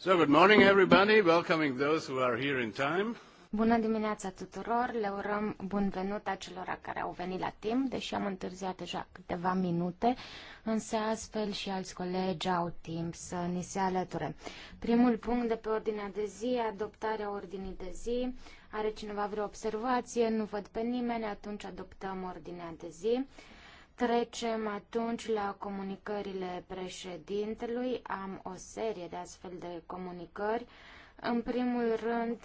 So, good morning everybody, welcoming those who are here in time. Bună dimineața tuturor, le urăm bun venit acelora care au venit la timp, deși am întârziat deja câteva minute, însă astfel și alți colegi au timp să ni se alăture. Primul punct de pe ordinea de zi, adoptarea ordinii de zi. Are cineva vreo observație? Nu văd pe nimeni, atunci adoptăm ordinea de zi. Trecem atunci la comunicările președintelui. Am o serie de astfel de comunicări. În primul rând,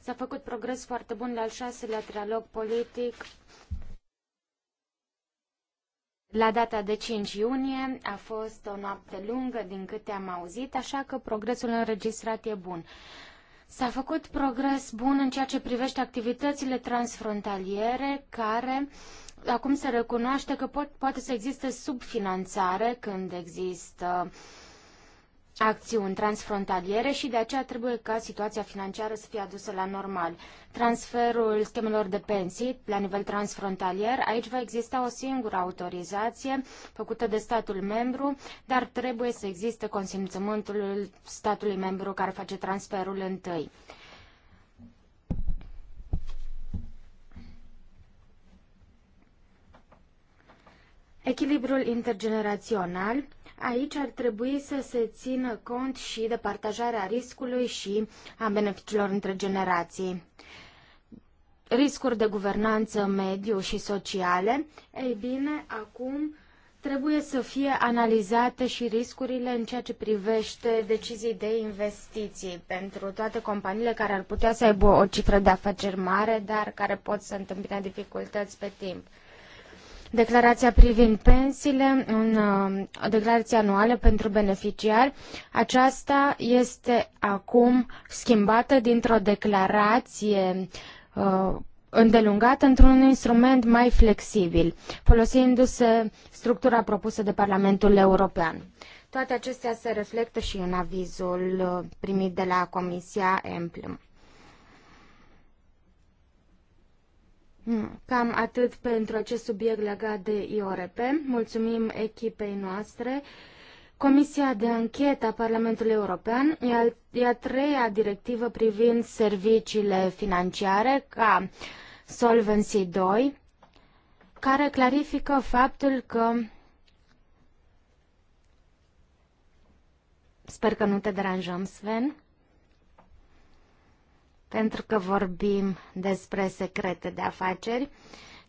s-a făcut progres foarte bun la al șaselea trialog politic la data de 5 iunie a fost o noapte lungă din câte am auzit, așa că progresul înregistrat e bun. S-a făcut progres bun în ceea ce privește activitățile transfrontaliere care uh, acum se recunoaște că pot, poate să existe subfinanțare când există acțiuni transfrontaliere și de aceea trebuie ca situația financiară să fie adusă la normal. Transferul schemelor de pensii la nivel transfrontalier, aici va exista o singură autorizație făcută de statul membru, dar trebuie să existe consimțământul statului membru care face transferul întâi. Echilibrul intergenerațional. Aici ar trebui să se țină cont și de partajarea riscului și a beneficiilor între generații. Riscuri de guvernanță, mediu și sociale. Ei bine, acum trebuie să fie analizate și riscurile în ceea ce privește decizii de investiții pentru toate companiile care ar putea să aibă o cifră de afaceri mare, dar care pot să întâmpine dificultăți pe timp declarația privind pensiile, un, o uh, declarație anuală pentru beneficiari. Aceasta este acum schimbată dintr-o declarație uh, îndelungată într-un instrument mai flexibil, folosindu-se structura propusă de Parlamentul European. Toate acestea se reflectă și în avizul uh, primit de la Comisia Emplem. Mm, cam atât pentru acest subiect legat de IORP. Mulțumim echipei noastre. Comisia de anchetă a Parlamentului European e, e a treia directivă privind serviciile financiare ca Solvency 2, care clarifică faptul că Sper că nu te deranjăm, Sven pentru că vorbim despre secrete de afaceri.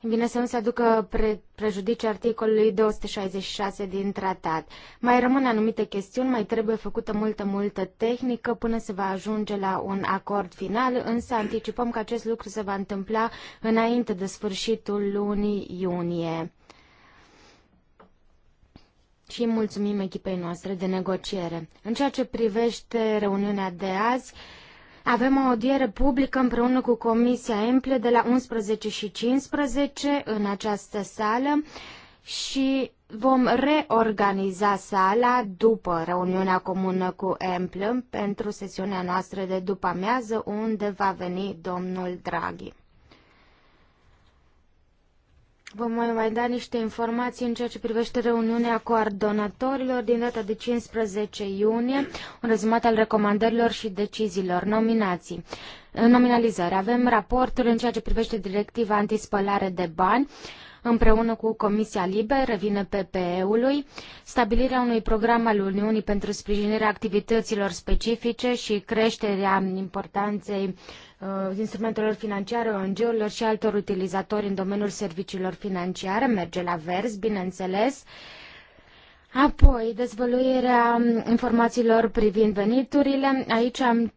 Bine să nu se aducă pre, prejudicii articolului 266 din tratat. Mai rămân anumite chestiuni, mai trebuie făcută multă, multă tehnică până se va ajunge la un acord final, însă anticipăm că acest lucru se va întâmpla înainte de sfârșitul lunii iunie. Și mulțumim echipei noastre de negociere. În ceea ce privește reuniunea de azi, uh, avem o audiere publică împreună cu Comisia Emple de la 11 și 15 în această sală și vom reorganiza sala după reuniunea comună cu Emple pentru sesiunea noastră de după amiază unde va veni domnul Draghi vă mai, mai da niște informații în ceea ce privește reuniunea coordonatorilor din data de 15 iunie, un rezumat al recomandărilor și deciziilor, nominații. Nominalizări. Avem raportul în ceea ce privește directiva antispălare de bani, împreună cu Comisia Libe, revine PPE-ului, stabilirea unui program al Uniunii pentru sprijinirea activităților specifice și creșterea importanței uh, instrumentelor financiare, ONG-urilor și altor utilizatori în domeniul serviciilor financiare, merge la vers, bineînțeles, Apoi, dezvăluirea informațiilor privind veniturile. Aici am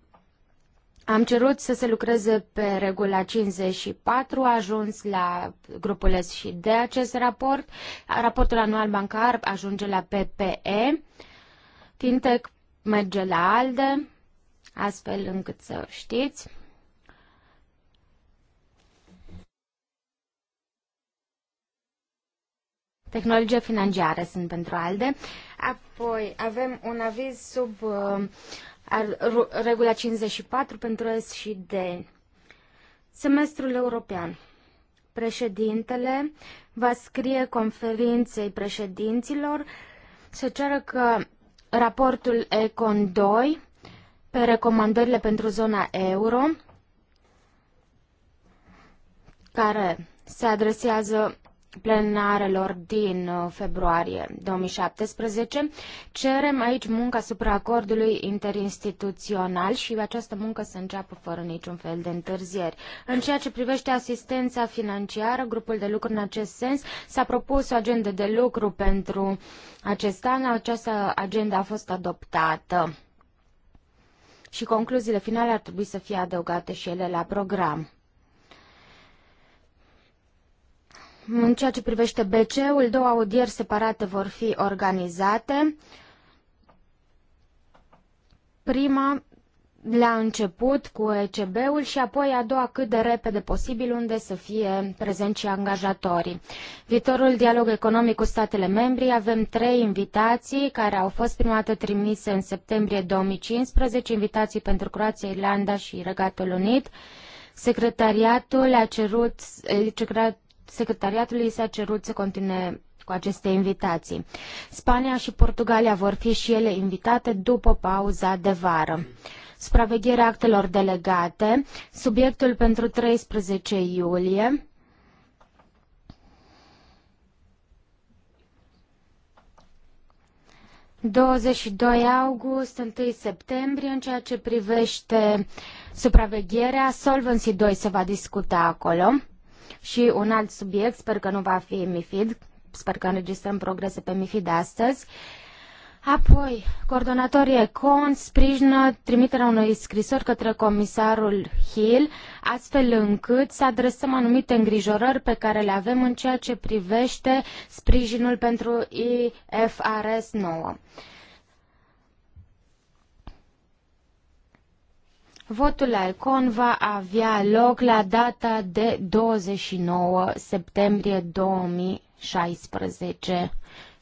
am cerut să se lucreze pe regula 54, a ajuns la grupul S și de acest raport. Raportul anual bancar ajunge la PPE, Tintec merge la ALDE, astfel încât să știți. Tehnologie financiară sunt pentru ALDE. Apoi avem un aviz sub uh, al, regula 54 pentru S și D. Semestrul european. Președintele va scrie conferinței președinților să ceară că raportul ECON 2 pe recomandările pentru zona euro care se adresează plenarelor din uh, februarie 2017. Cerem aici munca asupra acordului interinstituțional și această muncă să înceapă fără niciun fel de întârzieri. În ceea ce privește asistența financiară, grupul de lucru în acest sens s-a propus o agendă de lucru pentru acest an. Această agenda a fost adoptată și concluziile finale ar trebui să fie adăugate și ele la program. În ceea ce privește BC-ul, două audieri separate vor fi organizate. Prima la început cu ECB-ul și apoi a doua cât de repede posibil unde să fie prezenți și angajatorii. Viitorul dialog economic cu statele membri, avem trei invitații care au fost prima dată trimise în septembrie 2015, invitații pentru Croația, Irlanda și Regatul Unit. Secretariatul a cerut, secretariatului s-a cerut să continue cu aceste invitații. Spania și Portugalia vor fi și ele invitate după pauza de vară. Supravegherea actelor delegate, subiectul pentru 13 iulie. 22 august, 1 septembrie, în ceea ce privește supravegherea, Solvency 2 se va discuta acolo. Și un alt subiect, sper că nu va fi MIFID, sper că înregistrăm progrese pe MIFID astăzi. Apoi, coordonatorii ECON sprijină trimiterea unui scrisori către comisarul Hill, astfel încât să adresăm anumite îngrijorări pe care le avem în ceea ce privește sprijinul pentru IFRS 9. Votul la Econ va avea loc la data de 29 septembrie 2016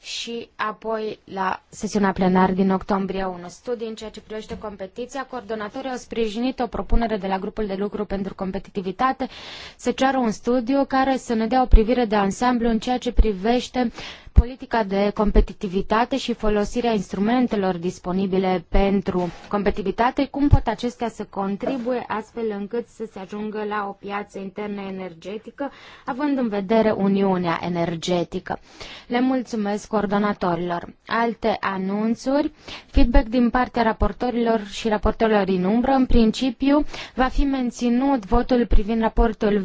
și apoi la sesiunea plenară din octombrie 1. Studii în ceea ce privește competiția, coordonatorii au sprijinit o propunere de la grupul de lucru pentru competitivitate să ceară un studiu care să ne dea o privire de ansamblu în ceea ce privește uh, politica de competitivitate și folosirea instrumentelor disponibile pentru competitivitate, cum pot acestea să contribuie astfel încât să se ajungă la o piață internă energetică, având în vedere Uniunea Energetică. Le mulțumesc coordonatorilor. Alte anunțuri, feedback din partea raportorilor și raportorilor din umbră, în principiu va fi menținut votul privind raportul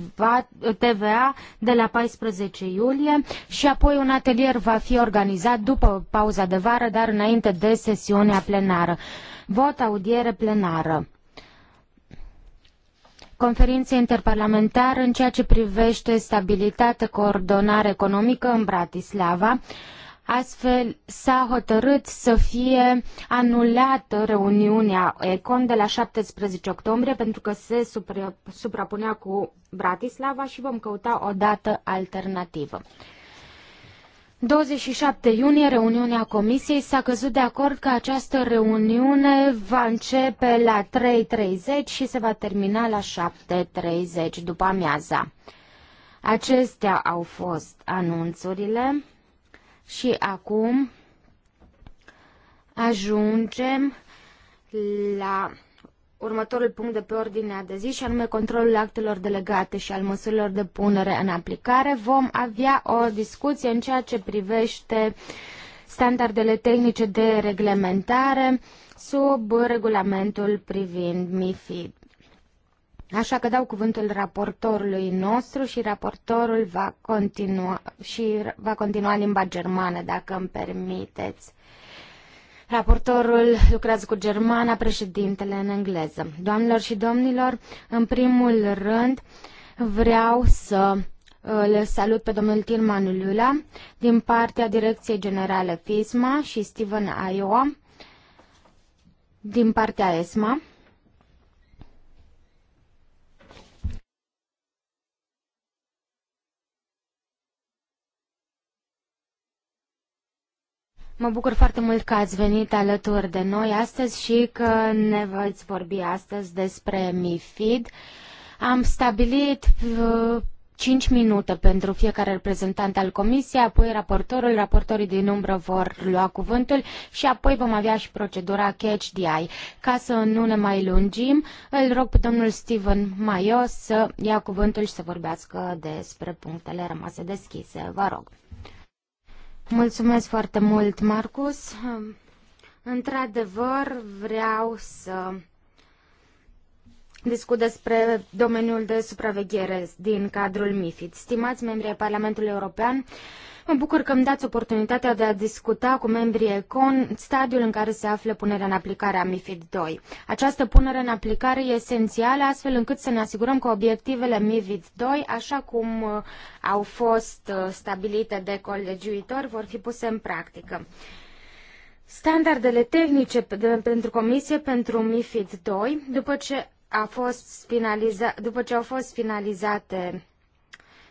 TVA de la 14 iulie și apoi un atelier va fi organizat după pauza de vară, dar înainte de sesiunea plenară. Vot audiere plenară conferințe interparlamentară în ceea ce privește stabilitate, coordonare economică în Bratislava. Astfel s-a hotărât să fie anulată reuniunea ECON de la 17 octombrie pentru că se suprapunea cu Bratislava și vom căuta o dată alternativă. 27 iunie, reuniunea Comisiei s-a căzut de acord că această reuniune va începe la 3.30 și se va termina la 7.30 după amiaza. Acestea au fost anunțurile și acum ajungem la următorul punct de pe ordinea de zi și anume controlul actelor delegate și al măsurilor de punere în aplicare. Vom avea o discuție în ceea ce privește standardele tehnice de reglementare sub regulamentul privind MIFID. Așa că dau cuvântul raportorului nostru și raportorul va continua, și va continua limba germană, dacă îmi permiteți. Raportorul lucrează cu germana, președintele în engleză. Doamnelor și domnilor, în primul rând vreau să îl salut pe domnul Tilman Lula din partea Direcției Generale FISMA și Steven Iowa din partea ESMA. Mă bucur foarte mult că ați venit alături de noi astăzi și că ne veți vorbi astăzi despre MIFID. Am stabilit uh, 5 minute pentru fiecare reprezentant al comisiei, apoi raportorul, raportorii din umbră vor lua cuvântul și apoi vom avea și procedura Catch Ca să nu ne mai lungim, îl rog pe domnul Steven Maio să ia cuvântul și să vorbească despre punctele rămase deschise. Vă rog. Mulțumesc foarte mult, Marcus. Într-adevăr, vreau să discut despre domeniul de supraveghere din cadrul MIFID. Stimați membri ai Parlamentului European, Mă bucur că îmi dați oportunitatea de a discuta cu membrii ECON stadiul în care se află punerea în aplicare a MIFID 2. Această punere în aplicare e esențială astfel încât să ne asigurăm că obiectivele MIFID 2, așa cum uh, au fost uh, stabilite de colegiuitori, vor fi puse în practică. Standardele tehnice pentru Comisie pentru MIFID 2, după ce, a fost finaliza, după ce au fost finalizate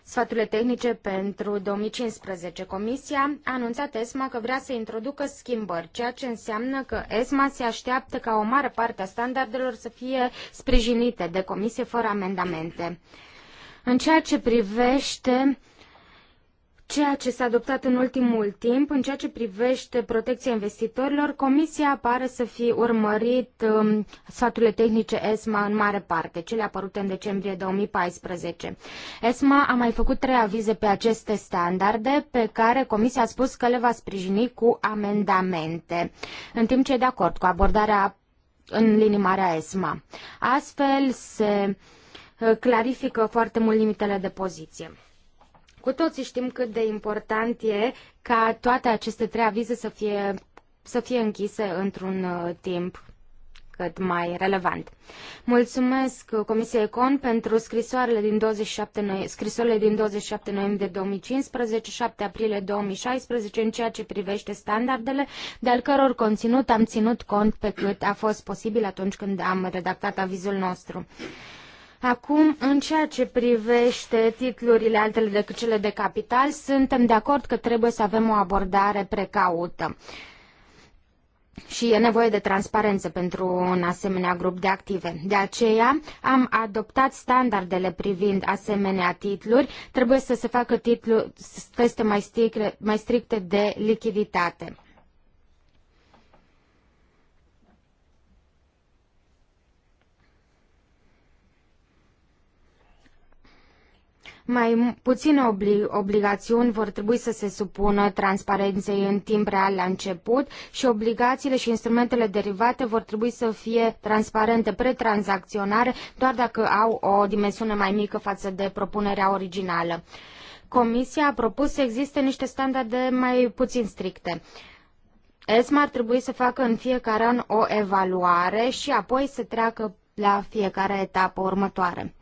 sfaturile tehnice pentru 2015. Comisia a anunțat ESMA că vrea să introducă schimbări, ceea ce înseamnă că ESMA se așteaptă ca o mare parte a standardelor să fie sprijinite de comisie fără amendamente. În ceea ce privește ceea ce s-a adoptat în ultimul timp, în ceea ce privește protecția investitorilor, Comisia pare să fi urmărit um, sfaturile tehnice ESMA în mare parte, cele apărute în decembrie 2014. ESMA a mai făcut trei avize pe aceste standarde, pe care Comisia a spus că le va sprijini cu amendamente, în timp ce e de acord cu abordarea în linii mari a ESMA. Astfel se uh, clarifică foarte mult limitele de poziție. Cu toții știm cât de important e ca toate aceste trei avize să fie, să fie închise într-un uh, timp cât mai relevant. Mulțumesc Comisiei Econ pentru scrisoarele din 27, noiembrie, scrisoarele din 27 noiembrie 2015, 7 aprilie 2016 în ceea ce privește standardele, de al căror conținut am ținut cont pe cât a fost posibil atunci când am redactat avizul nostru. Acum, în ceea ce privește titlurile altele decât cele de capital, suntem de acord că trebuie să avem o abordare precaută. Și e nevoie de transparență pentru un asemenea grup de active. De aceea am adoptat standardele privind asemenea titluri. Trebuie să se facă titlu, teste mai stricte, mai stricte de lichiditate. Mai puține obli- obligațiuni vor trebui să se supună transparenței în timp real la început și obligațiile și instrumentele derivate vor trebui să fie transparente pretranzacționare doar dacă au o dimensiune mai mică față de propunerea originală. Comisia a propus să existe niște standarde mai puțin stricte. ESMA ar trebui să facă în fiecare an o evaluare și apoi să treacă la fiecare etapă următoare.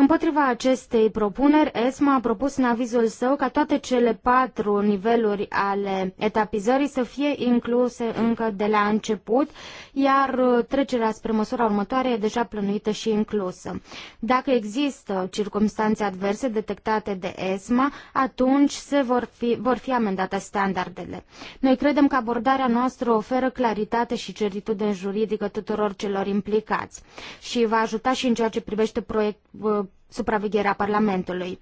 Împotriva acestei propuneri, ESMA a propus în avizul său ca toate cele patru niveluri ale etapizării să fie incluse încă de la început, iar uh, trecerea spre măsura următoare e deja plănuită și inclusă. Dacă există circumstanțe adverse detectate de ESMA, atunci se vor fi, vor fi amendate standardele. Noi credem că abordarea noastră oferă claritate și certitudine juridică tuturor celor implicați și va ajuta și în ceea ce privește proiect, uh, supravegherea Parlamentului.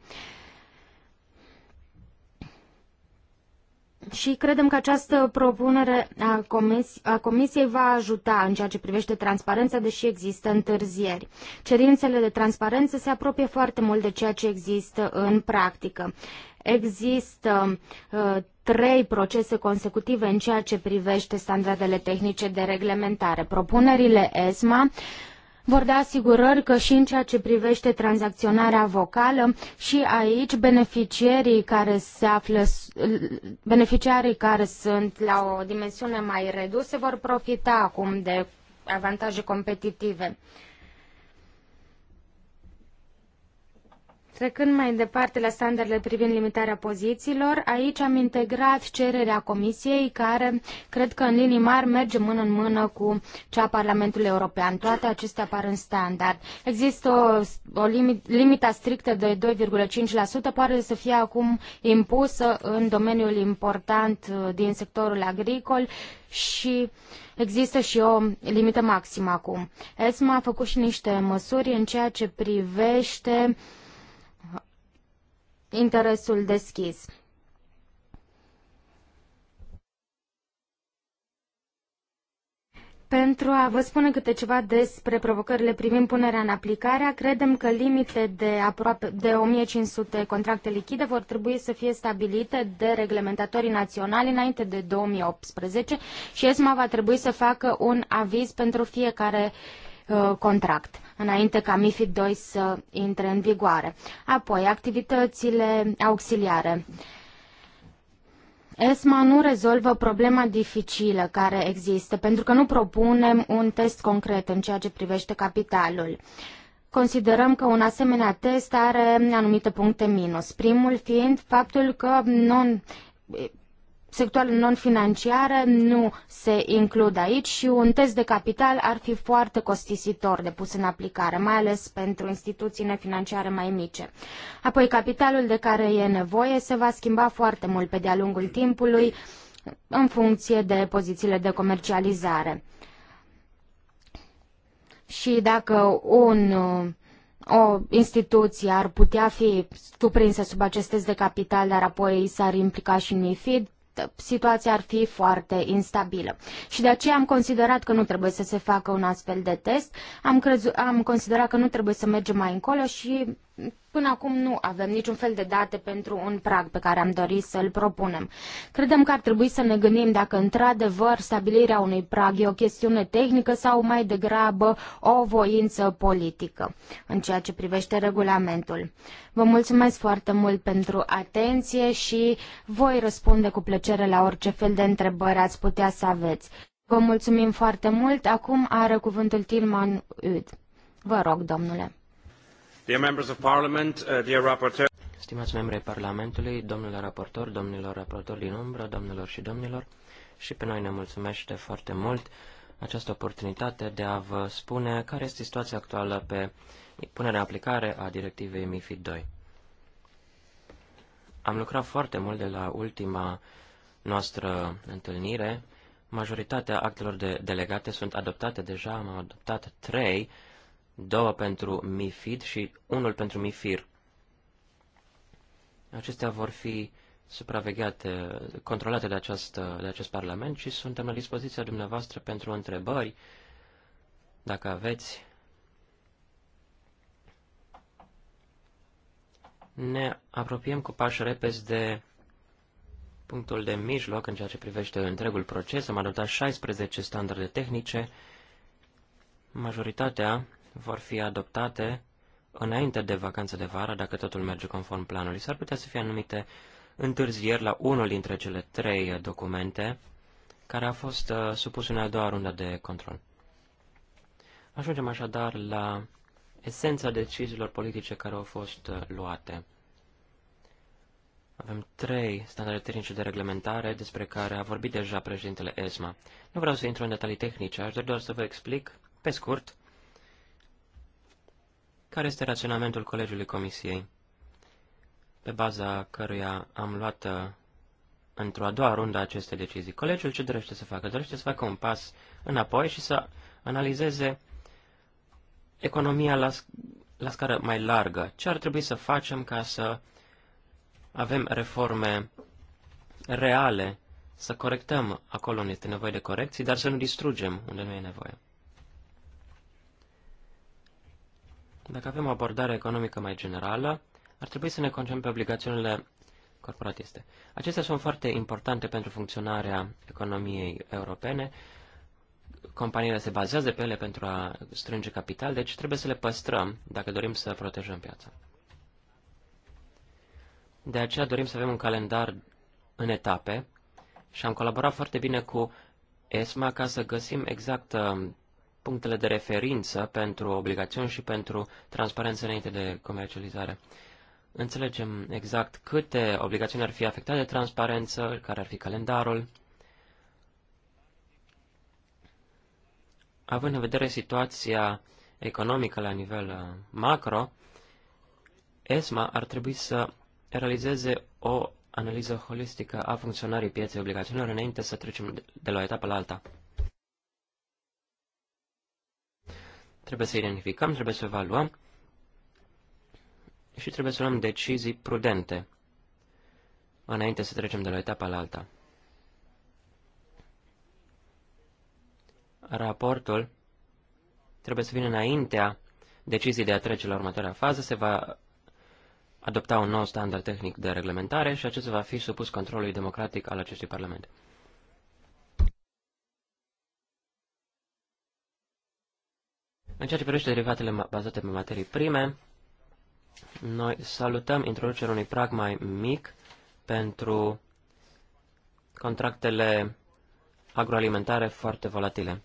Și credem că această propunere a, comis a Comisiei va ajuta în ceea ce privește transparența, deși există întârzieri. Cerințele de transparență se apropie foarte mult de ceea ce există în practică. Există uh, trei procese consecutive în ceea ce privește standardele tehnice de reglementare. Propunerile ESMA uh, vor da asigurări că și în ceea ce privește tranzacționarea vocală și aici beneficiarii care se află, beneficiarii care sunt la o dimensiune mai redusă vor profita acum de avantaje competitive. Trecând mai departe la standardele privind limitarea pozițiilor, aici am integrat cererea Comisiei, care cred că în linii mari merge mână în mână cu cea a Parlamentului European. Toate acestea apar în standard. Există o, o limit, limita strictă de 2,5%, pare să fie acum impusă în domeniul important uh, din sectorul agricol și există și o limită maximă acum. ESMA a făcut și niște măsuri în ceea ce privește uh, interesul deschis. Pentru a vă spune câte ceva despre provocările privind punerea în aplicare, credem că limite de aproape de 1500 contracte lichide vor trebui să fie stabilite de reglementatorii naționali înainte de 2018 și ESMA va trebui să facă un aviz pentru fiecare uh, Uh, contract înainte ca MIFID 2 să intre în vigoare. Apoi, activitățile auxiliare. ESMA nu rezolvă problema dificilă care există, pentru că nu propunem un test concret în ceea ce privește capitalul. Considerăm că un asemenea test are anumite puncte minus. Primul fiind faptul că non, sectoarele non-financiare nu se includ aici și un test de capital ar fi foarte costisitor de pus în aplicare, mai ales pentru instituțiile financiare mai mici. Apoi, capitalul de care e nevoie se va schimba foarte mult pe de-a lungul timpului în funcție de pozițiile de comercializare. Și dacă un o instituție ar putea fi suprinsă sub acest test de capital, dar apoi s-ar implica și MIFID, situația ar fi foarte instabilă. Și de aceea am considerat că nu trebuie să se facă un astfel de test, am, crezut, am considerat că nu trebuie să mergem mai încolo și Până acum nu avem niciun fel de date pentru un prag pe care am dorit să-l propunem. Credem că ar trebui să ne gândim dacă într-adevăr stabilirea unui prag e o chestiune tehnică sau mai degrabă o voință politică în ceea ce privește regulamentul. Vă mulțumesc foarte mult pentru atenție și voi răspunde cu plăcere la orice fel de întrebări ați putea să aveți. Vă mulțumim foarte mult. Acum are cuvântul Tilman Ud. Vă rog, domnule. Dear members of parliament, uh, dear rapporteur. Stimați membrii Parlamentului, domnule raportor, domnilor raportori din umbră, domnilor și domnilor, și pe noi ne mulțumește foarte mult această oportunitate de a vă spune care este situația actuală pe punerea în aplicare a directivei MIFID 2. Am lucrat foarte mult de la ultima noastră întâlnire. Majoritatea actelor de delegate sunt adoptate deja, am adoptat trei două pentru MIFID și unul pentru MIFIR. Acestea vor fi supravegheate, controlate de, această, de acest Parlament și suntem la dispoziția dumneavoastră pentru întrebări, dacă aveți. Ne apropiem cu pași repezi de punctul de mijloc în ceea ce privește întregul proces. Am adoptat 16 standarde tehnice, majoritatea vor fi adoptate înainte de vacanța de vară, dacă totul merge conform planului. S-ar putea să fie anumite întârzieri la unul dintre cele trei documente care a fost uh, supus unei a doua rundă de control. Ajungem așadar la esența deciziilor politice care au fost uh, luate. Avem trei standarde tehnice de reglementare despre care a vorbit deja președintele ESMA. Nu vreau să intru în detalii tehnice, aș dori doar să vă explic, pe scurt, care este raționamentul colegiului comisiei, pe baza căruia am luat uh, într-o a doua rundă aceste decizii. Colegiul ce dorește să facă? Dorește să facă un pas înapoi și să analizeze economia la, la scară mai largă. Ce ar trebui să facem ca să avem reforme reale, să corectăm acolo unde este nevoie de corecții, dar să nu distrugem unde nu e nevoie. Dacă avem o abordare economică mai generală, ar trebui să ne concentrăm pe obligațiunile corporatiste. Acestea sunt foarte importante pentru funcționarea economiei europene. Companiile se bazează pe ele pentru a strânge capital, deci trebuie să le păstrăm dacă dorim să protejăm piața. De aceea dorim să avem un calendar în etape și am colaborat foarte bine cu ESMA ca să găsim exact um, punctele de referință pentru obligațiuni și pentru transparență înainte de comercializare. Înțelegem exact câte obligațiuni ar fi afectate de transparență, care ar fi calendarul. Având în vedere situația economică la nivel uh, macro, ESMA ar trebui să realizeze o analiză holistică a funcționării pieței obligațiunilor înainte să trecem de la o etapă la alta. Trebuie să identificăm, trebuie să evaluăm și trebuie să luăm decizii prudente înainte să trecem de la etapa la alta. Raportul trebuie să vină înaintea deciziei de a trece la următoarea fază, se va adopta un nou standard tehnic de reglementare și acesta va fi supus controlului democratic al acestui Parlament. În ceea ce privește derivatele bazate pe materii prime, noi salutăm introducerea unui prag mai mic pentru contractele agroalimentare foarte volatile.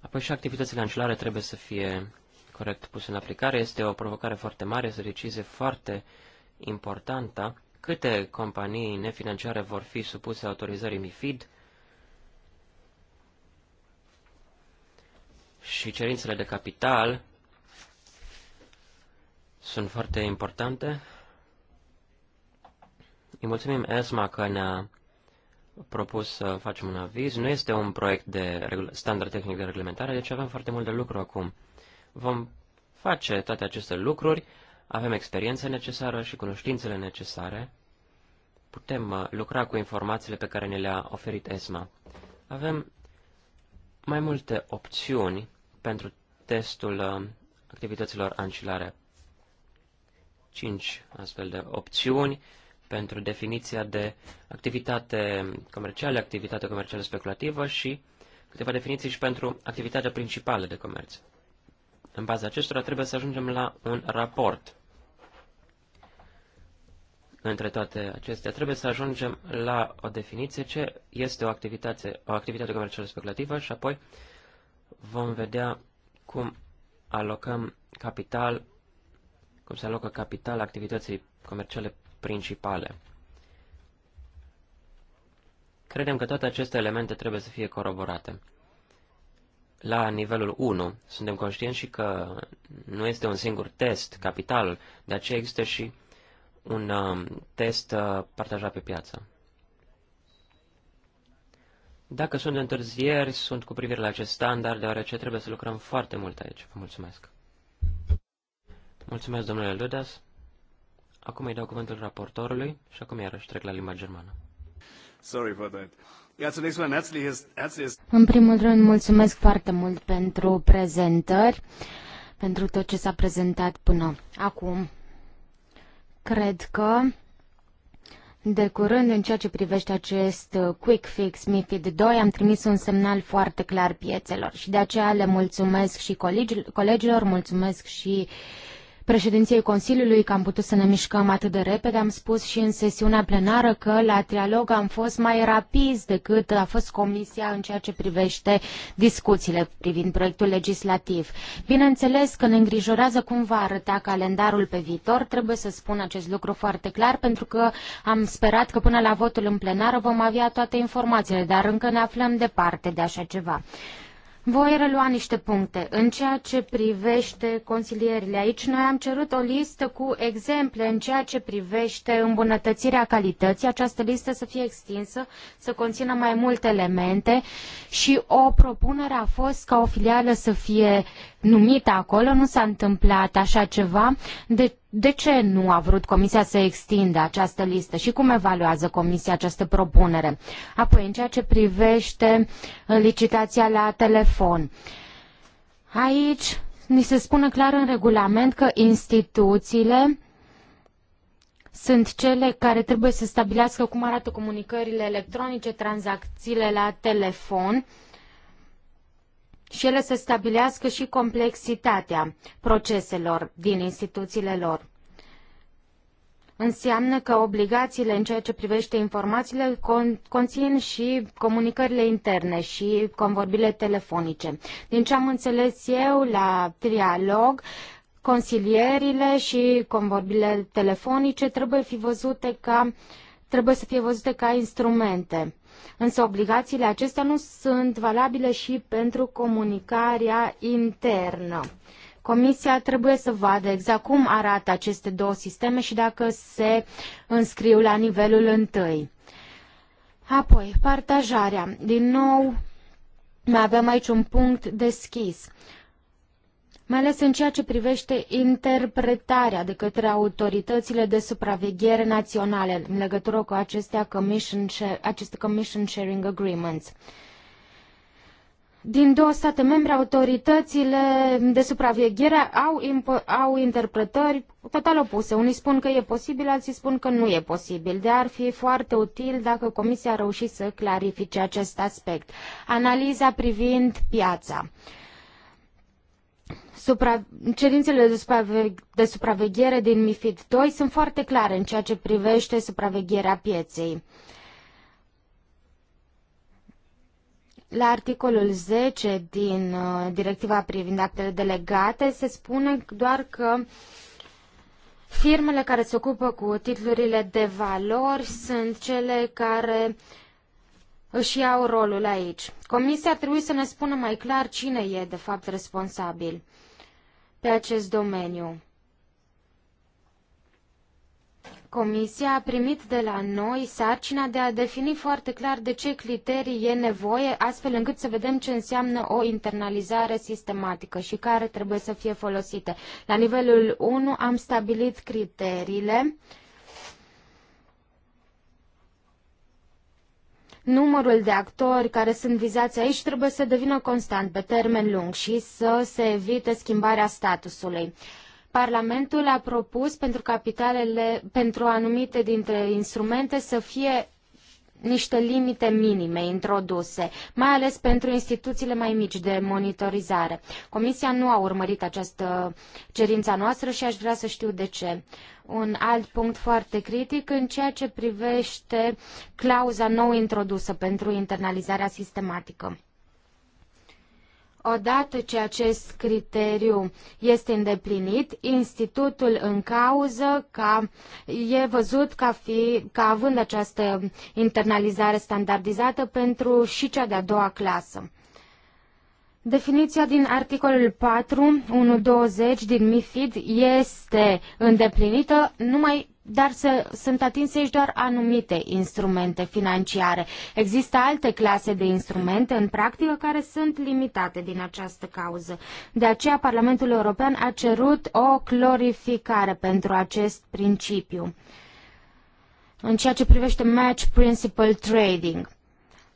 Apoi și activitățile ancilare trebuie să fie corect puse în aplicare. Este o provocare foarte mare, este o decizie foarte importantă. Câte companii nefinanciare vor fi supuse autorizării MIFID? și cerințele de capital sunt foarte importante. Îi mulțumim ESMA că ne-a propus să facem un aviz. Nu este un proiect de standard tehnic de reglementare, deci avem foarte mult de lucru acum. Vom face toate aceste lucruri, avem experiența necesară și cunoștințele necesare. Putem uh, lucra cu informațiile pe care ne le-a oferit ESMA. Avem mai multe opțiuni pentru testul uh, activităților ancilare. cinci astfel de opțiuni pentru definiția de activitate comercială, activitate comercială speculativă și câteva definiții și pentru activitatea principală de comerț. În baza acestora trebuie să ajungem la un raport. Între toate acestea trebuie să ajungem la o definiție ce este o activitate, o activitate comercială speculativă și apoi vom vedea cum alocăm capital, cum se alocă capital activității comerciale principale. Credem că toate aceste elemente trebuie să fie coroborate. La nivelul 1 suntem conștienți și că nu este un singur test capital, de aceea există și un um, test uh, partajat pe piață. Dacă sunt întârzieri, sunt cu privire la acest standard, deoarece trebuie să lucrăm foarte mult aici. Vă mulțumesc. Mulțumesc, domnule Ludas. Acum îi dau cuvântul raportorului și acum iarăși trec la limba germană. Sorry for that. În primul rând, mulțumesc foarte mult pentru prezentări, pentru tot ce s-a prezentat până acum. Cred că de curând, în ceea ce privește acest uh, quick fix MIFID 2, am trimis un semnal foarte clar piețelor și de aceea le mulțumesc și colegilor, mulțumesc și uh, președinției Consiliului că am putut să ne mișcăm atât de repede. Am spus și în sesiunea plenară că la trialog am fost mai rapizi decât a fost Comisia în ceea ce privește discuțiile privind proiectul legislativ. Bineînțeles că ne îngrijorează cum va arăta calendarul pe viitor. Trebuie să spun acest lucru foarte clar pentru că am sperat că până la votul în plenară vom avea toate informațiile, dar încă ne aflăm departe de așa ceva. Voi relua niște puncte. În ceea ce privește consilierile, aici noi am cerut o listă cu exemple în ceea ce privește îmbunătățirea calității. Această listă să fie extinsă, să conțină mai multe elemente și o propunere a fost ca o filială să fie numită acolo, nu s-a întâmplat așa ceva. De, de ce nu a vrut Comisia să extindă această listă și cum evaluează Comisia această propunere? Apoi, în ceea ce privește uh, licitația la telefon, aici ni se spune clar în regulament că instituțiile sunt cele care trebuie să stabilească cum arată comunicările electronice, tranzacțiile la telefon, uh, și ele să stabilească și complexitatea proceselor din instituțiile lor. Înseamnă că obligațiile în ceea ce privește informațiile con- conțin și comunicările interne și convorbile telefonice. Din ce am înțeles eu la trialog, consilierile și convorbile telefonice trebuie fi văzute ca trebuie să fie văzute ca instrumente Însă obligațiile acestea nu sunt valabile și pentru comunicarea internă. Comisia trebuie să vadă exact cum arată aceste două sisteme și dacă se înscriu la nivelul întâi. Apoi, partajarea. Din nou, mai avem aici un punct deschis mai ales în ceea ce privește interpretarea de către autoritățile de supraveghere naționale în legătură cu acestea commission, aceste Commission Sharing Agreements. Din două state membre, autoritățile de supraveghere au, au interpretări total opuse. Unii spun că e posibil, alții spun că nu e posibil. De ar fi foarte util dacă Comisia a reușit să clarifice acest aspect. Analiza privind piața. Uh, supra, cerințele de, de supraveghere din MIFID 2 sunt foarte clare în ceea ce privește supravegherea pieței. La articolul 10 din uh, directiva privind actele delegate se spune doar că firmele care se ocupă cu titlurile de valori sunt cele care uh, își iau rolul aici. Comisia ar trebui să ne spună mai clar cine e de fapt responsabil pe acest domeniu. Comisia a primit de la noi sarcina de a defini foarte clar de ce criterii e nevoie, astfel încât să vedem ce înseamnă o internalizare sistematică și care trebuie să fie folosite. La nivelul 1 am stabilit criteriile uh, numărul de actori care sunt vizați aici trebuie să devină constant pe termen lung și să se evite schimbarea statusului. Parlamentul a propus pentru capitalele, pentru anumite dintre instrumente să fie niște limite minime introduse, mai ales pentru instituțiile mai mici de monitorizare. Comisia nu a urmărit această cerință noastră și aș vrea să știu de ce. Un alt punct foarte critic în ceea ce privește clauza nou introdusă pentru internalizarea sistematică. Odată ce acest criteriu este îndeplinit, institutul în cauză ca, e văzut ca, fi, ca având această internalizare standardizată pentru și cea de-a doua clasă. Definiția din articolul 4.1.20 din MIFID este îndeplinită numai dar să, sunt atinse aici doar anumite instrumente financiare. Există alte clase de instrumente în practică care sunt limitate din această cauză. De aceea Parlamentul European a cerut o clarificare pentru acest principiu în ceea ce privește match principal trading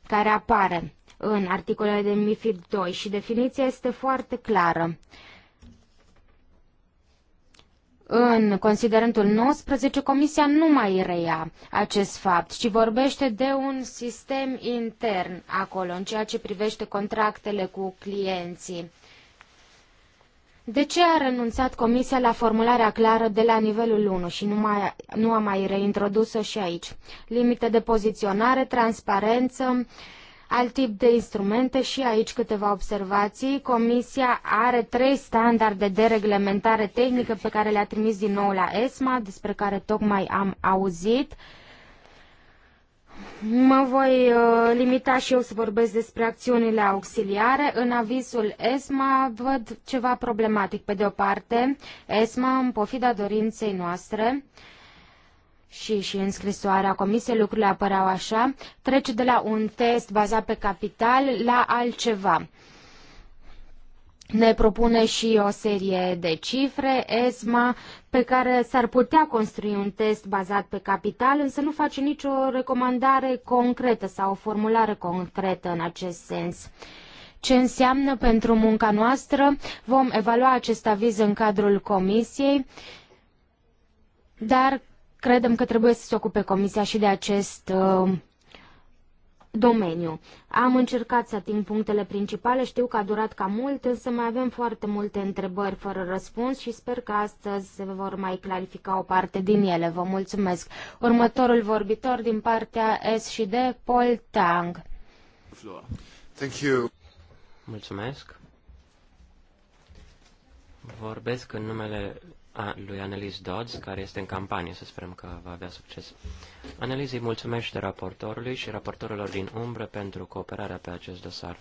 care apare în articolele de MIFID 2 și definiția este foarte clară. În considerentul 19, Comisia nu mai reia acest fapt, ci vorbește de un sistem intern acolo, în ceea ce privește contractele cu clienții. De ce a renunțat Comisia la formularea clară de la nivelul 1 și nu, mai, nu a mai reintrodus-o și aici? Limite de poziționare, transparență, uh, alt tip de instrumente și aici câteva observații. Comisia are trei standarde de reglementare tehnică pe care le-a trimis din nou la ESMA, despre care tocmai am auzit. Mă voi uh, limita și eu să vorbesc despre acțiunile auxiliare. În avizul ESMA văd ceva problematic. Pe de o parte, ESMA, în pofida dorinței noastre, uh, și, și în scrisoarea comisiei lucrurile apăreau așa, trece de la un test bazat pe capital la altceva. Ne propune și o serie de cifre, ESMA, pe care s-ar putea construi un test bazat pe capital, însă nu face nicio recomandare concretă sau o formulare concretă în acest sens ce înseamnă pentru munca noastră. Vom evalua acest aviz în cadrul comisiei, dar Credem că trebuie să se ocupe Comisia și de acest uh, domeniu. Am încercat să ating punctele principale, știu că a durat cam mult, însă mai avem foarte multe întrebări fără răspuns și sper că astăzi se vor mai clarifica o parte din ele. Vă mulțumesc. Următorul vorbitor din partea S și D, Paul Tang. Thank you. Mulțumesc. Vorbesc în numele a lui Annelies Dodds, care este în campanie, să sperăm că va avea succes. Annelies îi mulțumește raportorului și raportorilor din umbră pentru cooperarea pe acest dosar.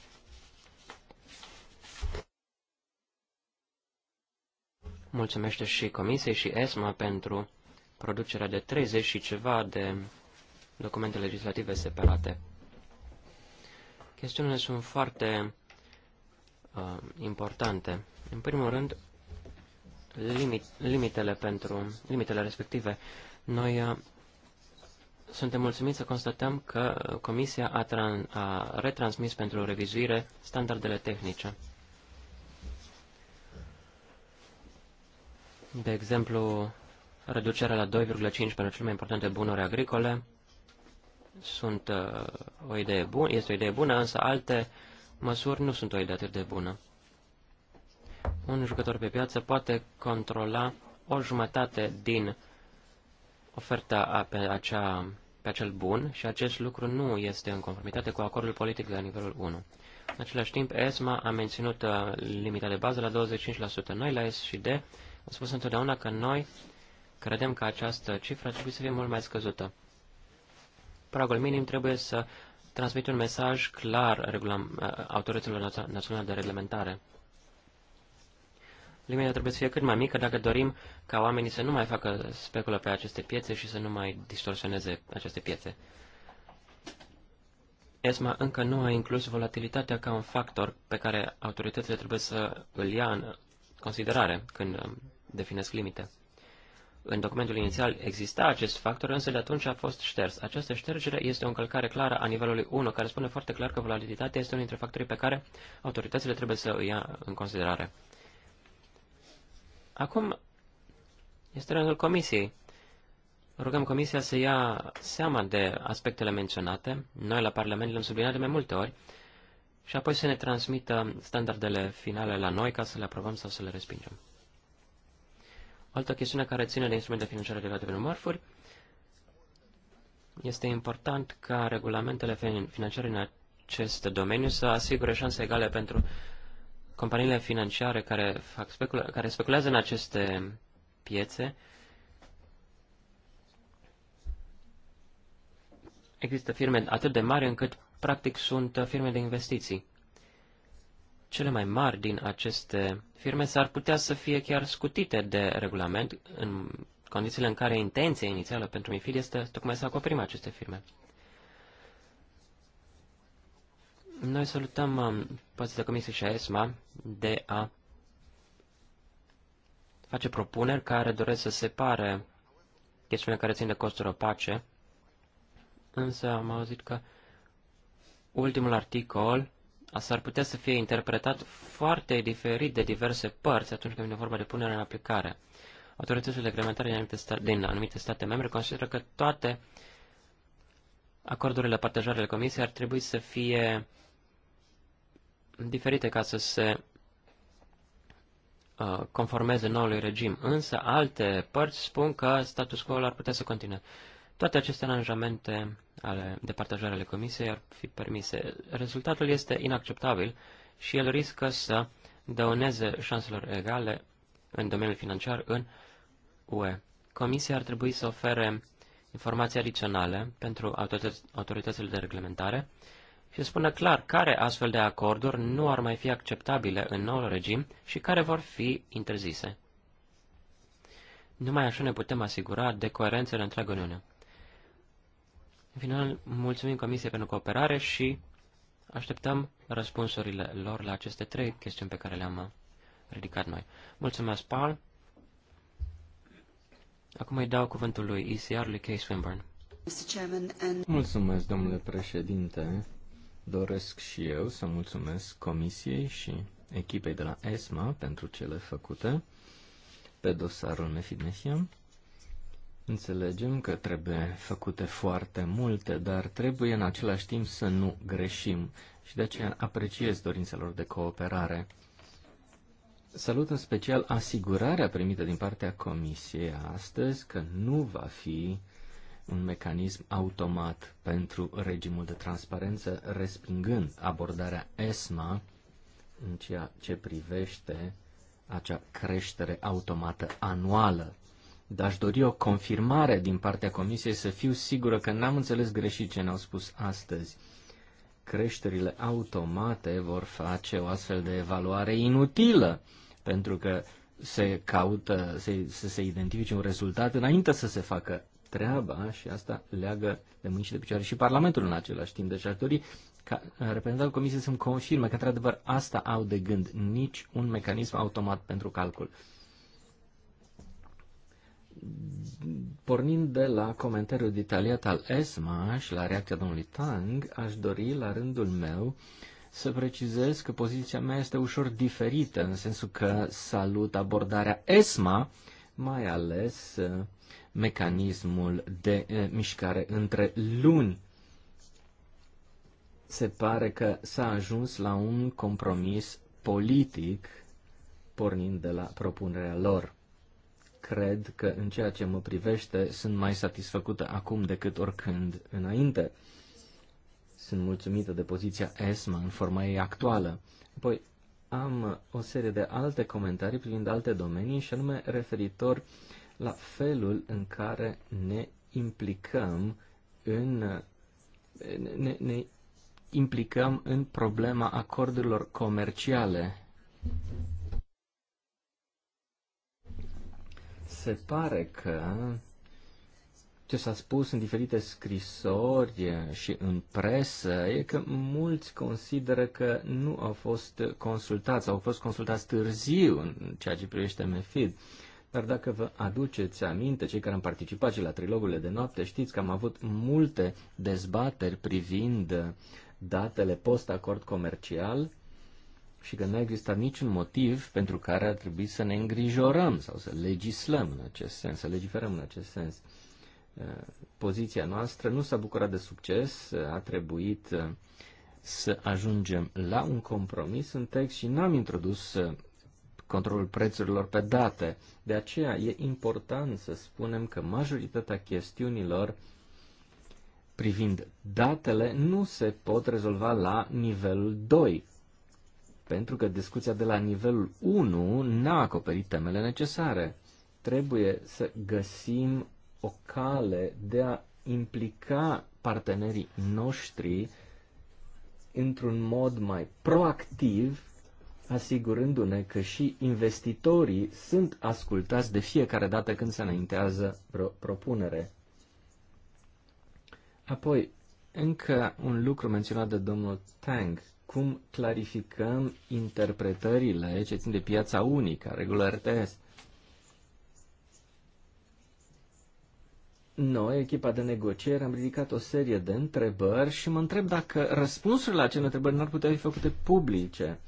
Mulțumește și Comisiei și ESMA pentru producerea de 30 și ceva de documente legislative separate. Chestiunile sunt foarte uh, importante. În primul rând, limit, limitele pentru limitele respective. Noi uh, suntem mulțumiți să constatăm că Comisia a, tran- a retransmis pentru revizuire standardele tehnice. De exemplu, reducerea la 2,5 pentru cele mai importante bunuri agricole sunt, uh, o idee bună, este o idee bună, însă alte măsuri nu sunt o idee atât de bună un jucător pe piață poate controla o jumătate din oferta pe, acea, pe acel bun și acest lucru nu este în conformitate cu acordul politic de la nivelul 1. În același timp, ESMA a menținut uh, limita de bază la 25%. Noi, la S și D, am spus întotdeauna că noi credem că această cifră ar trebui să fie mult mai scăzută. Pragul minim trebuie să transmită un mesaj clar uh, autorităților naționale de reglementare. Limita trebuie să fie cât mai mică dacă dorim ca oamenii să nu mai facă speculă pe aceste piețe și să nu mai distorsioneze aceste piețe. ESMA încă nu a inclus volatilitatea ca un factor pe care autoritățile trebuie să îl ia în considerare când um, definesc limite. În documentul inițial exista acest factor, însă de atunci a fost șters. Această ștergere este o încălcare clară a nivelului 1, care spune foarte clar că volatilitatea este unul dintre factorii pe care autoritățile trebuie să îi ia în considerare. Acum este rândul comisiei. Rugăm comisia să ia seama de aspectele menționate. Noi la Parlament le-am subliniat de mai multe ori și apoi să ne transmită standardele finale la noi ca să le aprobăm sau să le respingem. O altă chestiune care ține de instrumente financiare la de mărfuri este important ca regulamentele financiare în acest domeniu să asigure șanse egale pentru companiile financiare care, fac specula care speculează în aceste piețe, există firme atât de mari încât, practic, sunt firme de investiții. Cele mai mari din aceste firme s-ar putea să fie chiar scutite de regulament în condițiile în care intenția inițială pentru MIFID este tocmai să acoperim aceste firme. Noi salutăm um, poziția Comisiei și ESMA de a face propuneri care doresc să separe chestiunile care țin de costuri opace, însă am auzit că ultimul articol s-ar putea să fie interpretat foarte diferit de diverse părți atunci când vine vorba de punerea în aplicare. Autoritățile reglementare din anumite, sta- din anumite state membre consideră că toate acordurile partajare ale Comisiei ar trebui să fie diferite ca să se uh, conformeze noului regim, însă alte părți spun că status quo ar putea să continue. Toate aceste aranjamente ale de partajare ale comisiei ar fi permise. Rezultatul este inacceptabil și el riscă să dăuneze șanselor egale în domeniul financiar în UE. Comisia ar trebui să ofere informații adiționale pentru autoritățile de reglementare și spună clar care astfel de acorduri nu ar mai fi acceptabile în noul regim și care vor fi interzise. Numai așa ne putem asigura de coerență în întreaga Uniune. În final, mulțumim Comisiei pentru cooperare și așteptăm răspunsurile lor la aceste trei chestiuni pe care le-am ridicat noi. Mulțumesc, Paul. Acum îi dau cuvântul lui ECR lui Case Swinburne. Mulțumesc, domnule președinte. Doresc și eu să mulțumesc Comisiei și echipei de la ESMA pentru cele făcute pe dosarul Mefidmesiam. Înțelegem că trebuie făcute foarte multe, dar trebuie în același timp să nu greșim și de aceea apreciez dorințelor de cooperare. Salut în special asigurarea primită din partea Comisiei astăzi că nu va fi uh, un mecanism automat pentru regimul de transparență, respingând abordarea ESMA în ceea ce privește acea creștere automată anuală. Dar aș dori o confirmare din partea Comisiei să fiu sigură că n-am înțeles greșit ce ne-au spus astăzi. Creșterile automate vor face o astfel de evaluare inutilă, pentru că se caută să se, se identifice un rezultat înainte să se facă treaba și asta leagă de mâini și de picioare și Parlamentul în același timp. Deci aș dori ca reprezentantul Comisiei să-mi confirme că, într-adevăr, asta au de gând, nici un mecanism automat pentru calcul. Pornind de la comentariul detaliat al ESMA și la reacția domnului Tang, aș dori, la rândul meu, să precizez că poziția mea este ușor diferită, în sensul că salut abordarea ESMA, mai ales uh, mecanismul de uh, mișcare între luni. Se pare că s-a ajuns la un compromis politic pornind de la propunerea lor. Cred că în ceea ce mă privește sunt mai satisfăcută acum decât oricând înainte. Sunt mulțumită de poziția ESMA în forma ei actuală. Apoi, am o serie de alte comentarii privind alte domenii și anume referitor la felul în care ne implicăm în ne, ne implicăm în problema acordurilor comerciale. Se pare că ce s-a spus în diferite scrisori și în presă e că mulți consideră că nu au fost consultați, au fost consultați târziu în ceea ce privește MFID. Dar dacă vă aduceți aminte, cei care am participat și la trilogurile de noapte, știți că am avut multe dezbateri privind datele post-acord comercial și că nu a existat niciun motiv pentru care ar trebui să ne îngrijorăm sau să legislăm în acest sens, să legiferăm în acest sens poziția noastră nu s-a bucurat de succes, a trebuit uh, să ajungem la un compromis în text și n-am introdus uh, controlul prețurilor pe date. De aceea e important să spunem că majoritatea chestiunilor privind datele nu se pot rezolva la nivelul 2, pentru că discuția de la nivelul 1 n-a acoperit temele necesare. Trebuie să găsim o cale de a implica partenerii noștri într-un mod mai proactiv, asigurându-ne că și investitorii sunt ascultați de fiecare dată când se înaintează vreo propunere. Apoi, încă un lucru menționat de domnul Tang, cum clarificăm interpretările ce țin de piața unică, regulă RTS. Noi, echipa de negociere, am ridicat o serie de întrebări și mă întreb dacă răspunsurile la acele întrebări n-ar putea fi făcute publice.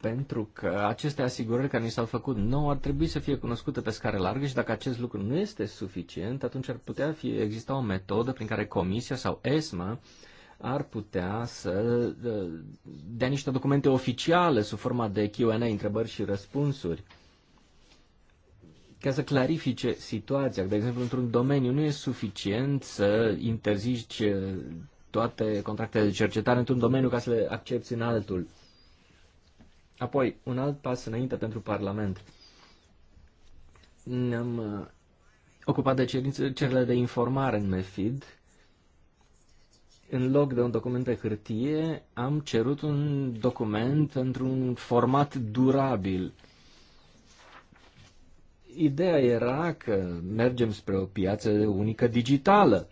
Pentru că aceste asigurări care ni s-au făcut nou ar trebui să fie cunoscute pe scară largă și dacă acest lucru nu este suficient, atunci ar putea fi, exista o metodă prin care Comisia sau ESMA ar putea să uh, dea niște documente oficiale sub forma de Q&A, întrebări și răspunsuri ca să clarifice situația. De exemplu, într-un domeniu nu e suficient să interzici eh, toate contractele de cercetare într-un domeniu ca să le accepti în altul. Apoi, un alt pas înainte pentru Parlament. Ne-am eh, ocupat de cerințe, cererile de informare în MEFID. În loc de un document pe hârtie, am cerut un document într-un format durabil Ideea era că mergem spre o piață unică digitală.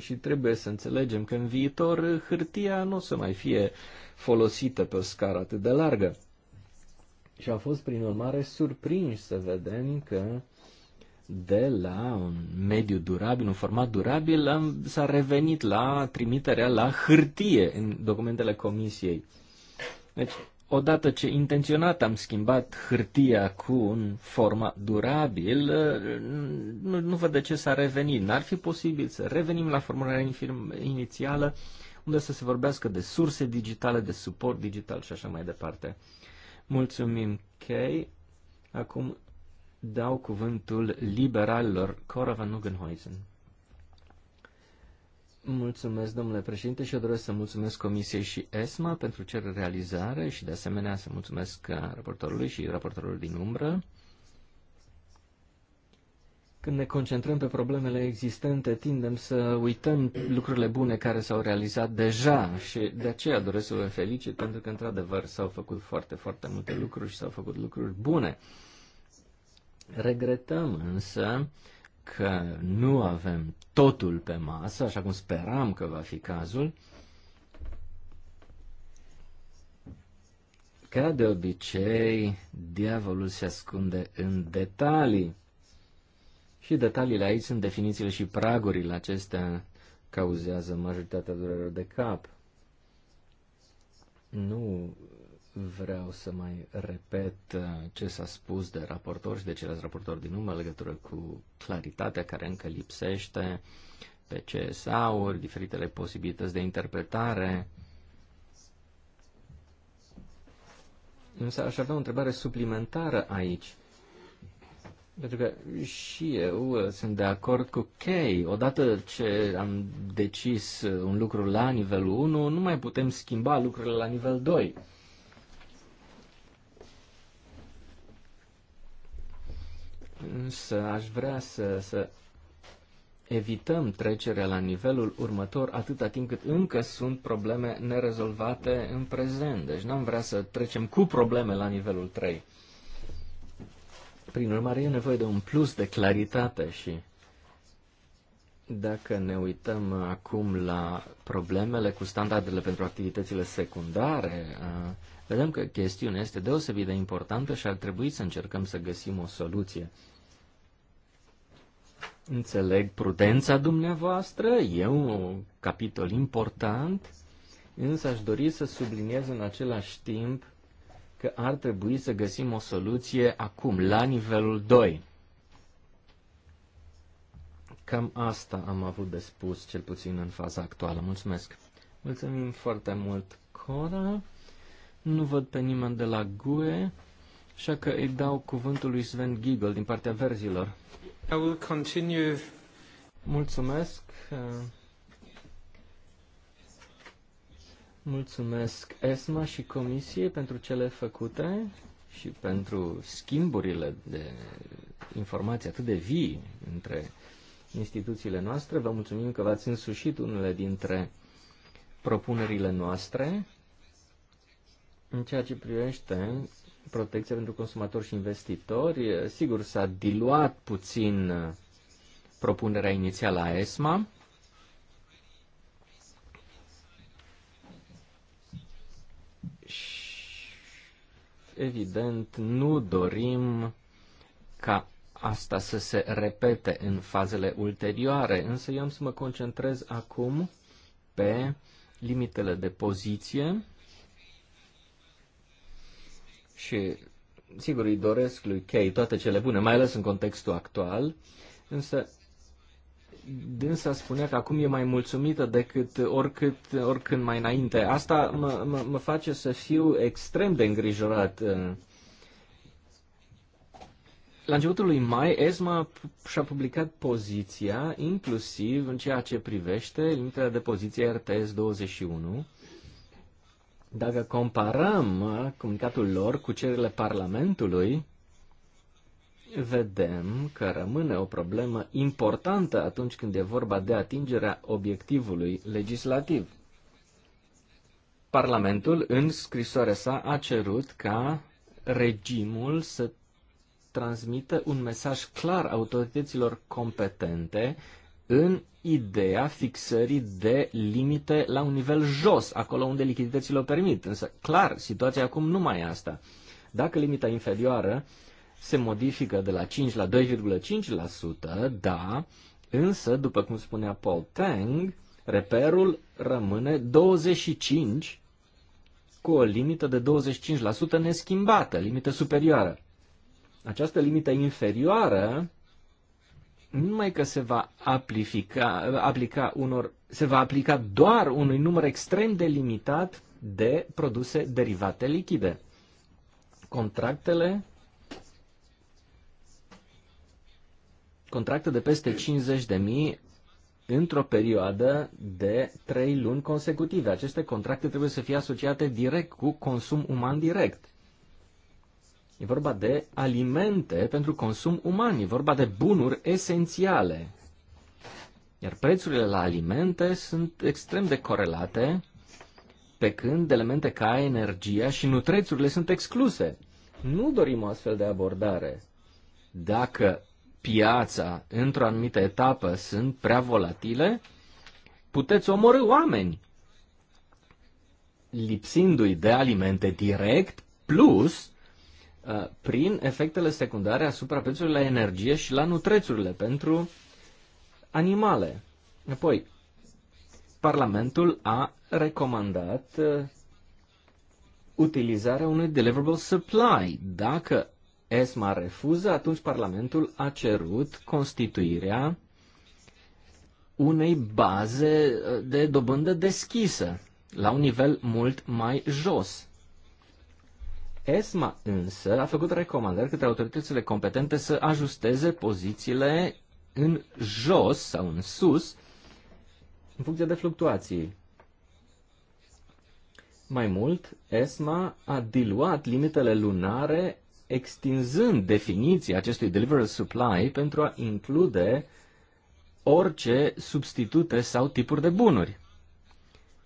Și trebuie să înțelegem că în viitor hârtia nu o să mai fie folosită pe o scară atât de largă. Și a fost, prin urmare, surprinși să vedem că de la un mediu durabil, un format durabil, s-a revenit la trimiterea la hârtie în documentele comisiei. Deci, odată ce intenționat am schimbat hârtia cu un format durabil, uh, nu, nu văd de ce s-a revenit. N-ar fi posibil să revenim la formularea inițială, unde să se vorbească de surse digitale, de suport digital și așa mai departe. Mulțumim, Kay. Acum dau cuvântul liberalilor Cora van Nugenhuizen. Mulțumesc, domnule președinte, și eu doresc să mulțumesc Comisiei și ESMA pentru cer realizare și, de asemenea, să mulțumesc uh, raportorului și raportorului din umbră. Când ne concentrăm pe problemele existente, tindem să uităm lucrurile bune care s-au realizat deja și de aceea doresc să vă felicit pentru că, într-adevăr, s-au făcut foarte, foarte multe lucruri și s-au făcut lucruri bune. Regretăm însă că nu avem totul pe masă, așa cum speram că va fi cazul, ca de obicei, diavolul se ascunde în detalii. Și detaliile aici sunt definițiile și pragurile acestea cauzează majoritatea durerilor de cap. Nu vreau să mai repet uh, ce s-a spus de raportor și de ceilalți raportori din urmă legătură cu claritatea care încă lipsește pe CSA-uri, diferitele posibilități de interpretare. Însă aș avea o întrebare suplimentară aici. Pentru că și eu uh, sunt de acord cu Kay. Odată ce am decis uh, un lucru la nivelul 1, nu mai putem schimba lucrurile la nivel 2. Însă aș vrea să, să evităm trecerea la nivelul următor atâta timp cât încă sunt probleme nerezolvate în prezent. Deci n-am vrea să trecem cu probleme la nivelul 3. Prin urmare, e nevoie de un plus de claritate și dacă ne uităm acum la problemele cu standardele pentru activitățile secundare, vedem că chestiunea este deosebit de importantă și ar trebui să încercăm să găsim o soluție. Înțeleg prudența dumneavoastră, e un capitol important, însă aș dori să subliniez în același timp că ar trebui să găsim o soluție acum, la nivelul 2. Cam asta am avut de spus, cel puțin în faza actuală. Mulțumesc! Mulțumim foarte mult, Cora. Nu văd pe nimeni de la GUE, așa că îi dau cuvântul lui Sven Giegel din partea verzilor. I will continue. Mulțumesc. Mulțumesc ESMA și Comisie pentru cele făcute și pentru schimburile de informații atât de vii între instituțiile noastre. Vă mulțumim că v-ați însușit unele dintre propunerile noastre în ceea ce privește protecția pentru consumatori și investitori. Sigur, s-a diluat puțin uh, propunerea inițială a ESMA. evident, nu dorim ca asta să se repete în fazele ulterioare, însă eu am să mă concentrez acum pe limitele de poziție și sigur îi doresc lui Kay toate cele bune, mai ales în contextul actual, însă dânsa spunea că acum e mai mulțumită decât oricât, oricând mai înainte. Asta mă, mă, mă face să fiu extrem de îngrijorat. La începutul lui mai, ESMA și-a publicat poziția, inclusiv în ceea ce privește limitele de poziție RTS 21, dacă comparăm uh, comunicatul lor cu cererile Parlamentului, vedem că rămâne o problemă importantă atunci când e vorba de atingerea obiectivului legislativ. Parlamentul, în scrisoarea sa, a cerut ca regimul să transmită un mesaj clar autorităților competente în ideea fixării de limite la un nivel jos, acolo unde lichiditățile o permit. Însă, clar, situația acum nu mai e asta. Dacă limita inferioară se modifică de la 5 la 2,5%, da, însă, după cum spunea Paul Tang, reperul rămâne 25 cu o limită de 25% neschimbată, limită superioară. Această limită inferioară numai că se va aplica, aplica unor, se va aplica doar unui număr extrem de limitat de produse derivate lichide. Contractele contracte de peste 50 de mii într-o perioadă de 3 luni consecutive. Aceste contracte trebuie să fie asociate direct cu consum uman direct. E vorba de alimente pentru consum uman, e vorba de bunuri esențiale. Iar prețurile la alimente sunt extrem de corelate, pe când elemente ca energia și nutrețurile sunt excluse. Nu dorim o astfel de abordare. Dacă piața, într-o anumită etapă, sunt prea volatile, puteți omorâ oameni, lipsindu-i de alimente direct, plus Uh, prin efectele secundare asupra prețului la energie și la nutrețurile pentru animale. Apoi, Parlamentul a recomandat uh, utilizarea unui deliverable supply. Dacă ESMA refuză, atunci Parlamentul a cerut constituirea unei baze uh, de dobândă deschisă, la un nivel mult mai jos. ESMA însă a făcut recomandări către autoritățile competente să ajusteze pozițiile în jos sau în sus în funcție de fluctuații. Mai mult, ESMA a diluat limitele lunare extinzând definiția acestui deliverable supply pentru a include orice substitute sau tipuri de bunuri.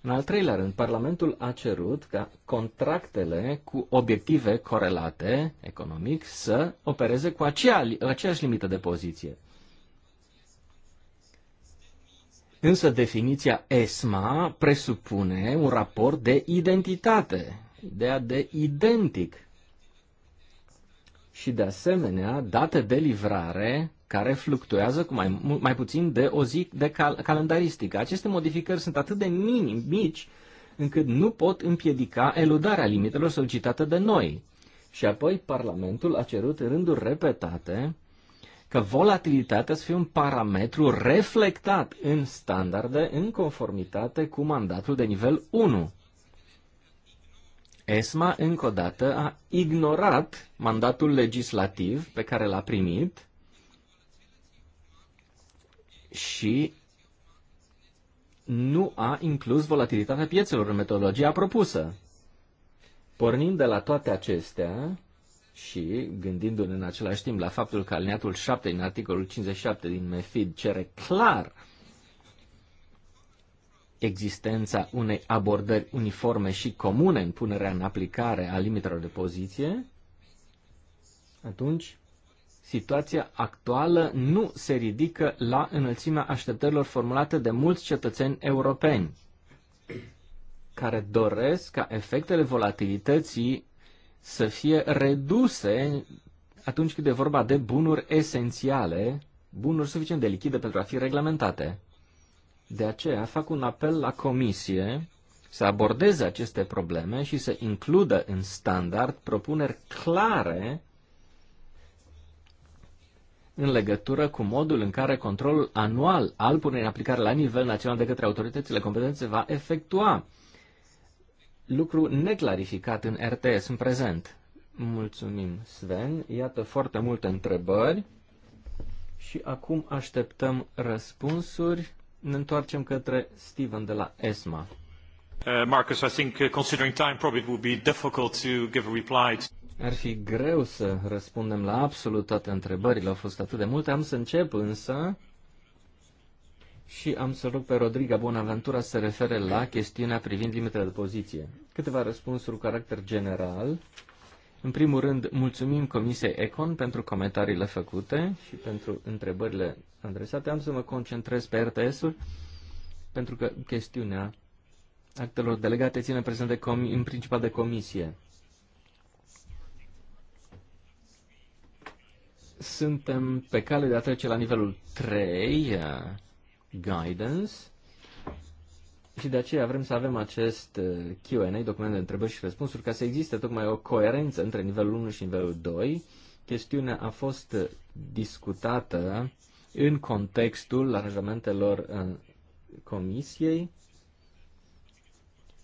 În al treilea rând, Parlamentul a cerut ca contractele cu obiective corelate economic să opereze cu acea, aceeași limită de poziție. Însă definiția ESMA presupune un raport de identitate, ideea de identic. Și de asemenea, date de livrare care fluctuează cu mai, mai puțin de o zi de cal- calendaristică. Aceste modificări sunt atât de minim, mici, încât nu pot împiedica eludarea limitelor solicitate de noi. Și apoi Parlamentul a cerut în rânduri repetate că volatilitatea să fie un parametru reflectat în standarde în conformitate cu mandatul de nivel 1. ESMA încă o dată a ignorat mandatul legislativ pe care l-a primit și nu a inclus volatilitatea piețelor în metodologia propusă. Pornind de la toate acestea și gândindu-ne în același timp la faptul că alineatul 7 din articolul 57 din MEFID cere clar existența unei abordări uniforme și comune în punerea în aplicare a limitelor de poziție, atunci situația actuală nu se ridică la înălțimea așteptărilor formulate de mulți cetățeni europeni care doresc ca efectele volatilității să fie reduse atunci când e vorba de bunuri esențiale, bunuri suficient de lichide pentru a fi reglementate. De aceea fac un apel la Comisie să abordeze aceste probleme și să includă în standard propuneri clare în legătură cu modul în care controlul anual al punerii în aplicare la nivel național de către autoritățile competențe va efectua. Lucru neclarificat în RTS în prezent. Mulțumim, Sven. Iată foarte multe întrebări și acum așteptăm răspunsuri. Ne întoarcem către Steven de la ESMA. Uh, Marcus, I think uh, considering time probably it would be difficult to give a reply. To... Ar fi greu să răspundem la absolut toate întrebările, au fost atât de multe. Am să încep însă și am să rog pe Rodriga Bonaventura să refere la chestiunea privind limitele de poziție. Câteva răspunsuri cu caracter general. În primul rând, mulțumim Comisiei Econ pentru comentariile făcute și pentru întrebările adresate. Am să mă concentrez pe RTS-uri, pentru că chestiunea actelor delegate ține prezent de comi- în principal de comisie. suntem pe cale de a trece la nivelul 3, uh, guidance, și de aceea vrem să avem acest uh, Q&A, document de întrebări și răspunsuri, ca să existe tocmai o coerență între nivelul 1 și nivelul 2. Chestiunea a fost uh, discutată în contextul aranjamentelor comisiei.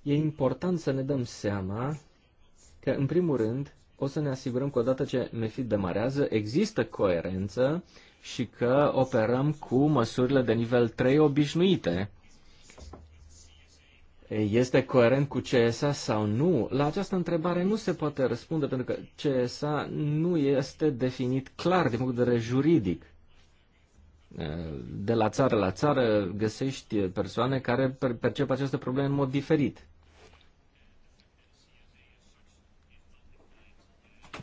E important să ne dăm seama că, în primul rând, o să ne asigurăm că odată ce MIFID demarează, există coerență și că operăm cu măsurile de nivel 3 obișnuite. Este coerent cu CSA sau nu? La această întrebare nu se poate răspunde pentru că CSA nu este definit clar din punct de vedere juridic. De la țară la țară găsești persoane care percep aceste probleme în mod diferit.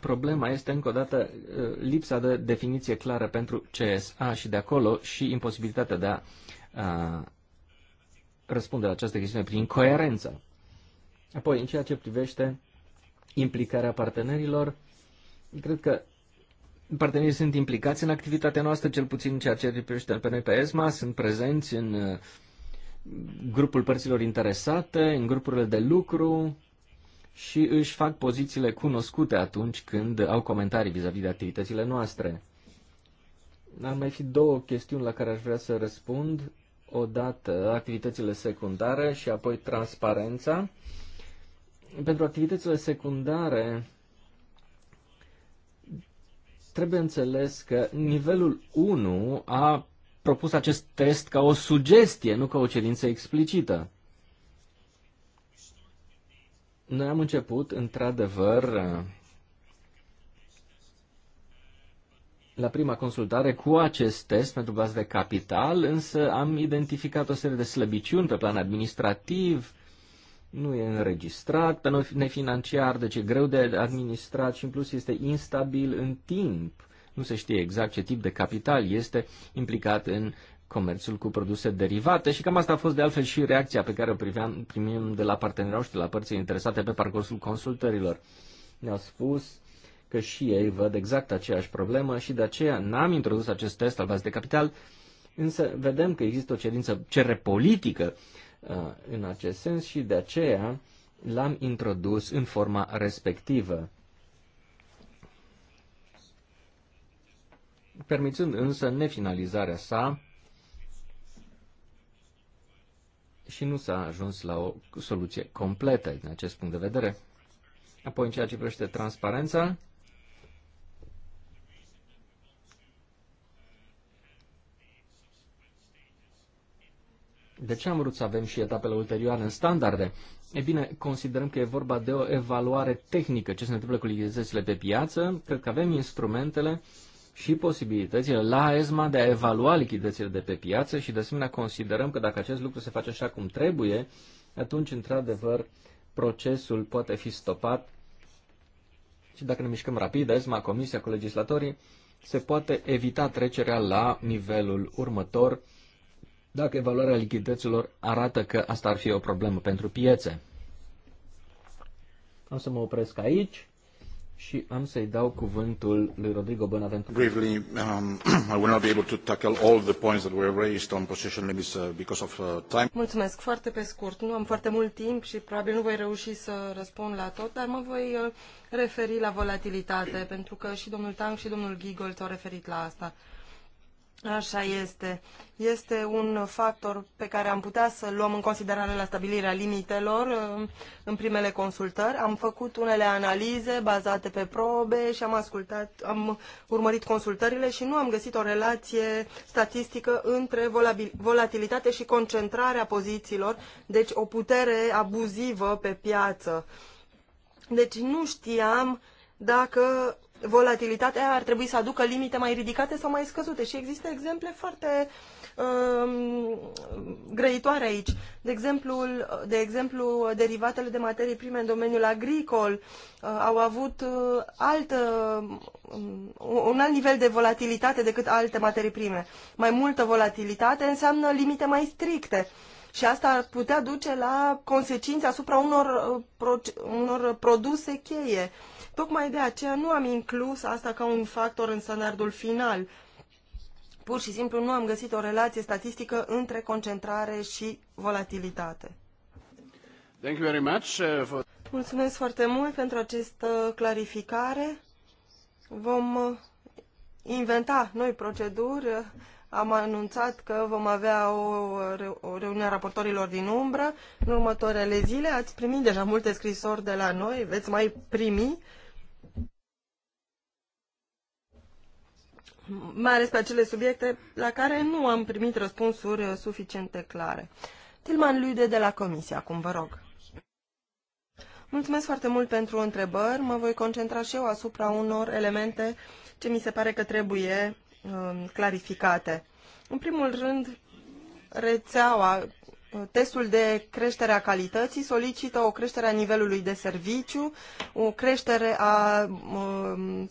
Problema este, încă o dată, uh, lipsa de definiție clară pentru CSA și de acolo și imposibilitatea de a, a răspunde la această chestiune prin coerență. Apoi, în ceea ce privește implicarea partenerilor, cred că partenerii sunt implicați în activitatea noastră, cel puțin în ceea ce privește pe noi pe ESMA, sunt prezenți în uh, grupul părților interesate, în grupurile de lucru, și își fac pozițiile cunoscute atunci când au comentarii vis-a-vis -vis de activitățile noastre. Ar mai fi două chestiuni la care aș vrea să răspund. Odată activitățile secundare și apoi transparența. Pentru activitățile secundare trebuie înțeles că nivelul 1 a propus acest test ca o sugestie, nu ca o cerință explicită. Noi am început, într-adevăr, la prima consultare cu acest test pentru bază de capital, însă am identificat o serie de slăbiciuni pe plan administrativ, nu e înregistrat, pe noi nefinanciar, deci e greu de administrat și în plus este instabil în timp. Nu se știe exact ce tip de capital este implicat în comerțul cu produse derivate și cam asta a fost de altfel și reacția pe care o priveam, primim de la partenerii și de la părții interesate pe parcursul consultărilor. Ne-au spus că și ei văd exact aceeași problemă și de aceea n-am introdus acest test al bazei de capital, însă vedem că există o cerință, cerere politică uh, în acest sens și de aceea l-am introdus în forma respectivă. Permițând însă nefinalizarea sa, și nu s-a ajuns la o soluție completă din acest punct de vedere. Apoi, în ceea ce privește transparența, De ce am vrut să avem și etapele ulterioare în standarde? E bine, considerăm că e vorba de o evaluare tehnică, ce se întâmplă cu lichiditățile pe piață. Cred că avem instrumentele și posibilitățile la ESMA de a evalua lichidățile de pe piață și de asemenea considerăm că dacă acest lucru se face așa cum trebuie, atunci într-adevăr procesul poate fi stopat și dacă ne mișcăm rapid, ESMA, Comisia cu legislatorii, se poate evita trecerea la nivelul următor dacă evaluarea lichidăților arată că asta ar fi o problemă pentru piețe. Am să mă opresc aici și am să-i dau cuvântul lui Rodrigo Bonaventura. Briefly, um, I will not be able to tackle all the points that were raised on position limits uh, because of uh, time. Mulțumesc, foarte pe scurt. Nu am foarte mult timp și probabil nu voi reuși să răspund la tot, dar mă voi uh, referi la volatilitate, pentru că și domnul Tang și domnul Gigol s-au referit la asta. Așa este. Este un factor pe care am putea să luăm în considerare la stabilirea limitelor în primele consultări. Am făcut unele analize bazate pe probe și am ascultat, am urmărit consultările și nu am găsit o relație statistică între volatilitate și concentrarea pozițiilor, deci o putere abuzivă pe piață. Deci nu știam dacă volatilitatea ar trebui să aducă limite mai ridicate sau mai scăzute. Și există exemple foarte um, grăitoare aici. De exemplu, de exemplu, derivatele de materii prime în domeniul agricol uh, au avut alt uh, altă, um, un alt nivel de volatilitate decât alte materii prime. Mai multă volatilitate înseamnă limite mai stricte. Și asta ar putea duce la consecințe asupra unor, uh, unor produse cheie. Uh, Tocmai de aceea nu am inclus asta ca un factor în standardul final. Pur și simplu nu am găsit o relație statistică între concentrare și volatilitate. Thank you very much uh, for... Mulțumesc foarte mult pentru această clarificare. Vom uh, inventa noi proceduri. Am anunțat că vom avea o, o reuniune a raportorilor din umbră în următoarele zile. Ați primit deja multe scrisori de la noi, veți mai primi mai ales pe acele subiecte la care nu am primit răspunsuri uh, suficiente clare. Tilman Lude de la Comisia, acum vă rog. Mulțumesc foarte mult pentru întrebări. Mă voi concentra și eu asupra unor elemente ce mi se pare că trebuie um, clarificate. În primul rând, rețeaua testul de creștere a calității solicită o creștere a nivelului de serviciu, o creștere a um,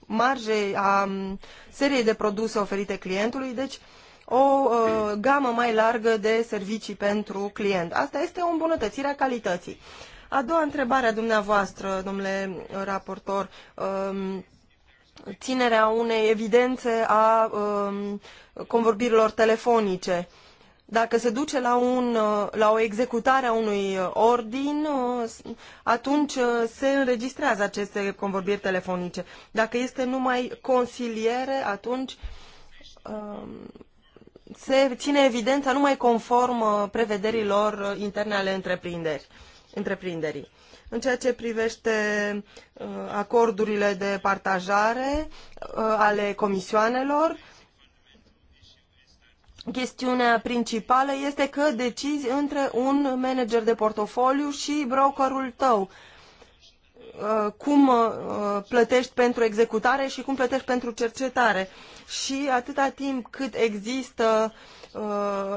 marjei, a um, seriei de produse oferite clientului, deci o uh, gamă mai largă de servicii pentru client. Asta este o îmbunătățire a calității. A doua întrebare a dumneavoastră, domnule raportor, um, ținerea unei evidențe a convorbirilor telefonice dacă se duce la, un, la o executare a unui uh, ordin, uh, atunci uh, se înregistrează aceste convorbiri telefonice. Dacă este numai consiliere, atunci um, se ține evidența numai conform prevederilor interne ale întreprinderi, întreprinderii. În ceea ce privește acordurile de partajare ale comisioanelor, chestiunea principală este că decizi între un manager de portofoliu și brokerul tău. Uh, cum uh, plătești pentru executare și cum plătești pentru cercetare. Și atâta timp cât există uh,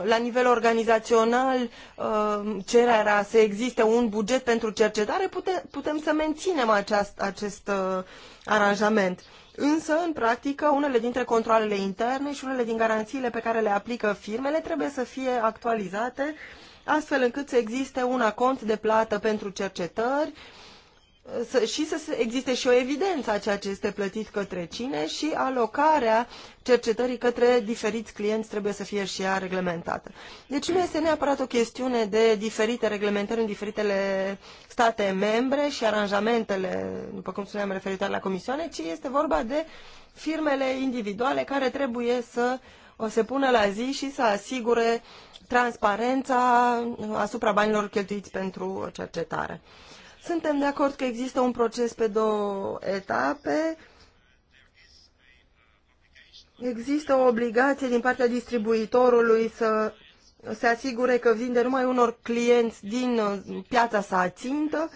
la nivel organizațional cererea să existe un buget pentru cercetare, putem, putem să menținem aceast, acest aranjament Însă, în practică, unele dintre controlele interne și unele din garanțiile pe care le aplică firmele trebuie să fie actualizate, astfel încât să existe un acont de plată pentru cercetări, să, și să existe și o evidență a ceea ce este plătit către cine și alocarea cercetării către diferiți clienți trebuie să fie și ea reglementată. Deci nu este neapărat o chestiune de diferite reglementări în diferitele state membre și aranjamentele, după cum spuneam, referitor la comisioane, ci este vorba de firmele individuale care trebuie să se pună la zi și să asigure transparența asupra banilor cheltuiți pentru cercetare. Suntem de acord că există un proces pe două etape. Există o obligație din partea distribuitorului să se asigure că vinde numai unor clienți din uh, piața sa țintă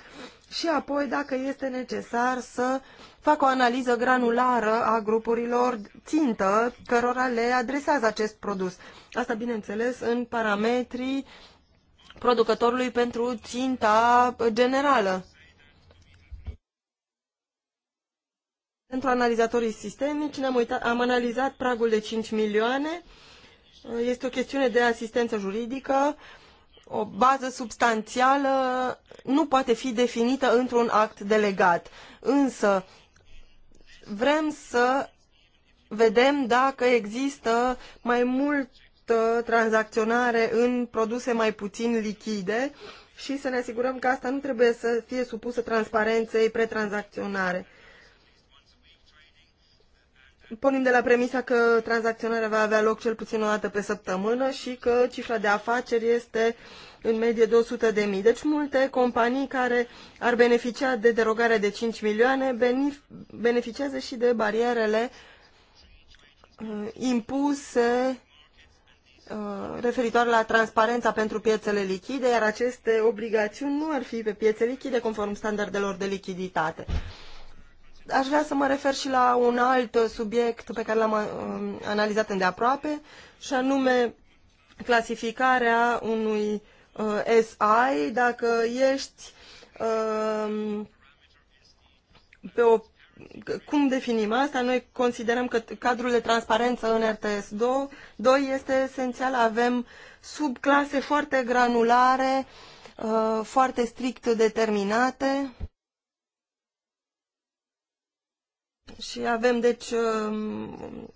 și apoi, dacă este necesar, să facă o analiză granulară a grupurilor țintă cărora le adresează acest produs. Asta, bineînțeles, în parametrii uh, producătorului pentru ținta generală. Pentru analizatorii sistemici ne-am uitat, am analizat pragul de 5 milioane. Este o chestiune de asistență juridică. O bază substanțială nu poate fi definită într-un act delegat. Însă vrem să vedem dacă există mai mult Uh, tranzacționare în produse mai puțin lichide și să ne asigurăm că asta nu trebuie să fie supusă transparenței pretranzacționare. Pornim de la premisa că tranzacționarea va avea loc cel puțin o dată pe săptămână și că cifra de afaceri este în medie 200 de mii. Deci multe companii care ar beneficia de derogarea de 5 milioane beneficiază și de barierele uh, impuse Uh, referitoare la transparența pentru piețele lichide, iar aceste obligațiuni nu ar fi pe piețe lichide conform standardelor de lichiditate. Aș vrea să mă refer și la un alt subiect pe care l-am uh, analizat îndeaproape, și anume clasificarea unui uh, SI dacă ești pe o cum definim asta? Noi considerăm că cadrul de transparență în RTS 2, 2 este esențial. Avem subclase foarte granulare, uh, foarte strict determinate. Și avem, deci, um,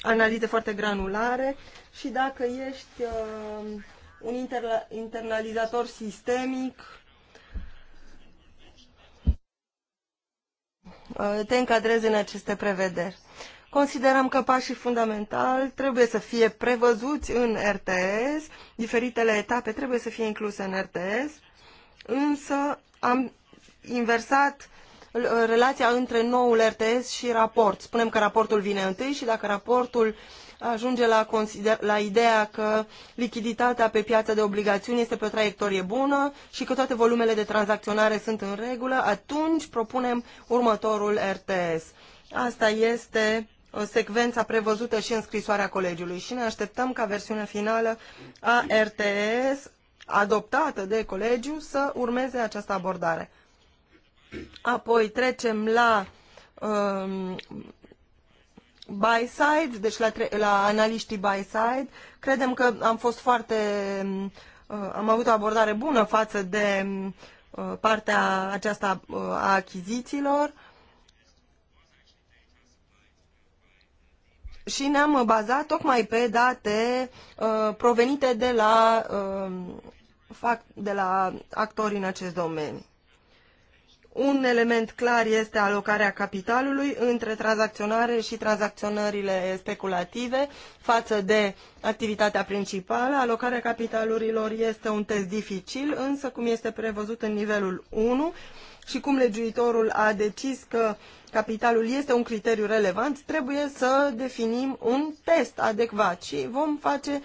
analize foarte granulare și dacă ești um, un internalizator sistemic, Uh, te încadrezi în aceste prevederi. Considerăm că pașii fundamentali trebuie să fie prevăzuți în RTS, diferitele etape trebuie să fie incluse în RTS, însă am inversat uh, relația între noul RTS și raport. Spunem că raportul vine întâi și dacă raportul ajunge la, consider, la ideea că lichiditatea pe piața de obligațiuni este pe o traiectorie bună și că toate volumele de tranzacționare sunt în regulă, atunci propunem următorul RTS. Asta este uh, secvența prevăzută și în scrisoarea colegiului și ne așteptăm ca versiunea finală a RTS adoptată de colegiu să urmeze această abordare. Apoi trecem la um, buy-side, deci la, la analiștii buy-side, credem că am fost foarte, uh, am avut o abordare bună față de uh, partea aceasta uh, a achizițiilor și ne-am bazat tocmai pe date provenite de la, de la actori în acest domeniu. Un element clar este alocarea capitalului între tranzacționare și tranzacționările speculative față de activitatea principală. Alocarea capitalurilor este un test dificil, însă cum este prevăzut în nivelul 1 și cum legiuitorul a decis că capitalul este un criteriu relevant, trebuie să definim un test adecvat și vom face uh,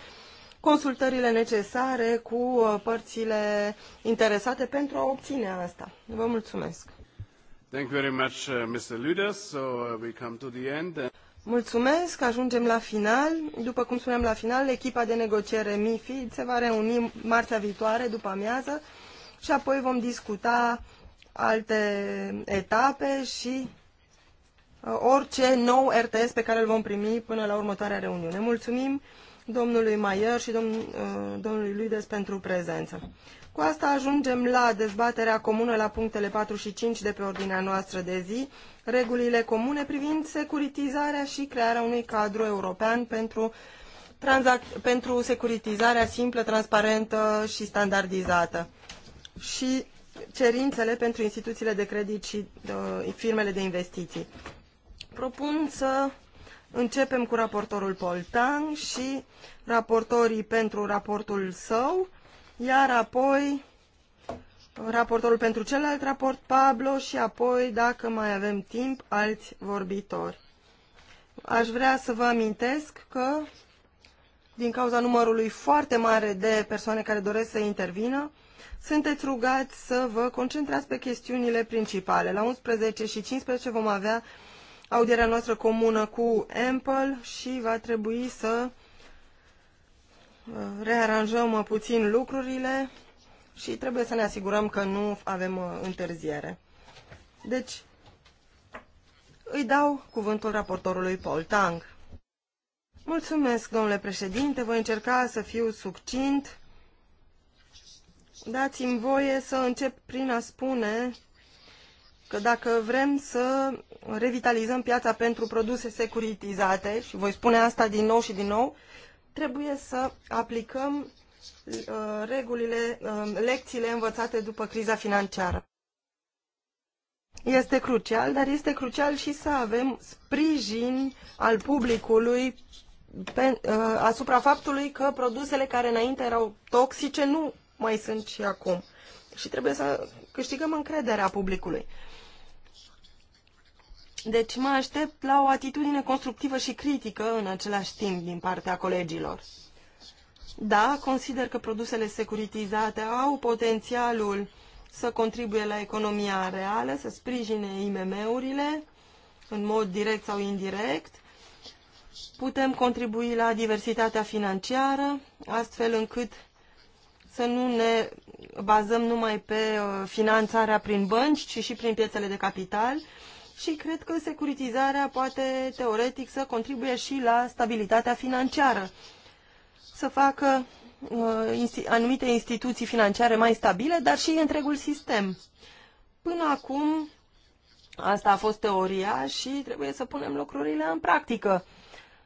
consultările necesare cu uh, părțile interesate pentru a obține asta. Vă mulțumesc. Thank you very much, uh, Mr. So uh, we come to the end. Mulțumesc, ajungem la final. După cum spuneam la final, echipa de negociere MIFID se va reuni marțea viitoare, după amiază, și apoi vom discuta alte etape și orice nou RTS pe care îl vom primi până la următoarea reuniune. Mulțumim! domnului Maier și domn, uh, domnului Luides pentru prezență. Cu asta ajungem la dezbaterea comună la punctele 4 și 5 de pe ordinea noastră de zi, regulile comune privind securitizarea și crearea unui cadru european pentru, pentru securitizarea simplă, transparentă și standardizată și cerințele pentru instituțiile de credit și uh, firmele de investiții. Propun să Începem cu raportorul Paul Tang și raportorii pentru raportul său, iar apoi raportorul pentru celălalt raport Pablo și apoi, dacă mai avem timp, alți vorbitori. Aș vrea să vă amintesc că, din cauza numărului foarte mare de persoane care doresc să intervină, sunteți rugați să vă concentrați pe chestiunile principale. La 11 și 15 vom avea audierea noastră comună cu Ample și va trebui să uh, rearanjăm uh, puțin lucrurile și trebuie să ne asigurăm că nu avem uh, întârziere. Deci, îi dau cuvântul raportorului Paul Tang. Mulțumesc, domnule președinte, voi încerca să fiu succint. Dați-mi voie să încep prin a spune că dacă vrem să revitalizăm piața pentru produse securitizate, și voi spune asta din nou și din nou, trebuie să aplicăm uh, regulile, uh, lecțiile învățate după criza financiară. Este crucial, dar este crucial și să avem sprijin al publicului pe, uh, asupra faptului că produsele care înainte erau toxice nu mai sunt și acum. Și trebuie să câștigăm încrederea publicului. Deci mă aștept la o atitudine constructivă și critică în același timp din partea colegilor. Da, consider că produsele securitizate au potențialul să contribuie la economia reală, să sprijine IMM-urile în mod direct sau indirect. Putem contribui la diversitatea financiară, astfel încât să nu ne bazăm numai pe uh, finanțarea prin bănci, ci și prin piețele de capital și cred că securitizarea poate teoretic să contribuie și la stabilitatea financiară, să facă uh, anumite instituții financiare mai stabile, dar și întregul sistem. Până acum, asta a fost teoria și trebuie să punem lucrurile în practică.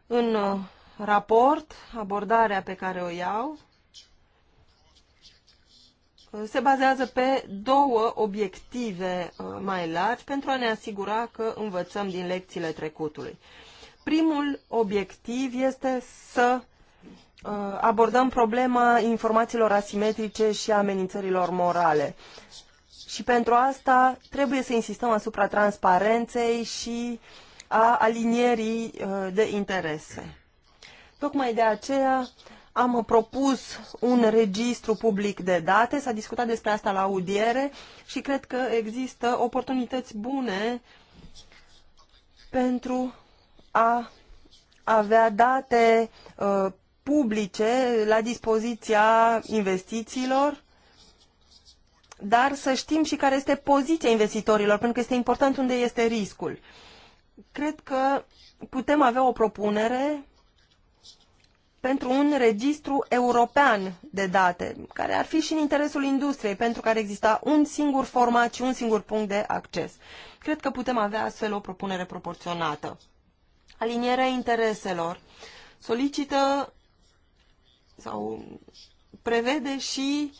În uh, raport, abordarea pe care o iau se bazează pe două obiective uh, mai largi pentru a ne asigura că învățăm din lecțiile trecutului. Primul obiectiv este să uh, abordăm problema informațiilor asimetrice și amenințărilor morale. Și pentru asta trebuie să insistăm asupra transparenței și a alinierii uh, de interese. Tocmai de aceea am propus un registru public de date, s-a discutat despre asta la audiere și cred că există oportunități bune pentru a avea date uh, publice la dispoziția investițiilor, dar să știm și care este poziția investitorilor, pentru că este important unde este riscul. Cred că putem avea o propunere pentru un registru european de date, care ar fi și în interesul industriei, pentru care exista un singur format și un singur punct de acces. Cred că putem avea astfel o propunere proporționată. Alinierea intereselor solicită sau prevede și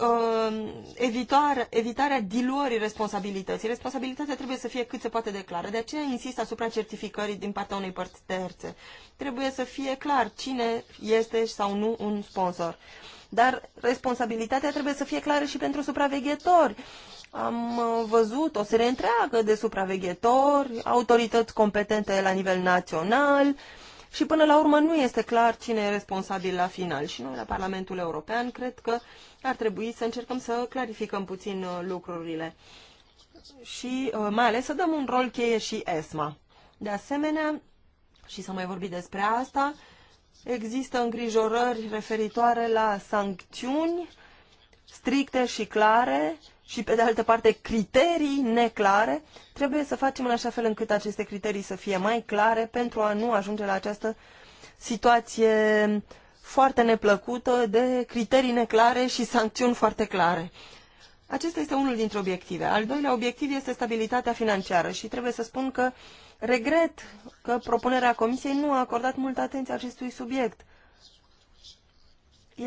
uh, evitarea, evitarea diluării responsabilității. Responsabilitatea trebuie să fie cât se poate de clară. De aceea insist asupra certificării din partea unei părți terțe. Trebuie să fie clar cine este sau nu un sponsor. Dar responsabilitatea trebuie să fie clară și pentru supraveghetori. Am uh, văzut o serie întreagă de supraveghetori, autorități competente la nivel național, uh, și până la urmă nu este clar cine e responsabil la final. Și noi la Parlamentul European cred că ar trebui să încercăm să clarificăm puțin uh, lucrurile și uh, mai ales să dăm un rol cheie și ESMA. De asemenea, și să mai vorbi despre asta, există îngrijorări referitoare la sancțiuni stricte și clare și, pe de altă parte, criterii neclare, trebuie să facem în așa fel încât aceste criterii să fie mai clare pentru a nu ajunge la această situație foarte neplăcută de criterii neclare și sancțiuni foarte clare. Acesta este unul dintre obiective. Al doilea obiectiv este stabilitatea financiară și trebuie să spun că regret că propunerea Comisiei nu a acordat multă atenție acestui subiect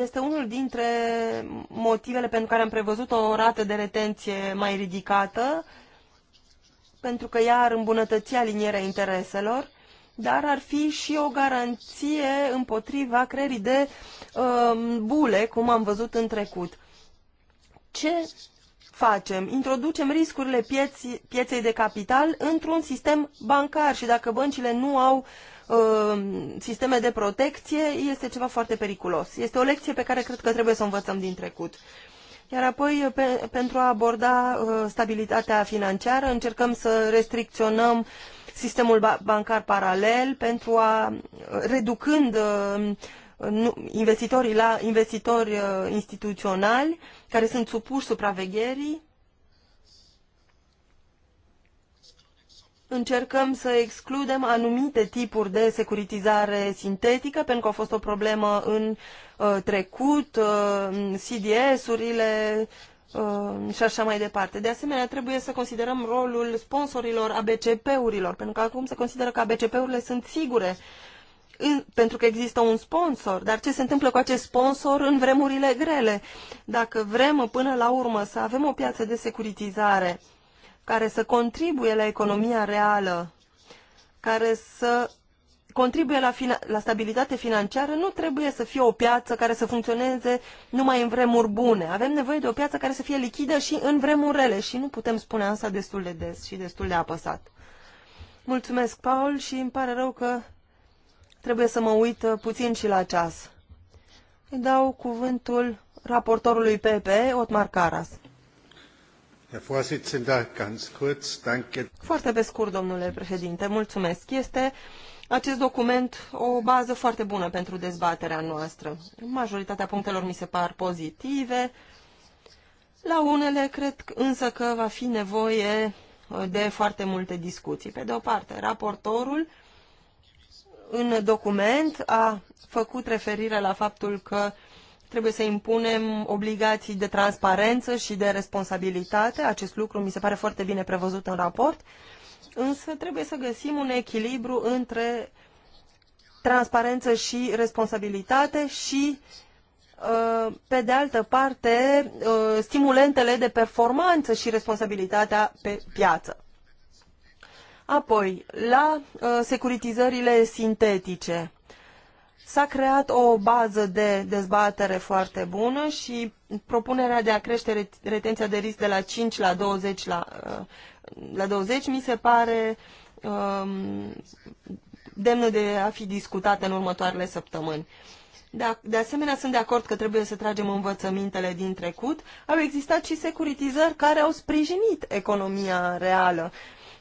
este unul dintre motivele pentru care am prevăzut o rată de retenție mai ridicată, pentru că ea ar îmbunătăți alinierea intereselor, dar ar fi și o garanție împotriva creierii de uh, bule, cum am văzut în trecut. Ce facem? Introducem riscurile pieții, pieței de capital într-un sistem bancar și dacă băncile nu au uh, Um, sisteme de protecție este ceva foarte periculos. Este o lecție pe care cred că trebuie să o învățăm din trecut. Iar apoi, pe, pentru a aborda uh, stabilitatea financiară, încercăm să restricționăm sistemul ba bancar paralel pentru a, uh, reducând uh, investitorii la investitori uh, instituționali care sunt supuși supravegherii încercăm să excludem anumite tipuri de securitizare sintetică, pentru că a fost o problemă în uh, trecut, uh, CDS-urile uh, și așa mai departe. De asemenea, trebuie să considerăm rolul sponsorilor ABCP-urilor, pentru că acum se consideră că ABCP-urile sunt sigure în, pentru că există un sponsor, dar ce se întâmplă cu acest sponsor în vremurile grele? Dacă vrem până la urmă să avem o piață de securitizare, uh, care să contribuie la economia reală, care să contribuie la, la stabilitate financiară, nu trebuie să fie o piață care să funcționeze numai în vremuri bune. Avem nevoie de o piață care să fie lichidă și în vremuri rele și nu putem spune asta destul de des și destul de apăsat. Mulțumesc, Paul, și îmi pare rău că trebuie să mă uit uh, puțin și la ceas. Îi dau cuvântul raportorului PP, Otmar Caras. Foarte pe scurt, domnule președinte, mulțumesc. Este acest document o bază foarte bună pentru dezbaterea noastră. Majoritatea punctelor mi se par pozitive. La unele cred însă că va fi nevoie uh, de foarte multe discuții. Pe de o parte, raportorul în document a făcut referire la faptul că Trebuie să impunem obligații de transparență și de responsabilitate. Acest lucru mi se pare foarte bine prevăzut în raport. Însă trebuie să găsim un echilibru între transparență și responsabilitate și uh, pe de altă parte, uh, stimulentele de performanță și responsabilitatea pe piață. Apoi, la uh, securitizările sintetice. S-a creat o bază de dezbatere foarte bună și propunerea de a crește retenția de risc de la 5 la 20, la, uh, la 20 mi se pare um, demnă de a fi discutată în următoarele săptămâni. De, de asemenea, sunt de acord că trebuie să tragem învățămintele din trecut. Au existat și securitizări care au sprijinit economia reală.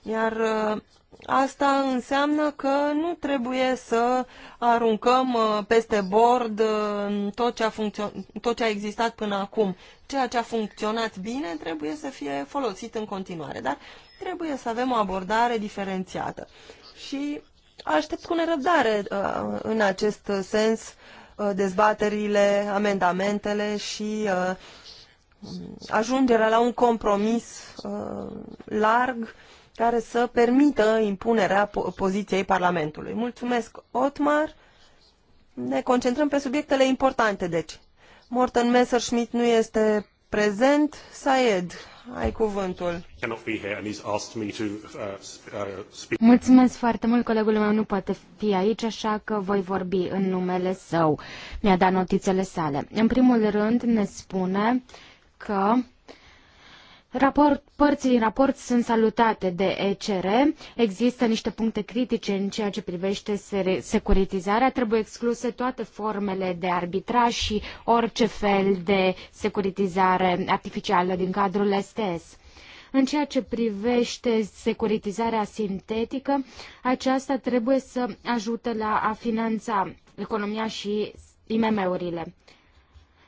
Iar uh, asta înseamnă că nu trebuie să aruncăm uh, peste bord uh, tot ce, a tot ce a existat până acum. Ceea ce a funcționat bine trebuie să fie folosit în continuare, dar trebuie să avem o abordare diferențiată. Și aștept cu nerăbdare uh, în acest sens dezbaterile, amendamentele și ajungerea la un compromis larg care să permită impunerea poziției Parlamentului. Mulțumesc, Otmar. Ne concentrăm pe subiectele importante, deci. Morten Messerschmidt nu este prezent. Saed, ai cuvântul. Uh, uh, Mulțumesc foarte mult, colegul meu nu poate fi aici, așa că voi vorbi în numele său. Mi-a dat notițele sale. În primul rând ne spune că Raport, părții raport sunt salutate de ECR. Există niște puncte critice în ceea ce privește securitizarea. Trebuie excluse toate formele de arbitraj și orice fel de securitizare artificială din cadrul STS. În ceea ce privește securitizarea sintetică, aceasta trebuie să ajute la a finanța economia și IMM-urile.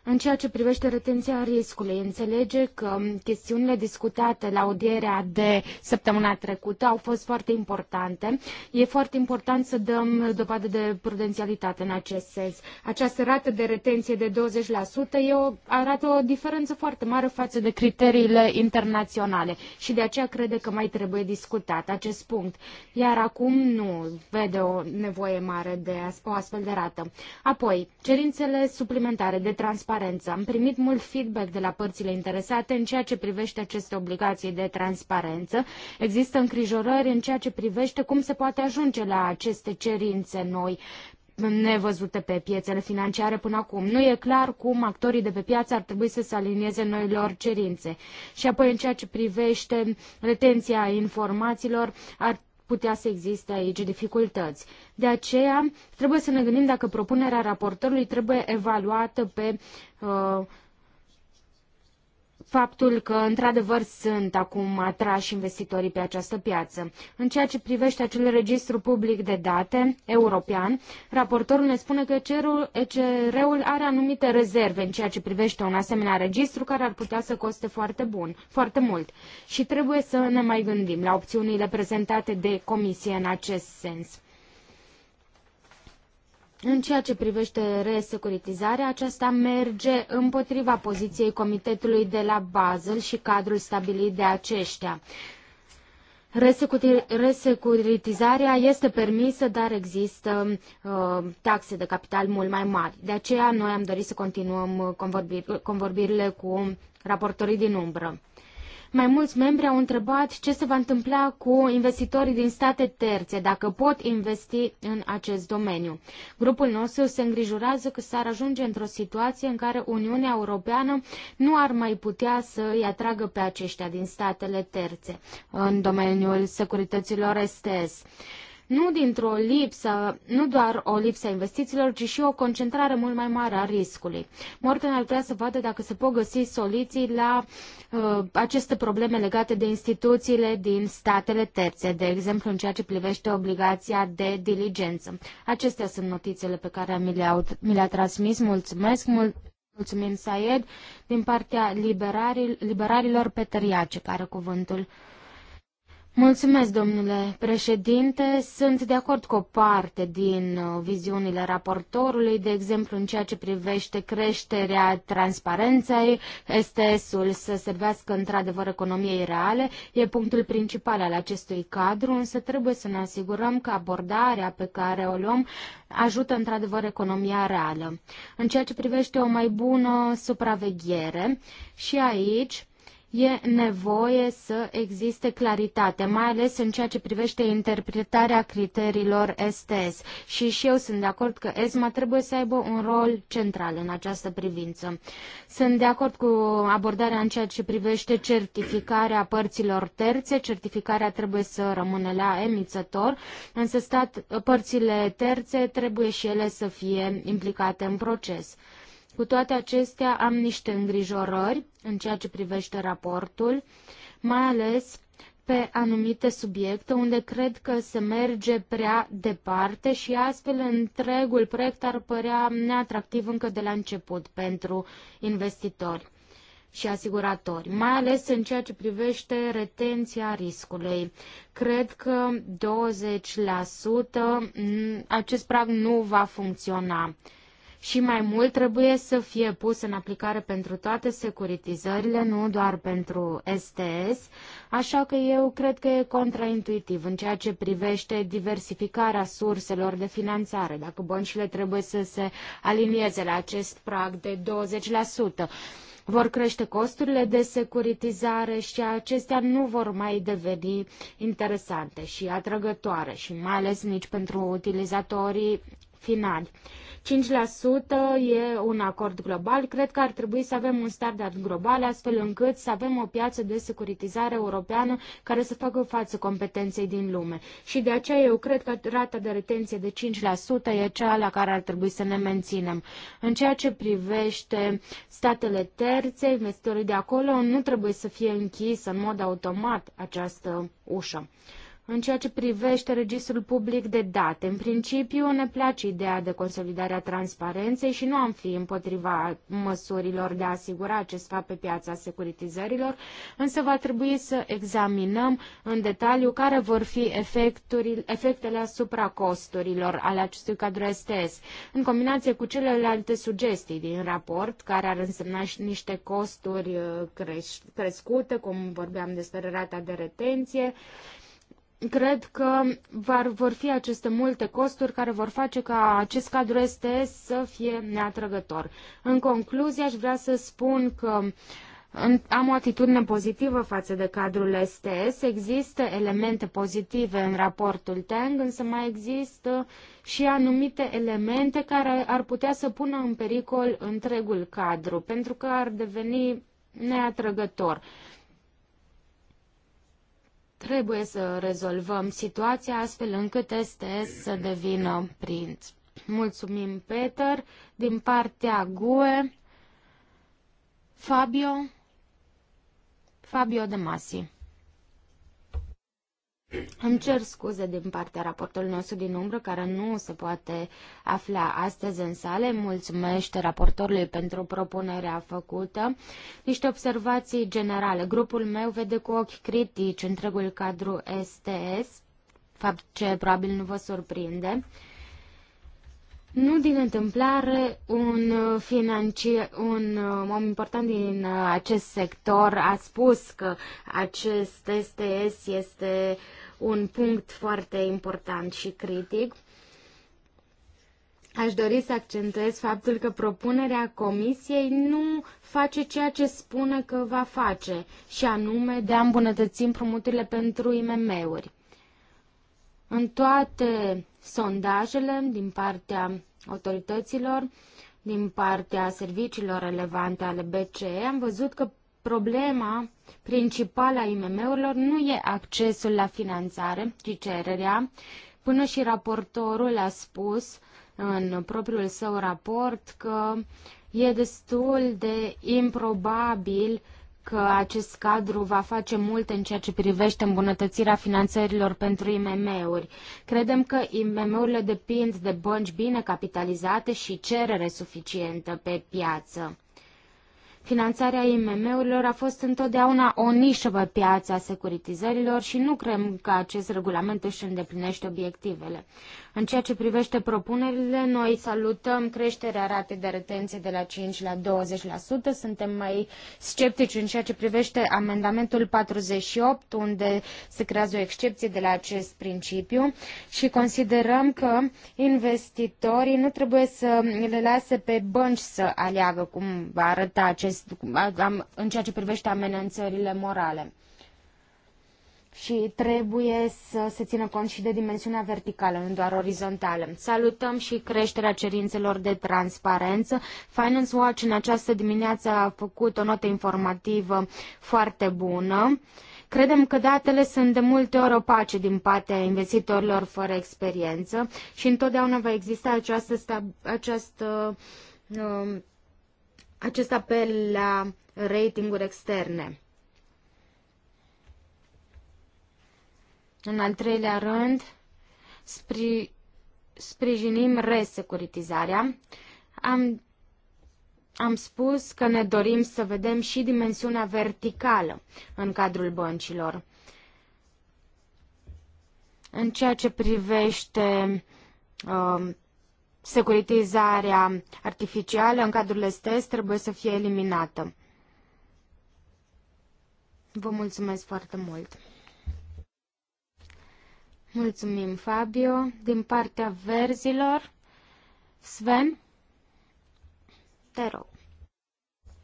În ceea ce privește retenția riscului, înțelege că chestiunile discutate la audierea de săptămâna trecută au fost foarte importante. E foarte important să dăm dovadă de prudențialitate în acest sens. Această rată de retenție de 20% e o, arată o diferență foarte mare față de criteriile internaționale și de aceea crede că mai trebuie discutat acest punct. Iar acum nu vede o nevoie mare de o astfel de rată. Apoi, cerințele suplimentare de transparență transparență. Am primit mult feedback de la părțile interesate în ceea ce privește aceste obligații de transparență. Există îngrijorări în ceea ce privește cum se poate ajunge la aceste cerințe noi nevăzute pe piețele financiare până acum. Nu e clar cum actorii de pe piață ar trebui să se alinieze noilor cerințe. Și apoi în ceea ce privește retenția informațiilor, ar putea să existe aici dificultăți. De aceea, trebuie să ne gândim dacă propunerea raportorului trebuie evaluată pe uh, faptul că, într-adevăr, sunt acum atrași investitorii pe această piață. În ceea ce privește acel registru public de date european, raportorul ne spune că ECR-ul are anumite rezerve în ceea ce privește un asemenea registru care ar putea să coste foarte, bun, foarte mult. Și trebuie să ne mai gândim la opțiunile prezentate de comisie în acest sens. În ceea ce privește resecuritizarea, aceasta merge împotriva poziției comitetului de la Basel și cadrul stabilit de aceștia. Resecuritizarea este permisă, dar există uh, taxe de capital mult mai mari. De aceea noi am dorit să continuăm convorbirile cu raportorii din umbră. Mai mulți membri au întrebat ce se va întâmpla cu investitorii din state terțe, dacă pot investi în acest domeniu. Grupul nostru se îngrijorează că s-ar ajunge într-o situație în care Uniunea Europeană nu ar mai putea să îi atragă pe aceștia din statele terțe în domeniul securităților STS nu dintr-o lipsă, nu doar o lipsă a investițiilor, ci și o concentrare mult mai mare a riscului. Morten ar vrea să vadă dacă se pot găsi soluții la uh, aceste probleme legate de instituțiile din statele terțe, de exemplu în ceea ce privește obligația de diligență. Acestea sunt notițele pe care mi le-a, mi le-a transmis. Mulțumesc mult! Mulțumim, Saed, din partea liberarilor liberalilor Peter Iace, care cuvântul. Mulțumesc, domnule președinte. Sunt de acord cu o parte din uh, viziunile raportorului, de exemplu în ceea ce privește creșterea transparenței, STS-ul să servească într-adevăr economiei reale, e punctul principal al acestui cadru, însă trebuie să ne asigurăm că abordarea pe care o luăm ajută într-adevăr economia reală. În ceea ce privește o mai bună supraveghere și aici, E nevoie să existe claritate, mai ales în ceea ce privește interpretarea criteriilor STS. Și și eu sunt de acord că ESMA trebuie să aibă un rol central în această privință. Sunt de acord cu abordarea în ceea ce privește certificarea părților terțe. Certificarea trebuie să rămână la emițător, însă stat, părțile terțe trebuie și ele să fie implicate în proces. Cu toate acestea, am niște îngrijorări în ceea ce privește raportul, mai ales pe anumite subiecte unde cred că se merge prea departe și astfel întregul proiect ar părea neatractiv încă de la început pentru investitori și asiguratori, mai ales în ceea ce privește retenția riscului. Cred că 20% mm, acest prag nu va funcționa și mai mult trebuie să fie pus în aplicare pentru toate securitizările, nu doar pentru STS, așa că eu cred că e contraintuitiv în ceea ce privește diversificarea surselor de finanțare, dacă băncile trebuie să se alinieze la acest prag de 20%. Vor crește costurile de securitizare și acestea nu vor mai deveni interesante și atrăgătoare și mai ales nici pentru utilizatorii finali e un acord global. Cred că ar trebui să avem un standard global, astfel încât să avem o piață de securitizare europeană care să facă față competenței din lume. Și de aceea eu cred că rata de retenție de 5% e cea la care ar trebui să ne menținem. În ceea ce privește statele terțe, investitorii de acolo, nu trebuie să fie închisă în mod automat această ușă. În ceea ce privește registrul public de date, în principiu ne place ideea de consolidare a transparenței și nu am fi împotriva măsurilor de a asigura acest fapt pe piața securitizărilor, însă va trebui să examinăm în detaliu care vor fi efectele asupra costurilor ale acestui cadru STS, în combinație cu celelalte sugestii din raport, care ar însemna și niște costuri uh, crescute, cum vorbeam despre rata de retenție, Cred că var, vor fi aceste multe costuri care vor face ca acest cadru STS să fie neatrăgător. În concluzie, aș vrea să spun că am o atitudine pozitivă față de cadrul STS. Există elemente pozitive în raportul TANG, însă mai există și anumite elemente care ar putea să pună în pericol întregul cadru, pentru că ar deveni neatrăgător. Trebuie să rezolvăm situația astfel încât STS să devină prinț. Mulțumim, Peter. Din partea GUE, Fabio, Fabio De Masi. Îmi cer scuze din partea raportorului nostru din umbră, care nu se poate afla astăzi în sale. Mulțumește raportorului pentru propunerea făcută. Niște observații generale. Grupul meu vede cu ochi critici întregul cadru STS, fapt ce probabil nu vă surprinde. Nu din întâmplare, un, financi- un uh, om important din uh, acest sector a spus că acest STS este un punct foarte important și critic. Aș dori să accentuez faptul că propunerea comisiei nu face ceea ce spune că va face, și anume de a îmbunătăți împrumuturile pentru IMM-uri. În toate sondajele din partea autorităților, din partea serviciilor relevante ale BCE, am văzut că Problema principală a IMM-urilor nu e accesul la finanțare, ci cererea. Până și raportorul a spus în propriul său raport că e destul de improbabil că acest cadru va face mult în ceea ce privește îmbunătățirea finanțărilor pentru IMM-uri. Credem că IMM-urile depind de bănci bine capitalizate și cerere suficientă pe piață. Finanțarea IMM-urilor a fost întotdeauna o nișă pe piața securitizărilor și nu creăm că acest regulament își îndeplinește obiectivele. În ceea ce privește propunerile, noi salutăm creșterea ratei de retenție de la 5 la 20%. Suntem mai sceptici în ceea ce privește amendamentul 48, unde se creează o excepție de la acest principiu și considerăm că investitorii nu trebuie să le lase pe bănci să aleagă cum va arăta acest, în ceea ce privește amenințările morale și trebuie să se țină cont și de dimensiunea verticală, nu doar orizontală. Salutăm și creșterea cerințelor de transparență. Finance Watch în această dimineață a făcut o notă informativă foarte bună. Credem că datele sunt de multe ori opace din partea investitorilor fără experiență și întotdeauna va exista această, această, um, acest apel la ratinguri externe. În al treilea rând, spri, sprijinim resecuritizarea. Am, am spus că ne dorim să vedem și dimensiunea verticală în cadrul băncilor. În ceea ce privește uh, securitizarea artificială în cadrul STS trebuie să fie eliminată. Vă mulțumesc foarte mult! Mulțumim, Fabio. Din partea verzilor, Sven, te rog.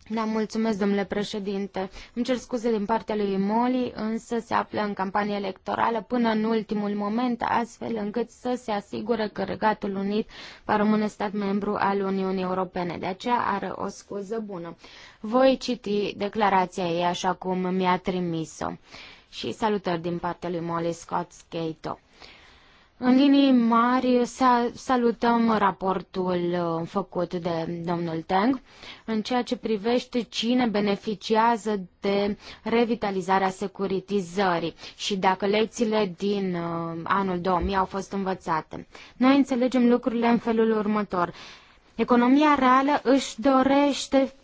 Da, mulțumesc, domnule președinte. Îmi cer scuze din partea lui Moli, însă se află în campanie electorală până în ultimul moment, astfel încât să se asigure că Regatul Unit va rămâne stat membru al Uniunii Europene. De aceea are o scuză bună. Voi citi declarația ei așa cum mi-a trimis-o și salutări din partea lui Molly Scott Skato. În linii mari salutăm raportul uh, făcut de domnul Tang în ceea ce privește cine beneficiază de revitalizarea securitizării și dacă lecțiile din uh, anul 2000 au fost învățate. Noi înțelegem lucrurile în felul următor. Economia reală își dorește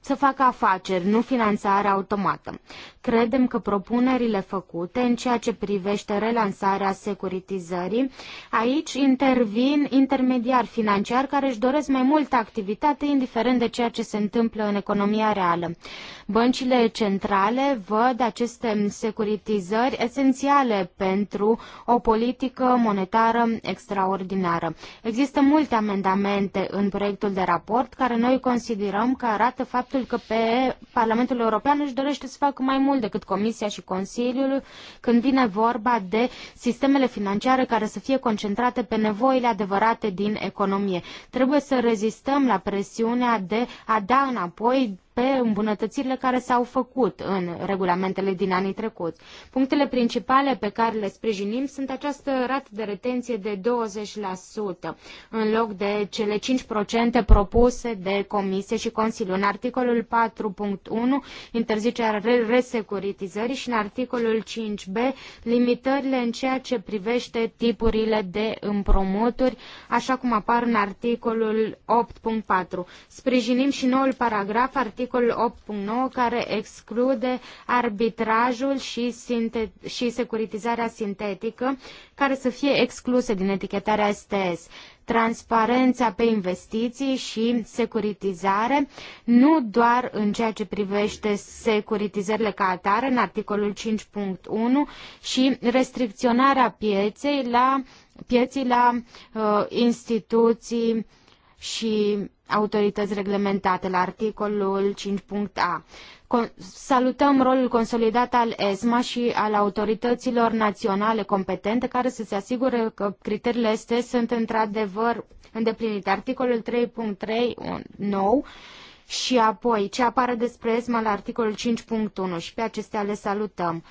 să facă afaceri, nu finanțare automată. Credem că propunerile făcute în ceea ce privește relansarea securitizării, aici intervin intermediari financiari care își doresc mai multă activitate, indiferent de ceea ce se întâmplă în economia reală. Băncile centrale văd aceste securitizări esențiale pentru o politică monetară extraordinară. Există multe amendamente în proiectul de raport care noi considerăm că arată faptul că pe Parlamentul European își dorește să facă mai mult mult decât Comisia și Consiliul când vine vorba de sistemele financiare care să fie concentrate pe nevoile adevărate din economie. Trebuie să rezistăm la presiunea de a da înapoi pe îmbunătățirile care s-au făcut în regulamentele din anii trecuți. Punctele principale pe care le sprijinim sunt această rată de retenție de 20% în loc de cele 5% propuse de Comisie și Consiliu. În articolul 4.1 interzicerea resecuritizării și în articolul 5b limitările în ceea ce privește tipurile de împrumuturi, așa cum apar în articolul 8.4. Sprijinim și noul paragraf articolul articolul 8.9 care exclude arbitrajul și, sinte- și securitizarea sintetică care să fie excluse din etichetarea STS transparența pe investiții și securitizare, nu doar în ceea ce privește securitizările ca atare, în articolul 5.1, și restricționarea pieței la, pieții la uh, instituții și autorități reglementate la articolul 5.a. Salutăm rolul consolidat al ESMA și al autorităților naționale competente care să se asigure că criteriile este sunt într-adevăr îndeplinite. Articolul 3.3 nou și apoi ce apare despre ESMA la articolul 5.1 și pe acestea le salutăm.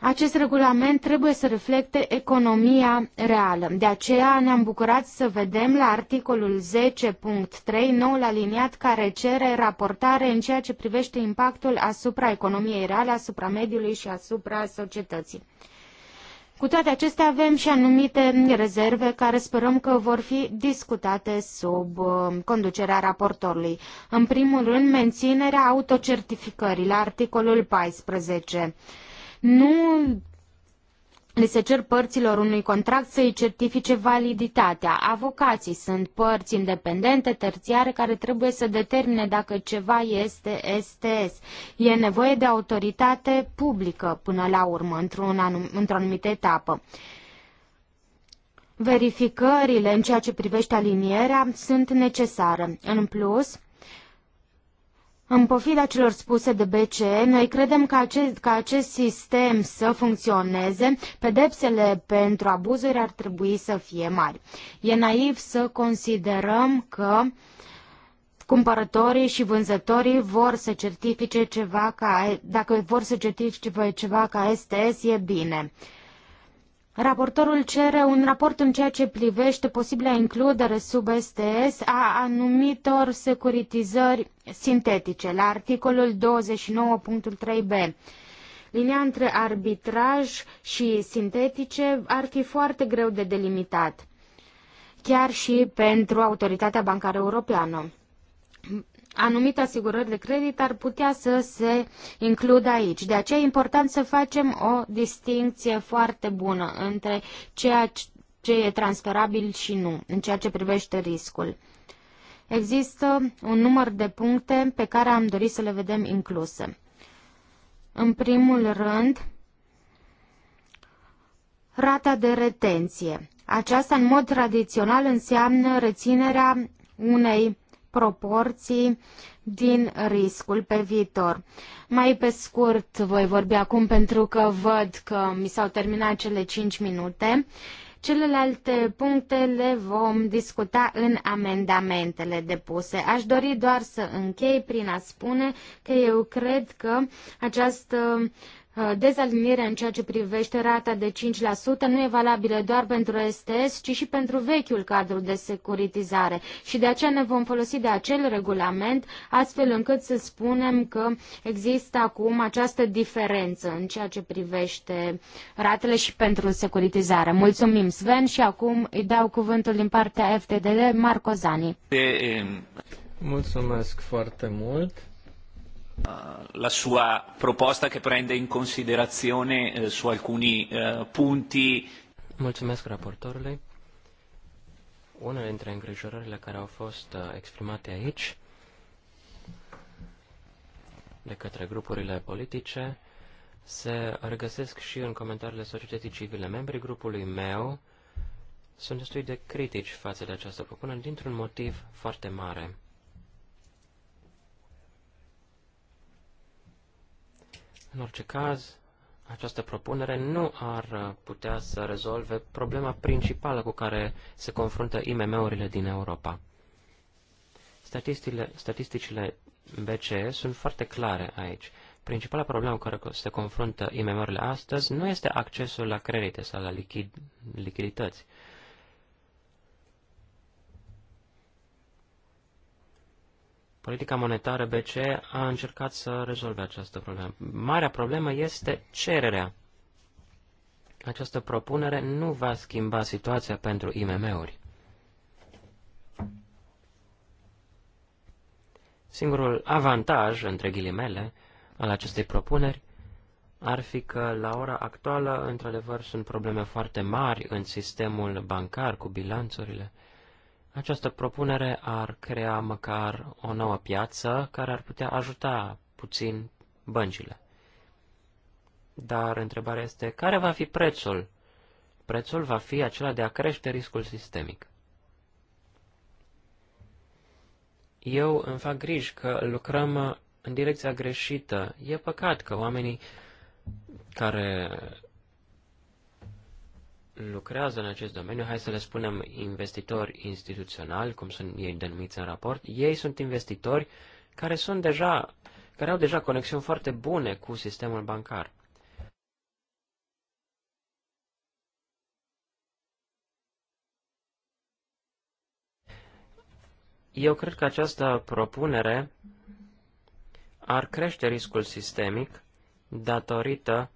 Acest regulament trebuie să reflecte economia reală. De aceea ne-am bucurat să vedem la articolul 10.3 noul aliniat care cere raportare în ceea ce privește impactul asupra economiei reale, asupra mediului și asupra societății. Cu toate acestea avem și anumite rezerve care sperăm că vor fi discutate sub uh, conducerea raportorului. În primul rând, menținerea autocertificării la articolul 14 nu li se cer părților unui contract să îi certifice validitatea. Avocații sunt părți independente, terțiare, care trebuie să determine dacă ceva este STS. E nevoie de autoritate publică până la urmă, într-un anum- într-o anumită etapă. Verificările în ceea ce privește alinierea sunt necesare. În plus, în pofida celor spuse de BCE, noi credem că acest, că acest sistem să funcționeze, pedepsele pentru abuzuri ar trebui să fie mari. E naiv să considerăm că cumpărătorii și vânzătorii vor să certifice ceva ca, dacă vor să certifice ceva ca STS, e bine. Raportorul cere un raport în ceea ce privește posibila includere sub STS a anumitor securitizări sintetice la articolul 29.3b. Linia între arbitraj și sintetice ar fi foarte greu de delimitat, chiar și pentru Autoritatea Bancară Europeană anumite asigurări de credit ar putea să se includă aici. De aceea e important să facem o distinție foarte bună între ceea ce e transferabil și nu, în ceea ce privește riscul. Există un număr de puncte pe care am dorit să le vedem incluse. În primul rând, rata de retenție. Aceasta, în mod tradițional, înseamnă reținerea unei proporții din riscul pe viitor. Mai pe scurt voi vorbi acum pentru că văd că mi s-au terminat cele 5 minute. Celelalte puncte le vom discuta în amendamentele depuse. Aș dori doar să închei prin a spune că eu cred că această Uh, dezalinierea în ceea ce privește rata de 5% nu e valabilă doar pentru STS, ci și pentru vechiul cadru de securitizare. Și de aceea ne vom folosi de acel regulament, astfel încât să spunem că există acum această diferență în ceea ce privește ratele și pentru securitizare. Mulțumim, Sven, și acum îi dau cuvântul din partea FTDD, Marco Zani. Mulțumesc foarte mult. Eh, la sua proposta che prende in considerazione eh, su alcuni eh, punti. Mulțumesc raportorului. Unele dintre îngrijorările care au fost exprimate aici de către grupurile politice se regăsesc și în comentariile societății civile. Membrii grupului meu sunt destui de critici față de această propunere dintr-un motiv foarte mare. În orice caz, această propunere nu ar putea să rezolve problema principală cu care se confruntă IMM-urile din Europa. Statisticile, statisticile BCE sunt foarte clare aici. Principala problemă cu care se confruntă IMM-urile astăzi nu este accesul la credite sau la lichid, lichidități. Politica monetară BCE a încercat să rezolve această problemă. Marea problemă este cererea. Această propunere nu va schimba situația pentru IMM-uri. Singurul avantaj, între ghilimele, al acestei propuneri ar fi că, la ora actuală, într-adevăr, sunt probleme foarte mari în sistemul bancar cu bilanțurile. Această propunere ar crea măcar o nouă piață care ar putea ajuta puțin băncile. Dar întrebarea este, care va fi prețul? Prețul va fi acela de a crește riscul sistemic. Eu îmi fac griji că lucrăm în direcția greșită. E păcat că oamenii care lucrează în acest domeniu, hai să le spunem investitori instituționali, cum sunt ei denumiți în raport, ei sunt investitori care sunt deja, care au deja conexiuni foarte bune cu sistemul bancar. Eu cred că această propunere ar crește riscul sistemic datorită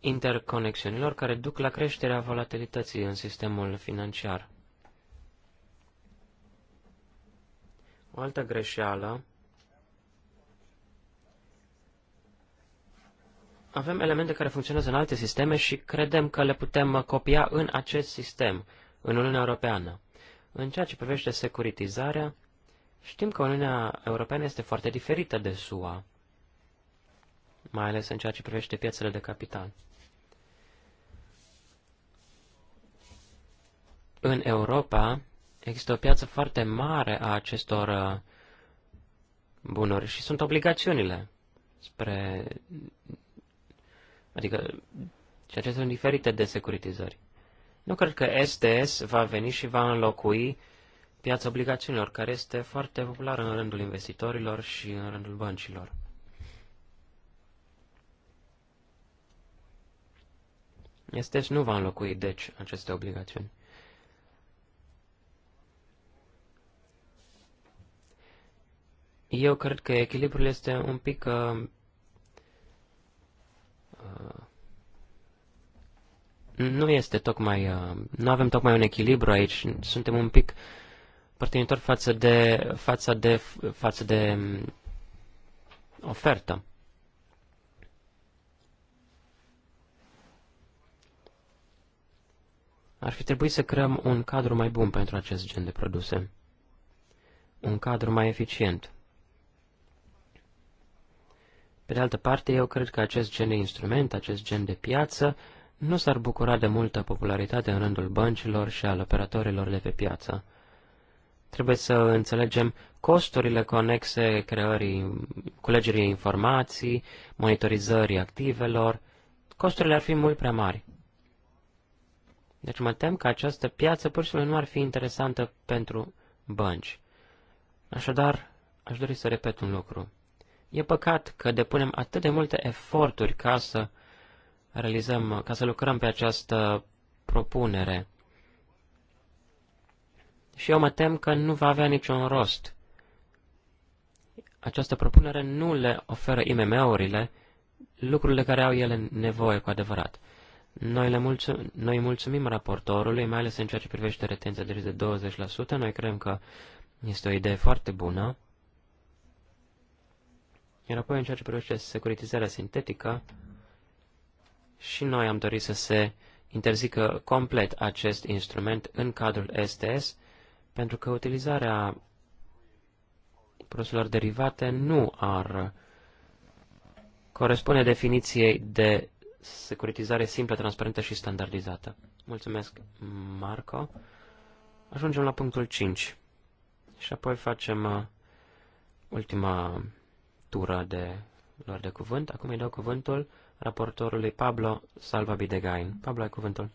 interconexiunilor care duc la creșterea volatilității în sistemul financiar. O altă greșeală. Avem elemente care funcționează în alte sisteme și credem că le putem copia în acest sistem, în Uniunea Europeană. În ceea ce privește securitizarea, știm că Uniunea Europeană este foarte diferită de SUA, mai ales în ceea ce privește piețele de capital. În Europa există o piață foarte mare a acestor uh, bunuri și sunt obligațiunile spre... Adică, ceea ce sunt diferite de securitizări. Nu cred că STS va veni și va înlocui piața obligațiunilor, care este foarte populară în rândul investitorilor și în rândul băncilor. STS nu va înlocui, deci, aceste obligațiuni. Eu cred că echilibrul este un pic uh, uh nu este tocmai, uh, nu avem tocmai un echilibru aici, suntem un pic părtinitori față de, față de, față de um, ofertă. Ar fi trebuit să creăm un cadru mai bun pentru acest gen de produse, un cadru mai eficient. Pe de altă parte, eu cred că acest gen de instrument, acest gen de piață, nu s-ar bucura de multă popularitate în rândul băncilor și al operatorilor de pe piață. Trebuie să înțelegem costurile conexe creării, culegerii informații, monitorizării activelor. Costurile ar fi mult prea mari. Deci mă tem că această piață pur și simplu nu ar fi interesantă pentru bănci. Așadar, aș dori să repet un lucru. E păcat că depunem atât de multe eforturi ca să realizăm, ca să lucrăm pe această propunere. Și eu mă tem că nu va avea niciun rost. Această propunere nu le oferă IMM-urile lucrurile care au ele nevoie cu adevărat. Noi, le mulțu- noi mulțumim raportorului, mai ales în ceea ce privește retenția de 20%. Noi credem că este o idee foarte bună. Iar apoi, în ceea ce privește securitizarea sintetică, și noi am dorit să se interzică complet acest instrument în cadrul STS, pentru că utilizarea produselor derivate nu ar corespunde definiției de securitizare simplă, transparentă și standardizată. Mulțumesc, Marco. Ajungem la punctul 5 și apoi facem uh, ultima tură de lor de cuvânt. Acum îi dau cuvântul raportorului Pablo Bidegain. Pablo, ai cuvântul.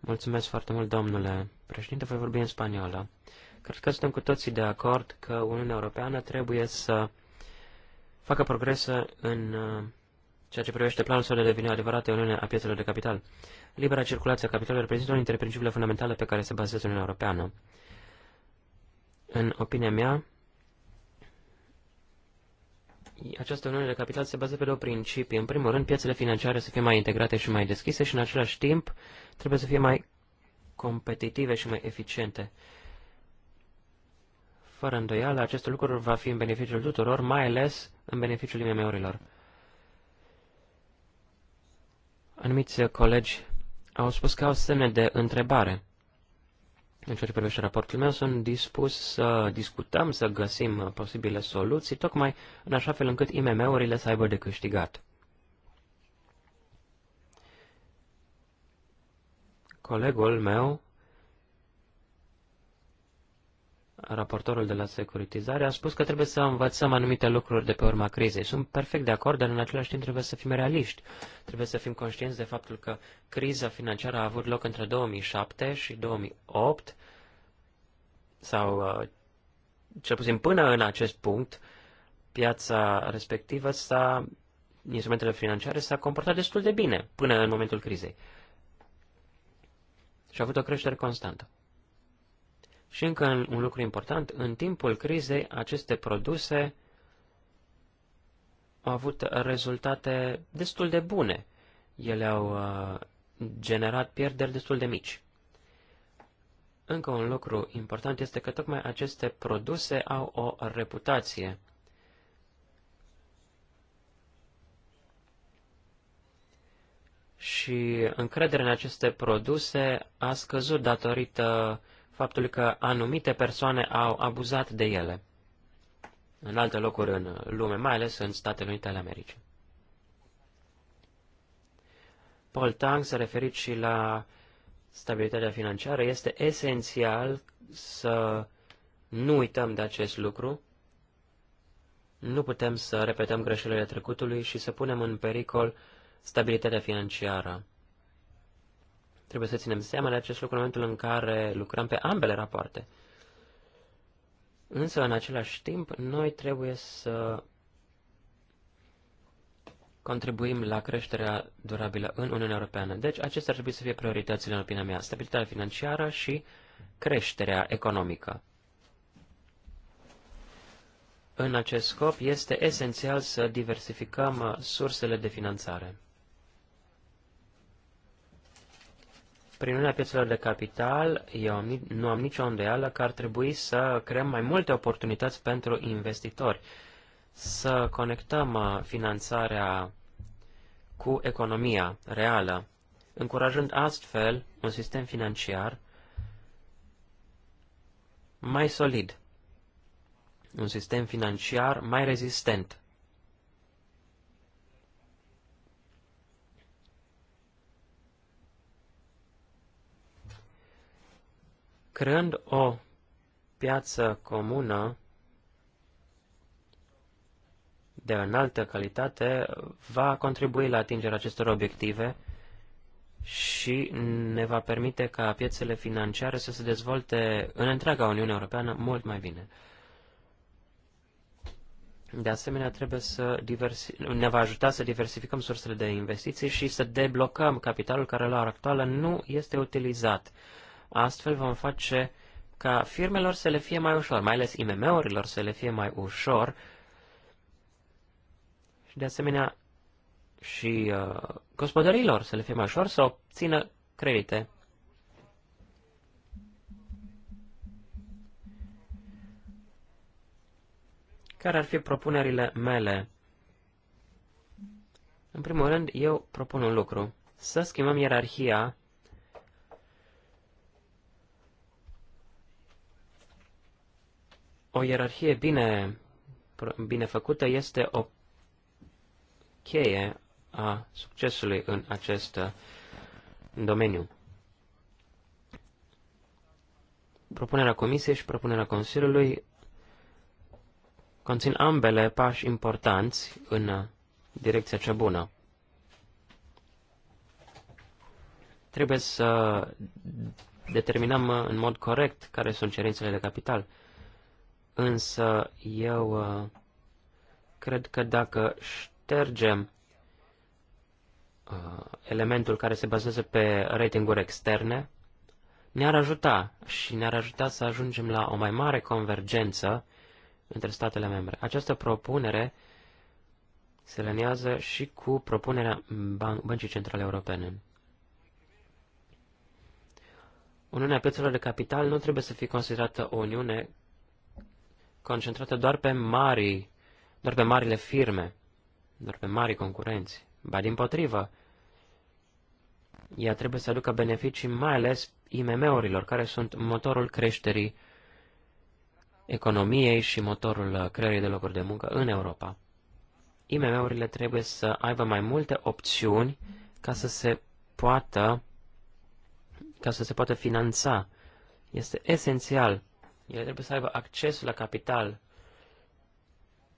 Mulțumesc foarte mult, domnule președinte. Voi vorbi în spaniolă. Cred că suntem cu toții de acord că Uniunea Europeană trebuie să facă progrese în uh, ceea ce privește planul său de a deveni adevărată Uniune a piețelor de capital. Libera circulație a capitalului reprezintă unul dintre principiile fundamentale pe care se bazează Uniunea Europeană. În opinia mea, această uniune de capital se bazează pe două principii. În primul rând, piețele financiare să fie mai integrate și mai deschise și, în același timp, trebuie să fie mai competitive și mai eficiente. Fără îndoială, acest lucru va fi în beneficiul tuturor, mai ales în beneficiul IMM-urilor. Anumiți colegi au spus că au semne de întrebare în ceea ce privește raportul meu, sunt dispus să discutăm, să găsim posibile soluții, tocmai în așa fel încât IMM-urile să aibă de câștigat. Colegul meu raportorul de la securitizare a spus că trebuie să învățăm anumite lucruri de pe urma crizei. Sunt perfect de acord, dar în același timp trebuie să fim realiști. Trebuie să fim conștienți de faptul că criza financiară a avut loc între 2007 și 2008 sau uh, cel puțin până în acest punct, piața respectivă s-a, instrumentele financiare s-a comportat destul de bine până în momentul crizei. Și a avut o creștere constantă. Și încă un lucru important, în timpul crizei, aceste produse au avut rezultate destul de bune. Ele au uh, generat pierderi destul de mici. Încă un lucru important este că tocmai aceste produse au o reputație. Și încrederea în aceste produse a scăzut datorită faptul că anumite persoane au abuzat de ele în alte locuri în lume, mai ales în Statele Unite ale Americii. Paul Tang s-a referit și la stabilitatea financiară. Este esențial să nu uităm de acest lucru. Nu putem să repetăm greșelile trecutului și să punem în pericol stabilitatea financiară. Trebuie să ținem seama de acest lucru în momentul în care lucrăm pe ambele rapoarte. Însă, în același timp, noi trebuie să contribuim la creșterea durabilă în Uniunea Europeană. Deci, acestea ar trebui să fie prioritățile în opinia mea. Stabilitatea financiară și creșterea economică. În acest scop, este esențial să diversificăm uh, sursele de finanțare. Prin Uniunea Piețelor de Capital, eu nu am nicio îndoială că ar trebui să creăm mai multe oportunități pentru investitori, să conectăm uh, finanțarea cu economia reală, încurajând astfel un sistem financiar mai solid, un sistem financiar mai rezistent. Creând o piață comună de înaltă calitate, va contribui la atingerea acestor obiective și ne va permite ca piețele financiare să se dezvolte în întreaga Uniune Europeană mult mai bine. De asemenea, trebuie să diversi... ne va ajuta să diversificăm sursele de investiții și să deblocăm capitalul care la ora actuală nu este utilizat Astfel vom face ca firmelor să le fie mai ușor, mai ales IMM-urilor să le fie mai ușor și de asemenea și uh, gospodărilor să le fie mai ușor să obțină credite. Care ar fi propunerile mele? În primul rând, eu propun un lucru. Să schimbăm ierarhia o ierarhie bine, bine făcută este o cheie a succesului în acest uh, domeniu. Propunerea Comisiei și propunerea Consiliului conțin ambele pași importanți în uh, direcția cea bună. Trebuie să determinăm uh, în mod corect care sunt cerințele de capital. Însă eu uh, cred că dacă ștergem uh, elementul care se bazează pe ratinguri externe, ne-ar ajuta și ne-ar ajuta să ajungem la o mai mare convergență între statele membre. Această propunere se lănează și cu propunerea Ban Băncii Centrale Europene. Uniunea piețelor de capital nu trebuie să fie considerată o uniune concentrată doar pe mari, doar pe marile firme, doar pe mari concurenți. Ba din potrivă, ea trebuie să aducă beneficii mai ales IMM-urilor, care sunt motorul creșterii economiei și motorul uh, creării de locuri de muncă în Europa. IMM-urile trebuie să aibă mai multe opțiuni ca să se poată ca să se poată finanța. Este esențial ele trebuie să aibă acces la capital.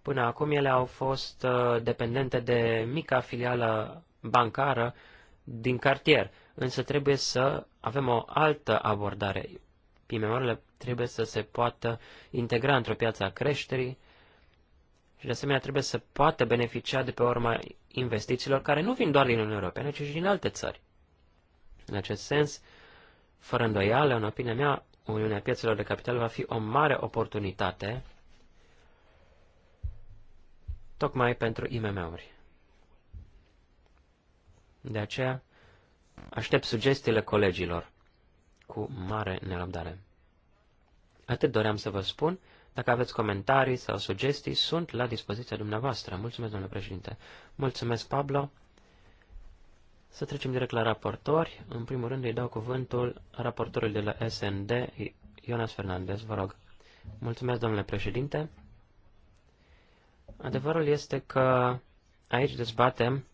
Până acum ele au fost uh, dependente de mica filială bancară din cartier, însă trebuie să avem o altă abordare. PMM-urile trebuie să se poată integra într-o piață a creșterii și, de asemenea, trebuie să poată beneficia de pe urma investițiilor care nu vin doar din Uniunea Europeană, ci și din alte țări. În acest sens, fără îndoială, în opinia mea, Uniunea Piețelor de Capital va fi o mare oportunitate tocmai pentru IMM-uri. De aceea, aștept sugestiile colegilor cu mare nerăbdare. Atât doream să vă spun. Dacă aveți comentarii sau sugestii, sunt la dispoziția dumneavoastră. Mulțumesc, domnule președinte. Mulțumesc, Pablo. Să trecem direct la raportori. În primul rând îi dau cuvântul raportorului de la SND, Ionas Fernandez, vă rog. Mulțumesc, domnule președinte. Adevărul este că aici dezbatem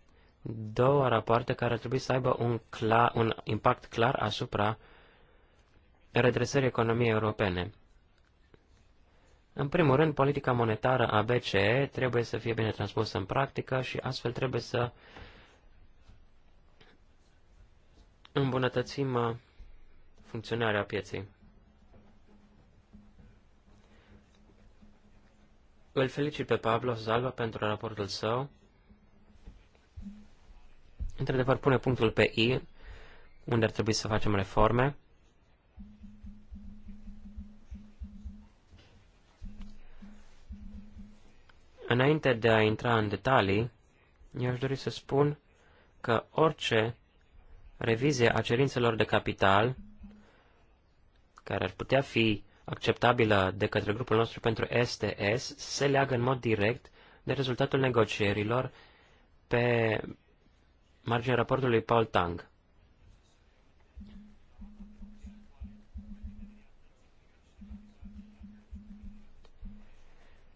două rapoarte care ar trebui să aibă un, clar, un impact clar asupra redresării economiei europene. În primul rând, politica monetară a BCE trebuie să fie bine transpusă în practică și astfel trebuie să îmbunătățim uh, funcționarea pieței. Îl felicit pe Pablo Zalba pentru raportul său. Într-adevăr, pune punctul pe I, unde ar trebui să facem reforme. Înainte de a intra în detalii, eu aș dori să spun că orice revizie a cerințelor de capital, care ar putea fi acceptabilă de către grupul nostru pentru STS, se leagă în mod direct de rezultatul negocierilor pe marginea raportului Paul Tang.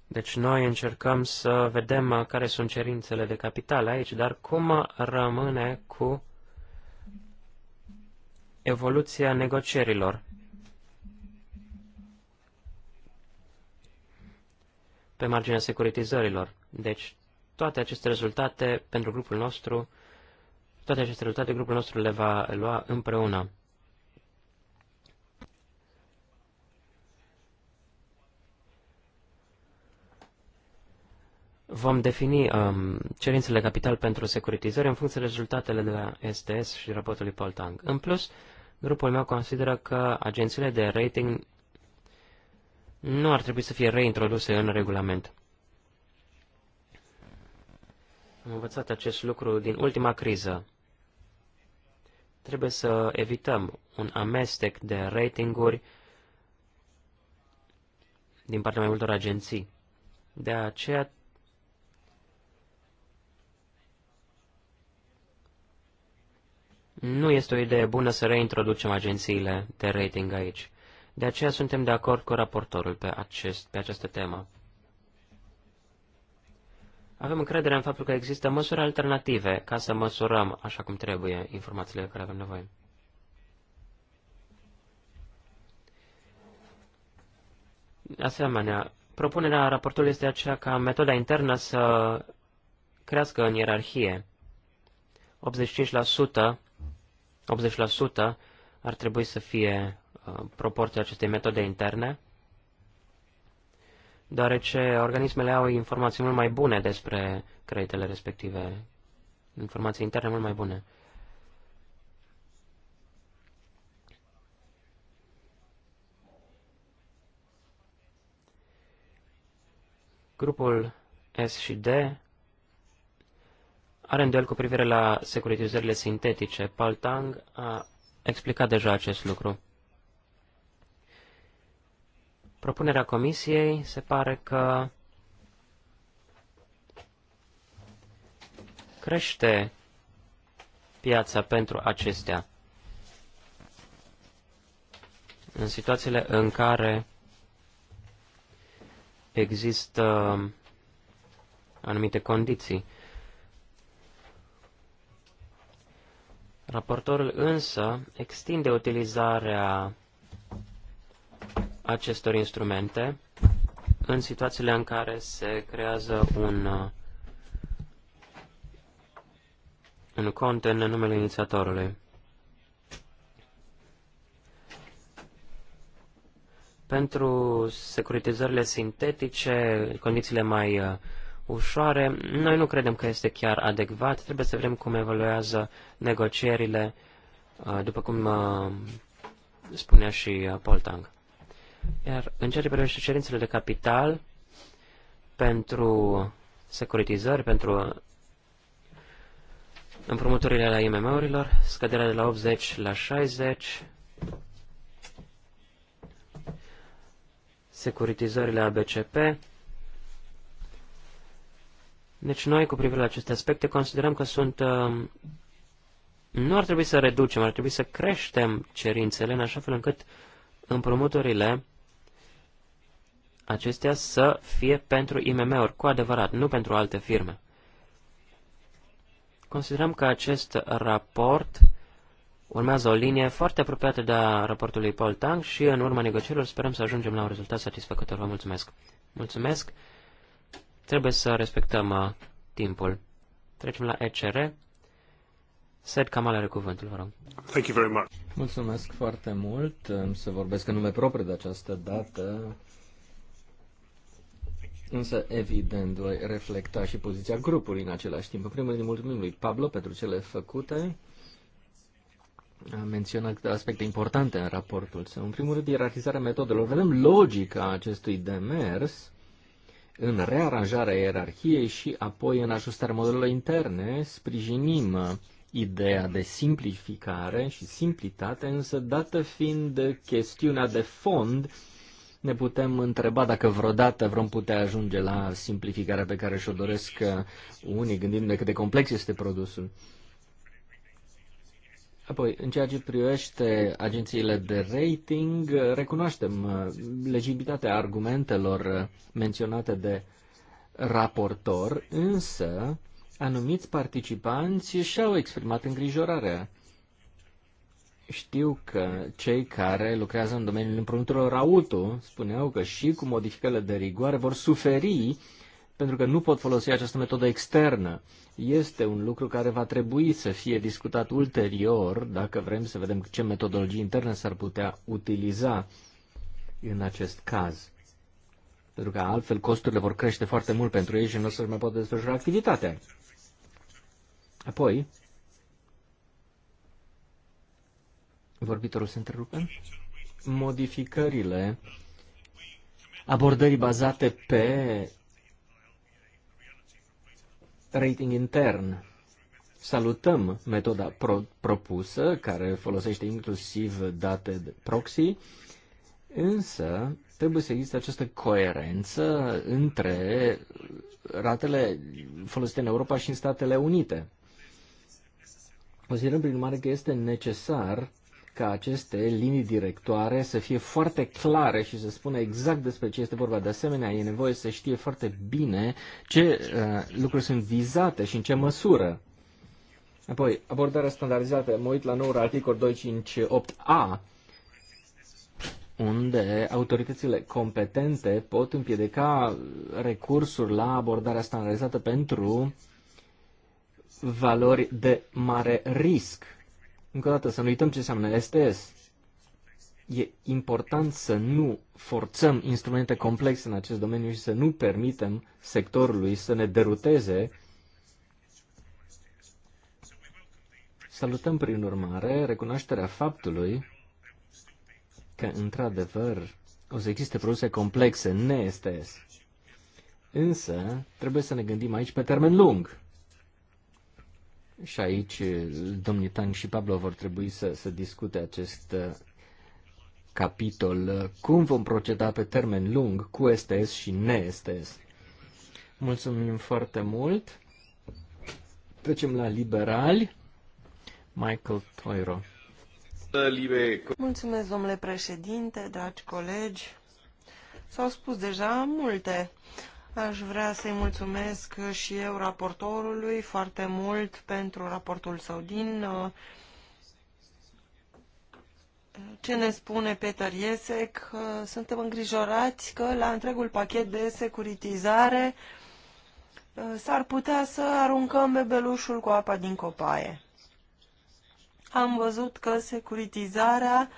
Deci noi încercăm să vedem care sunt cerințele de capital aici, dar cum rămâne cu evoluția negocierilor. pe marginea securitizărilor. Deci, toate aceste rezultate pentru grupul nostru, toate aceste rezultate grupul nostru le va lua împreună. Vom defini um, cerințele capital pentru securitizări în funcție de rezultatele de la STS și raportului Poltang. În plus, Grupul meu consideră că agențiile de rating nu ar trebui să fie reintroduse în regulament. Am învățat acest lucru din ultima criză. Trebuie să evităm un amestec de ratinguri din partea mai multor agenții. De aceea Nu este o idee bună să reintroducem agențiile de rating aici. De aceea suntem de acord cu raportorul pe, acest, pe această temă. Avem încredere în faptul că există măsuri alternative ca să măsurăm așa cum trebuie informațiile de care avem nevoie. Asemenea, propunerea raportului este aceea ca metoda internă să crească în ierarhie. 80% ar trebui să fie uh, proporția acestei metode interne, deoarece organismele au informații mult mai bune despre creditele respective, informații interne mult mai bune. Grupul S și D are îndoiel cu privire la securitizările sintetice. Paul Tang a explicat deja acest lucru. Propunerea comisiei se pare că crește piața pentru acestea. În situațiile în care există anumite condiții. Raportorul însă extinde utilizarea acestor instrumente în situațiile în care se creează un, un cont în numele inițiatorului. Pentru securitizările sintetice, condițiile mai uh, ușoare. Noi nu credem că este chiar adecvat. Trebuie să vedem cum evoluează negocierile, uh, după cum uh, spunea și uh, Tang. Iar în ceea ce privește cerințele de capital pentru securitizări, pentru împrumuturile la IMM-urilor, scăderea de la 80 la 60, securitizările ABCP, deci noi, cu privire la aceste aspecte, considerăm că sunt... Uh, nu ar trebui să reducem, ar trebui să creștem cerințele în așa fel încât împrumuturile acestea să fie pentru IMM-uri, cu adevărat, nu pentru alte firme. Considerăm că acest raport urmează o linie foarte apropiată de a raportului Paul Tang și în urma negocierilor sperăm să ajungem la un rezultat satisfăcător. Vă mulțumesc! Mulțumesc! Trebuie să respectăm uh, timpul. Trecem la ECR. Sed Kamal are cuvântul, vă rog. Thank you very much. Mulțumesc foarte mult. Să vorbesc în nume propriu de această dată. Însă, evident, voi reflecta și poziția grupului în același timp. În primul rând, mulțumim lui Pablo pentru cele făcute. A menționat câteva aspecte importante în raportul său. În primul rând, ierarhizarea metodelor. Vedem logica acestui demers în rearanjarea ierarhiei și apoi în ajustarea modelelor interne, sprijinim ideea de simplificare și simplitate, însă dată fiind chestiunea de fond, ne putem întreba dacă vreodată vom putea ajunge la simplificarea pe care și-o doresc unii, gândindu-ne cât de complex este produsul. Apoi, în ceea ce privește agențiile de rating, recunoaștem uh, legitimitatea argumentelor uh, menționate de raportor, însă anumiți participanți și-au exprimat îngrijorarea. Știu că cei care lucrează în domeniul împrumuturilor auto spuneau că și cu modificările de rigoare vor suferi pentru că nu pot folosi această metodă externă. Este un lucru care va trebui să fie discutat ulterior, dacă vrem să vedem ce metodologie internă s-ar putea utiliza în acest caz. Pentru că altfel costurile vor crește foarte mult pentru ei și nu o să-și mai poată desfășura activitatea. Apoi, vorbitorul se întrerupe, modificările abordării bazate pe rating intern. Salutăm metoda pro- propusă, care folosește inclusiv date de proxy, însă trebuie să existe această coerență între ratele folosite în Europa și în Statele Unite. Considerăm, prin urmare, că este necesar ca aceste linii directoare să fie foarte clare și să spună exact despre ce este vorba. De asemenea, e nevoie să știe foarte bine ce uh, lucruri sunt vizate și în ce măsură. Apoi, abordarea standardizată. Mă uit la noul articol 258a, unde autoritățile competente pot împiedica recursuri la abordarea standardizată pentru valori de mare risc încă o dată, să nu uităm ce înseamnă STS. E important să nu forțăm instrumente complexe în acest domeniu și să nu permitem sectorului să ne deruteze. Salutăm, prin urmare, recunoașterea faptului că, într-adevăr, o să existe produse complexe, ne STS. Însă, trebuie să ne gândim aici pe termen lung. Și aici domnii Tang și Pablo vor trebui să, să discute acest uh, capitol. Cum vom proceda pe termen lung cu STS și ne-STS? Mulțumim foarte mult. Trecem la liberali. Michael Toiro. Mulțumesc, domnule președinte, dragi colegi. S-au spus deja multe. Aș vrea să-i mulțumesc și eu raportorului foarte mult pentru raportul său din uh, ce ne spune Peter Iesec. Uh, suntem îngrijorați că la întregul pachet de securitizare uh, s-ar putea să aruncăm bebelușul cu apa din copaie. Am văzut că securitizarea uh,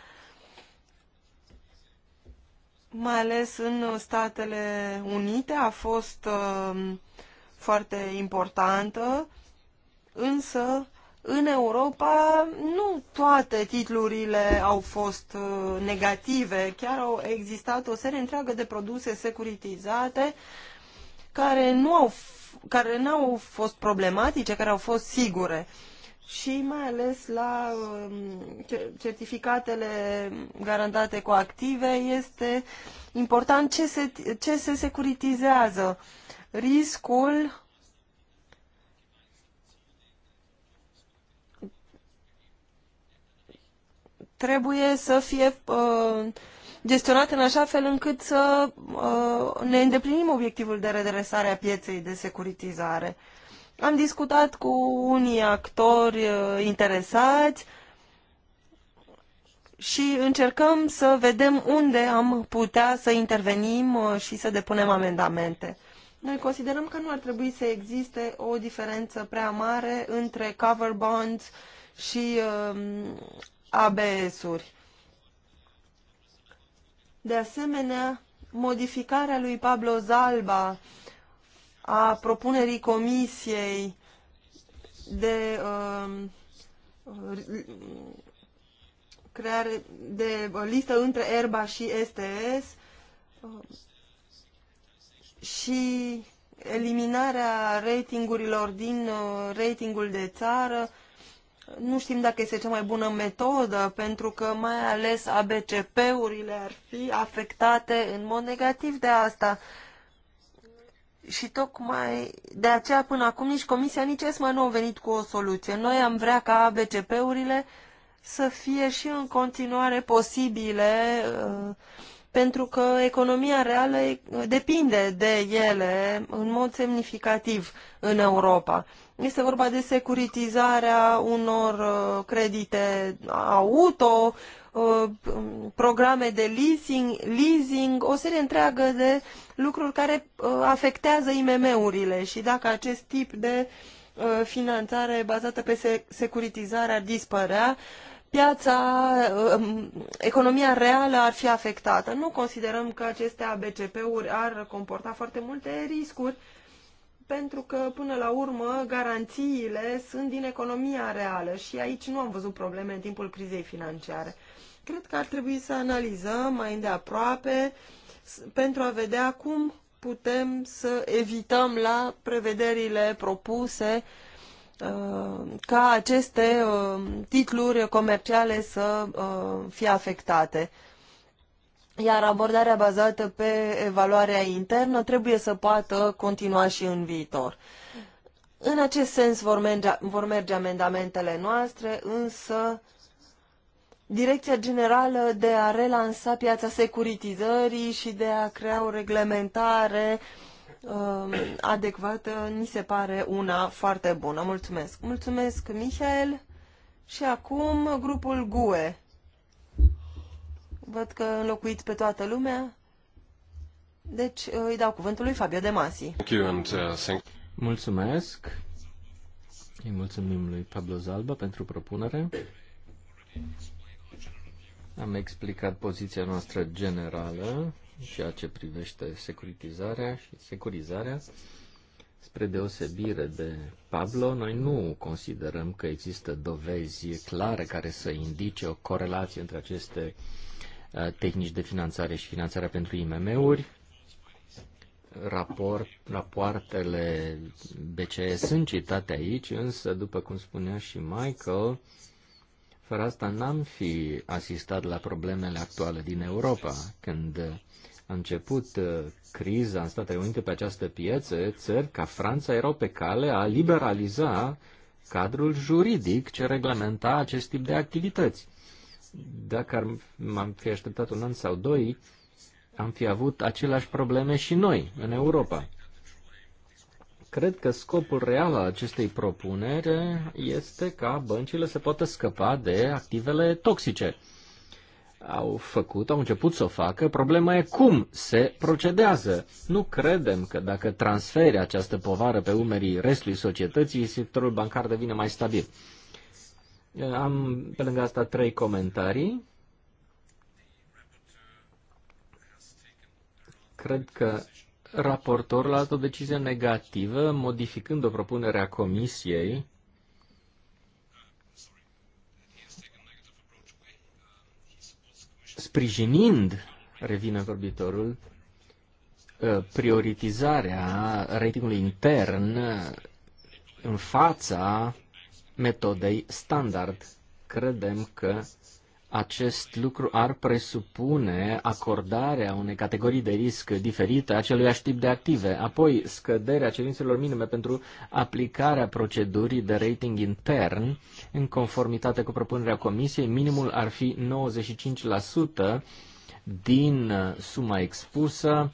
mai ales în Statele Unite, a fost um, foarte importantă, însă în Europa nu toate titlurile au fost uh, negative, chiar au existat o serie întreagă de produse securitizate care nu au, care n-au fost problematice, care au fost sigure. Uh, și mai ales la um, certificatele garantate cu active, este important ce se, ce se securitizează. Riscul trebuie să fie uh, gestionat în așa fel încât să uh, ne îndeplinim obiectivul de redresare a pieței de securitizare. Am discutat cu unii actori uh, interesați și încercăm să vedem unde am putea să intervenim uh, și să depunem amendamente. Noi considerăm că nu ar trebui să existe o diferență prea mare între cover bonds și um, ABS-uri. De asemenea, modificarea lui Pablo Zalba a propunerii comisiei de um, creare de listă între ERBA și STS um, și eliminarea ratingurilor din uh, ratingul de țară. Nu știm dacă este cea mai bună metodă, pentru că mai ales ABCP-urile ar fi afectate în mod negativ de asta. Uh, și tocmai de aceea până acum nici Comisia, nici ESMA nu au venit cu o soluție. Noi am vrea ca ABCP-urile să fie și în continuare posibile uh, pentru că economia reală depinde de ele în mod semnificativ în Europa. Este vorba de securitizarea unor uh, credite auto, uh, programe de leasing, leasing, o serie întreagă de lucruri care uh, afectează IMM-urile și dacă acest tip de finanțare bazată pe securitizare ar dispărea, piața, um, economia reală ar fi afectată. Nu considerăm că aceste ABCP-uri ar comporta foarte multe riscuri, pentru că, până la urmă, garanțiile sunt din economia reală și aici nu am văzut probleme în timpul crizei financiare. Cred că ar trebui să analizăm mai îndeaproape pentru a vedea cum putem să evităm la prevederile propuse uh, Uh, ca aceste uh, titluri comerciale să uh, fie afectate. Iar abordarea bazată pe evaluarea internă trebuie să poată continua și în viitor. În acest sens vor merge, vor merge amendamentele noastre, însă Direcția Generală de a relansa piața securitizării și de a crea o reglementare uh, Um, adecvată ni se pare una foarte bună. Mulțumesc! Mulțumesc, Michael! Și acum grupul GUE. Văd că înlocuiți pe toată lumea. Deci uh, îi dau cuvântul lui Fabio De Masi. Uh, Mulțumesc! Îi mulțumim lui Pablo Zalba pentru propunere. Am explicat poziția noastră generală ceea ce privește securitizarea și securizarea. Spre deosebire de Pablo, noi nu considerăm că există dovezi clare care să indice o corelație între aceste uh, tehnici de finanțare și finanțarea pentru IMM-uri. Raport, rapoartele BCE sunt citate aici, însă, după cum spunea și Michael, fără asta n-am fi asistat la problemele actuale din Europa, când a început uh, criza în Statele Unite pe această piață, țări ca Franța erau pe cale a liberaliza cadrul juridic ce reglementa acest tip de activități. Dacă m-am fi așteptat un an sau doi, am fi avut aceleași probleme și noi, în Europa. Cred că scopul real al acestei propuneri este ca băncile să poată scăpa de activele toxice au făcut, au început să o facă, problema e cum se procedează. Nu credem că dacă transferi această povară pe umerii restului societății, sectorul bancar devine mai stabil. Am, pe lângă asta, trei comentarii. Cred că raportorul a luat o decizie negativă, modificând o propunere a comisiei sprijinind, revine vorbitorul, ă, prioritizarea ratingului intern în fața metodei standard. Credem că acest lucru ar presupune acordarea unei categorii de risc diferite acelui tip de active, apoi scăderea cerințelor minime pentru aplicarea procedurii de rating intern în conformitate cu propunerea comisiei, minimul ar fi 95% din suma expusă,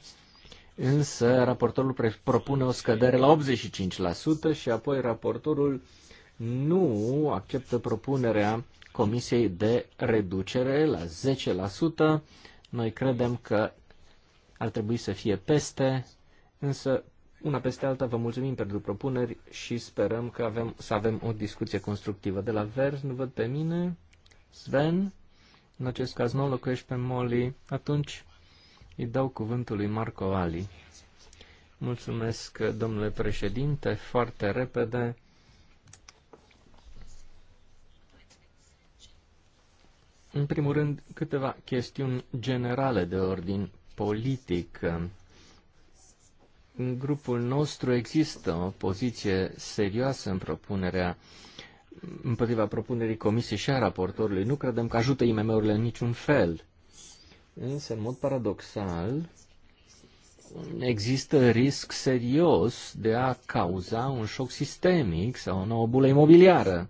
însă raportorul propune o scădere la 85% și apoi raportorul nu acceptă propunerea Comisiei de reducere la 10%. Noi credem că ar trebui să fie peste, însă una peste alta vă mulțumim pentru propuneri și sperăm că avem, să avem o discuție constructivă. De la vers nu văd pe mine. Sven, în acest caz nu locuiești pe Molly. Atunci îi dau cuvântul lui Marco Ali. Mulțumesc, domnule președinte, foarte repede. În primul rând, câteva chestiuni generale de ordin politic. În grupul nostru există o poziție serioasă în propunerea împotriva propunerii comisiei și a raportorului. Nu credem că ajută IMM-urile în niciun fel. Însă, în mod paradoxal, există risc serios de a cauza un șoc sistemic sau o nouă bulă imobiliară.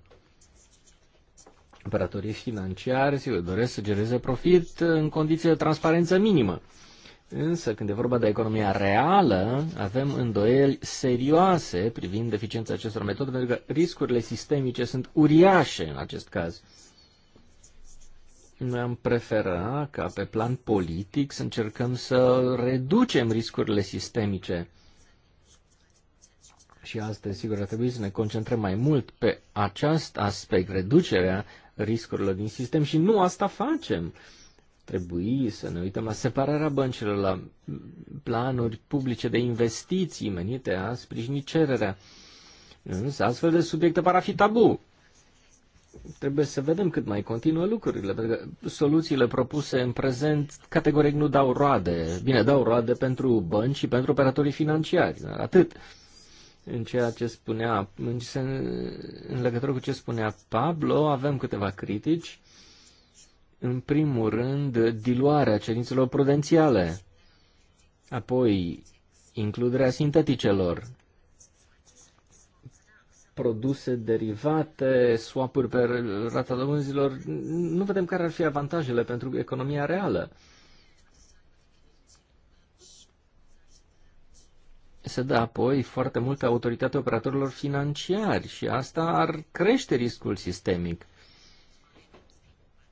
Operatorii financiari, se doresc să genereze profit în condiții de transparență minimă. Însă, când e vorba de economia reală, avem îndoieli serioase privind deficiența acestor metode, pentru că riscurile sistemice sunt uriașe în acest caz. Noi am prefera ca pe plan politic să încercăm să reducem riscurile sistemice. Și astăzi, sigur, ar trebui să ne concentrăm mai mult pe acest aspect, reducerea riscurilor din sistem și nu asta facem. Trebuie să ne uităm la separarea băncilor, la planuri publice de investiții menite a sprijini cererea. Însă astfel de subiecte par a fi tabu. Trebuie să vedem cât mai continuă lucrurile, pentru că soluțiile propuse în prezent categoric nu dau roade. Bine, dau roade pentru bănci și pentru operatorii financiari, dar atât în ceea ce spunea, în, în legătură cu ce spunea Pablo, avem câteva critici. În primul rând, diluarea cerințelor prudențiale, apoi includerea sinteticelor, produse derivate, swap-uri pe rata dobânzilor, nu vedem care ar fi avantajele pentru economia reală. se dă apoi foarte multă autoritate operatorilor financiari și asta ar crește riscul sistemic.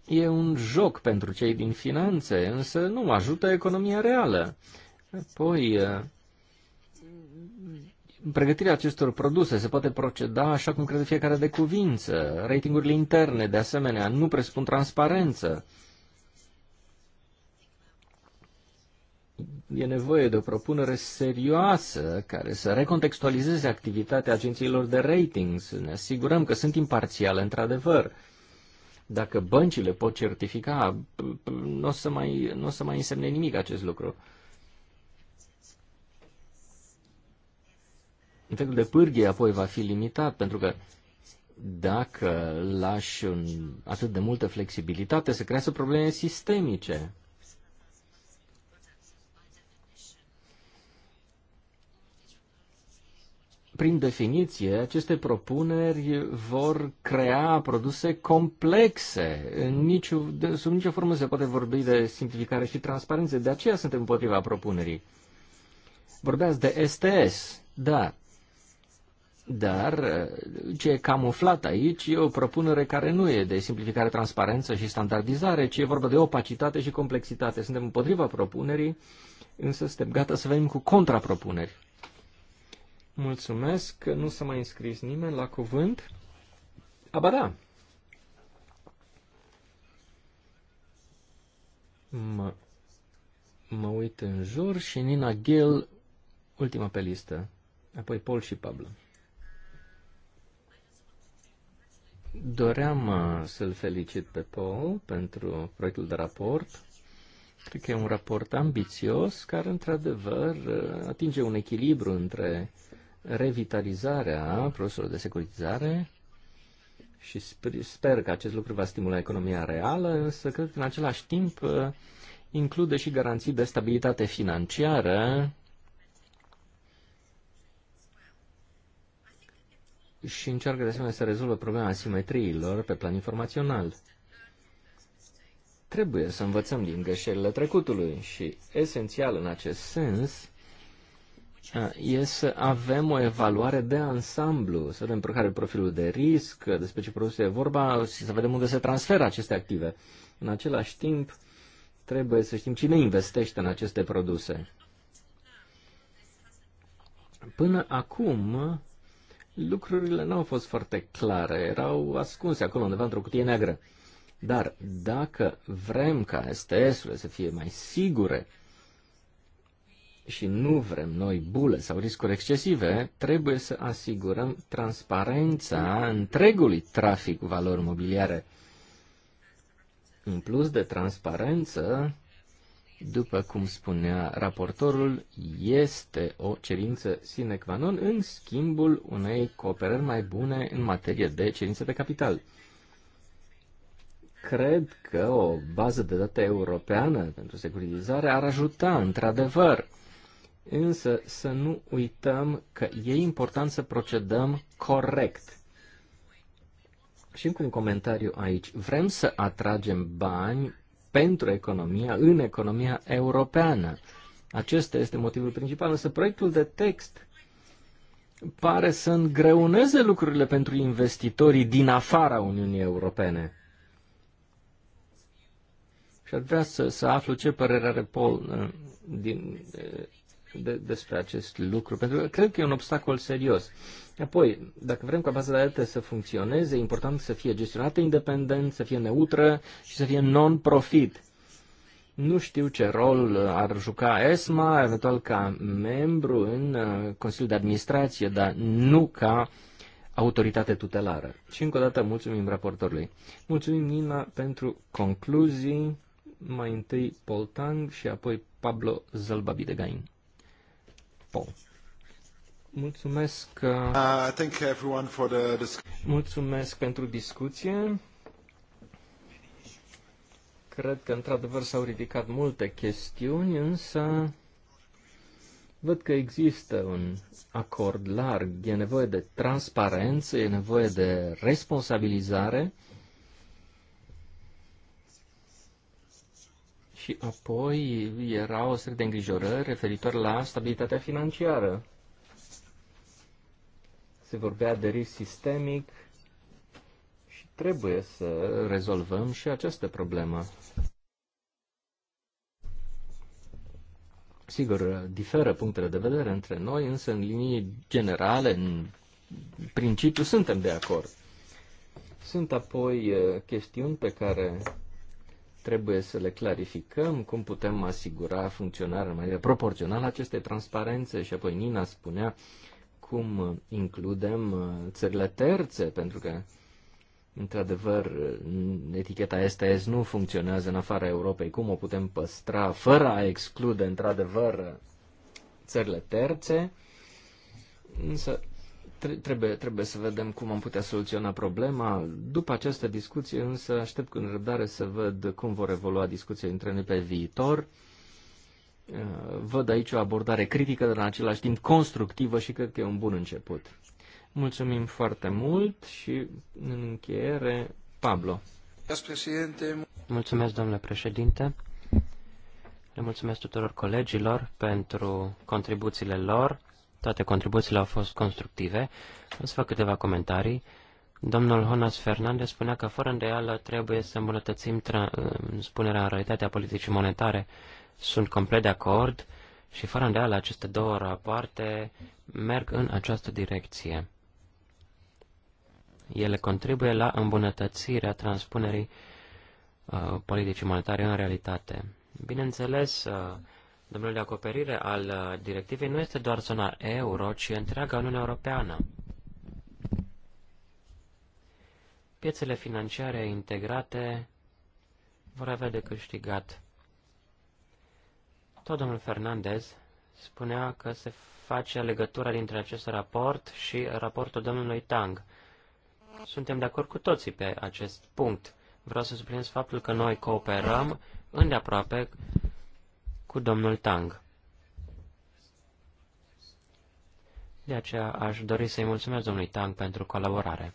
E un joc pentru cei din finanțe, însă nu ajută economia reală. Apoi, în eh, pregătirea acestor produse se poate proceda așa cum crede fiecare de cuvință. Ratingurile interne, de asemenea, nu presupun transparență. e nevoie de o propunere serioasă care să recontextualizeze activitatea agențiilor de rating, să ne asigurăm că sunt imparțiale într-adevăr. Dacă băncile pot certifica, nu o să mai, n-o să mai însemne nimic acest lucru. Efectul de pârghie apoi va fi limitat, pentru că dacă lași un, atât de multă flexibilitate, se creează probleme sistemice. prin definiție, aceste propuneri vor crea produse complexe. În nicio, sub nicio formă se poate vorbi de simplificare și transparență. De aceea suntem împotriva propunerii. Vorbeați de STS, da. Dar ce e camuflat aici e o propunere care nu e de simplificare, transparență și standardizare, ci e vorba de opacitate și complexitate. Suntem împotriva propunerii, însă suntem gata să venim cu contrapropuneri. Mulțumesc că nu s-a mai înscris nimeni la cuvânt. Aba da! Mă, mă uit în jur și Nina Gill, ultima pe listă, apoi Paul și Pablo. Doream uh, să-l felicit pe Paul pentru proiectul de raport. Cred că e un raport ambițios care, într-adevăr, uh, atinge un echilibru între revitalizarea produselor de securitizare și sper că acest lucru va stimula economia reală, însă cred că în același timp uh, include și garanții de stabilitate financiară și încearcă de asemenea să rezolvă problema asimetriilor pe plan informațional. Trebuie să învățăm din greșelile trecutului și esențial în acest sens e să avem o evaluare de ansamblu, să vedem care e profilul de risc, despre ce produse e vorba și să vedem unde se transferă aceste active. În același timp, trebuie să știm cine investește în aceste produse. Până acum, lucrurile nu au fost foarte clare, erau ascunse acolo undeva într-o cutie neagră. Dar dacă vrem ca STS-urile să fie mai sigure, și nu vrem noi bule sau riscuri excesive, trebuie să asigurăm transparența întregului trafic valori mobiliare. În plus de transparență, după cum spunea raportorul, este o cerință sine qua non în schimbul unei cooperări mai bune în materie de cerințe de capital. Cred că o bază de date europeană pentru securitizare ar ajuta, într-adevăr, Însă să nu uităm că e important să procedăm corect. Și încă un comentariu aici. Vrem să atragem bani pentru economia, în economia europeană. Acesta este motivul principal, însă proiectul de text pare să îngreuneze lucrurile pentru investitorii din afara Uniunii Europene. Și ar vrea să, să aflu ce părere are Paul uh, din, uh, de, despre acest lucru, pentru că cred că e un obstacol serios. Apoi, dacă vrem ca baza de date să funcționeze, e important să fie gestionată independent, să fie neutră și să fie non-profit. Nu știu ce rol uh, ar juca ESMA, eventual ca membru în uh, Consiliul de Administrație, dar nu ca autoritate tutelară. Și încă o dată mulțumim raportorului. Mulțumim, Nina, pentru concluzii. Mai întâi Poltang și apoi Pablo Zălbabi de Gain. Paul. Mulțumesc. Uh, uh thank everyone for the Mulțumesc pentru discuție. Cred că într-adevăr s-au ridicat multe chestiuni, însă văd că există un acord larg. E nevoie de transparență, e nevoie de responsabilizare Și apoi era o serie de îngrijorări referitor la stabilitatea financiară. Se vorbea de risc sistemic și trebuie să rezolvăm și această problemă. Sigur, diferă punctele de vedere între noi, însă în linii generale, în principiu, suntem de acord. Sunt apoi uh, chestiuni pe care Trebuie să le clarificăm cum putem asigura funcționarea mai proporțională acestei transparențe și apoi Nina spunea cum includem uh, țările terțe, pentru că Într-adevăr, eticheta STS nu funcționează în afara Europei. Cum o putem păstra fără a exclude, într-adevăr, țările terțe? Însă Trebuie, trebuie să vedem cum am putea soluționa problema. După această discuție, însă, aștept cu nerăbdare să văd cum vor evolua discuțiile între noi pe viitor. Uh, văd aici o abordare critică, dar în același timp constructivă și cred că e un bun început. Mulțumim foarte mult și, în încheiere, Pablo. Mulțumesc, domnule președinte. Le mulțumesc tuturor colegilor pentru contribuțiile lor toate contribuțiile au fost constructive. O să fac câteva comentarii. Domnul Jonas Fernandez spunea că fără îndoială trebuie să îmbunătățim spunerea în realitatea politicii monetare. Sunt complet de acord și fără îndeală aceste două rapoarte merg în această direcție. Ele contribuie la îmbunătățirea transpunerii uh, politicii monetare în realitate. Bineînțeles, uh, Domnul de acoperire al uh, directivei nu este doar zona euro, ci întreaga Uniune Europeană. Piețele financiare integrate vor avea de câștigat. Tot domnul Fernandez spunea că se face legătura dintre acest raport și raportul domnului Tang. Suntem de acord cu toții pe acest punct. Vreau să subliniez faptul că noi cooperăm îndeaproape cu domnul Tang. De aceea aș dori să-i mulțumesc domnului Tang pentru colaborare.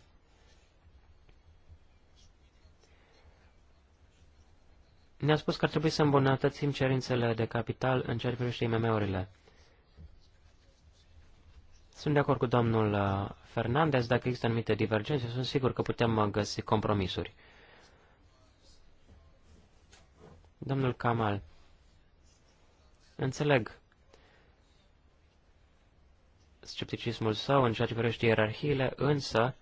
Ne-a spus că ar trebui să îmbunătățim cerințele de capital în ce privește IMM-urile. Sunt de acord cu domnul uh, Fernandez, dacă există anumite divergențe, sunt sigur că putem uh, găsi compromisuri. Domnul Kamal, Înțeleg scepticismul său în ceea ce privește ierarhiile, însă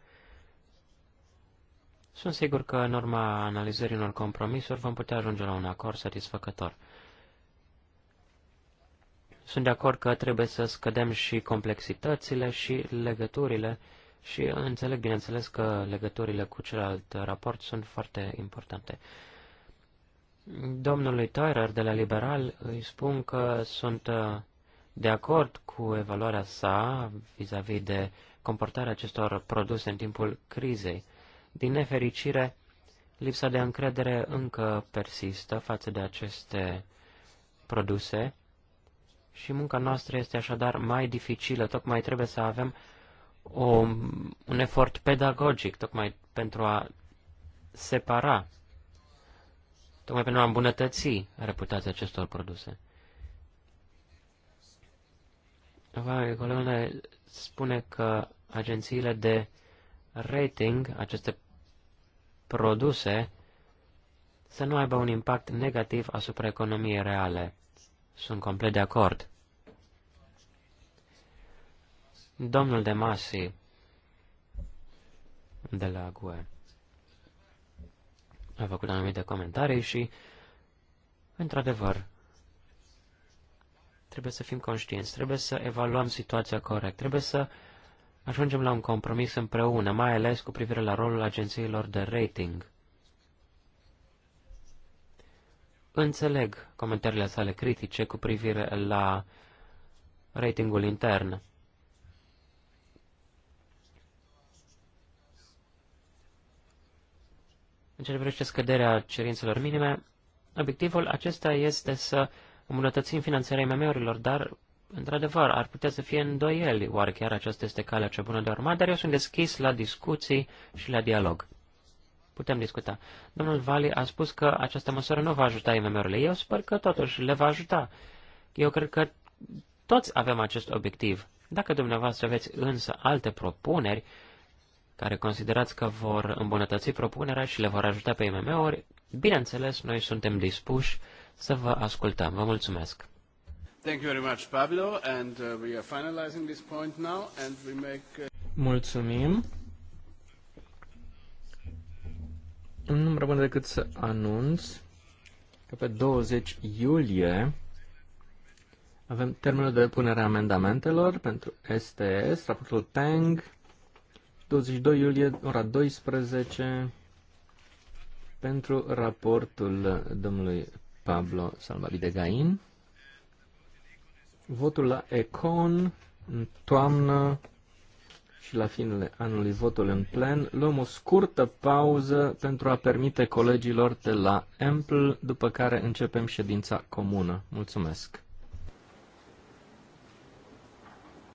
sunt sigur că în urma analizării unor compromisuri vom putea ajunge la un acord satisfăcător. Sunt de acord că trebuie să scădem și complexitățile și legăturile și înțeleg, bineînțeles, că legăturile cu celălalt raport sunt foarte importante. Domnului Toirer de la Liberal îi spun că sunt uh, de acord cu evaluarea sa vis-a-vis -vis de comportarea acestor produse în timpul crizei. Din nefericire, lipsa de încredere încă persistă față de aceste produse și munca noastră este așadar mai dificilă. Tocmai trebuie să avem o, un efort pedagogic, tocmai pentru a separa tocmai pentru a îmbunătăți reputația acestor produse. Colegul spune că agențiile de rating, aceste produse, să nu aibă un impact negativ asupra economiei reale. Sunt complet de acord. Domnul de Masi, de la GUE a făcut anumite comentarii și, într-adevăr, trebuie să fim conștienți, trebuie să evaluăm situația corect, trebuie să ajungem la un compromis împreună, mai ales cu privire la rolul agențiilor de rating. Înțeleg comentariile sale critice cu privire la ratingul intern. În ce privește scăderea cerințelor minime, obiectivul acesta este să îmbunătățim finanțarea IMM-urilor, dar, într-adevăr, ar putea să fie îndoieli, oare chiar aceasta este calea cea bună de urmat, dar eu sunt deschis la discuții și la dialog. Putem discuta. Domnul Vali a spus că această măsură nu va ajuta IMM-urile. Eu sper că totuși le va ajuta. Eu cred că toți avem acest obiectiv. Dacă dumneavoastră aveți însă alte propuneri care considerați că vor îmbunătăți propunerea și le vor ajuta pe IMM-uri, bineînțeles, noi suntem dispuși să vă ascultăm. Vă mulțumesc! Uh, uh, Mulțumim! Nu-mi rămâne decât să anunț că pe 20 iulie avem termenul de punere a amendamentelor pentru STS, raportul TANG, 22 iulie, ora 12, pentru raportul domnului Pablo Gain. Votul la Econ în toamnă și la finele anului votul în plen, luăm o scurtă pauză pentru a permite colegilor de la Ample, după care începem ședința comună. Mulțumesc!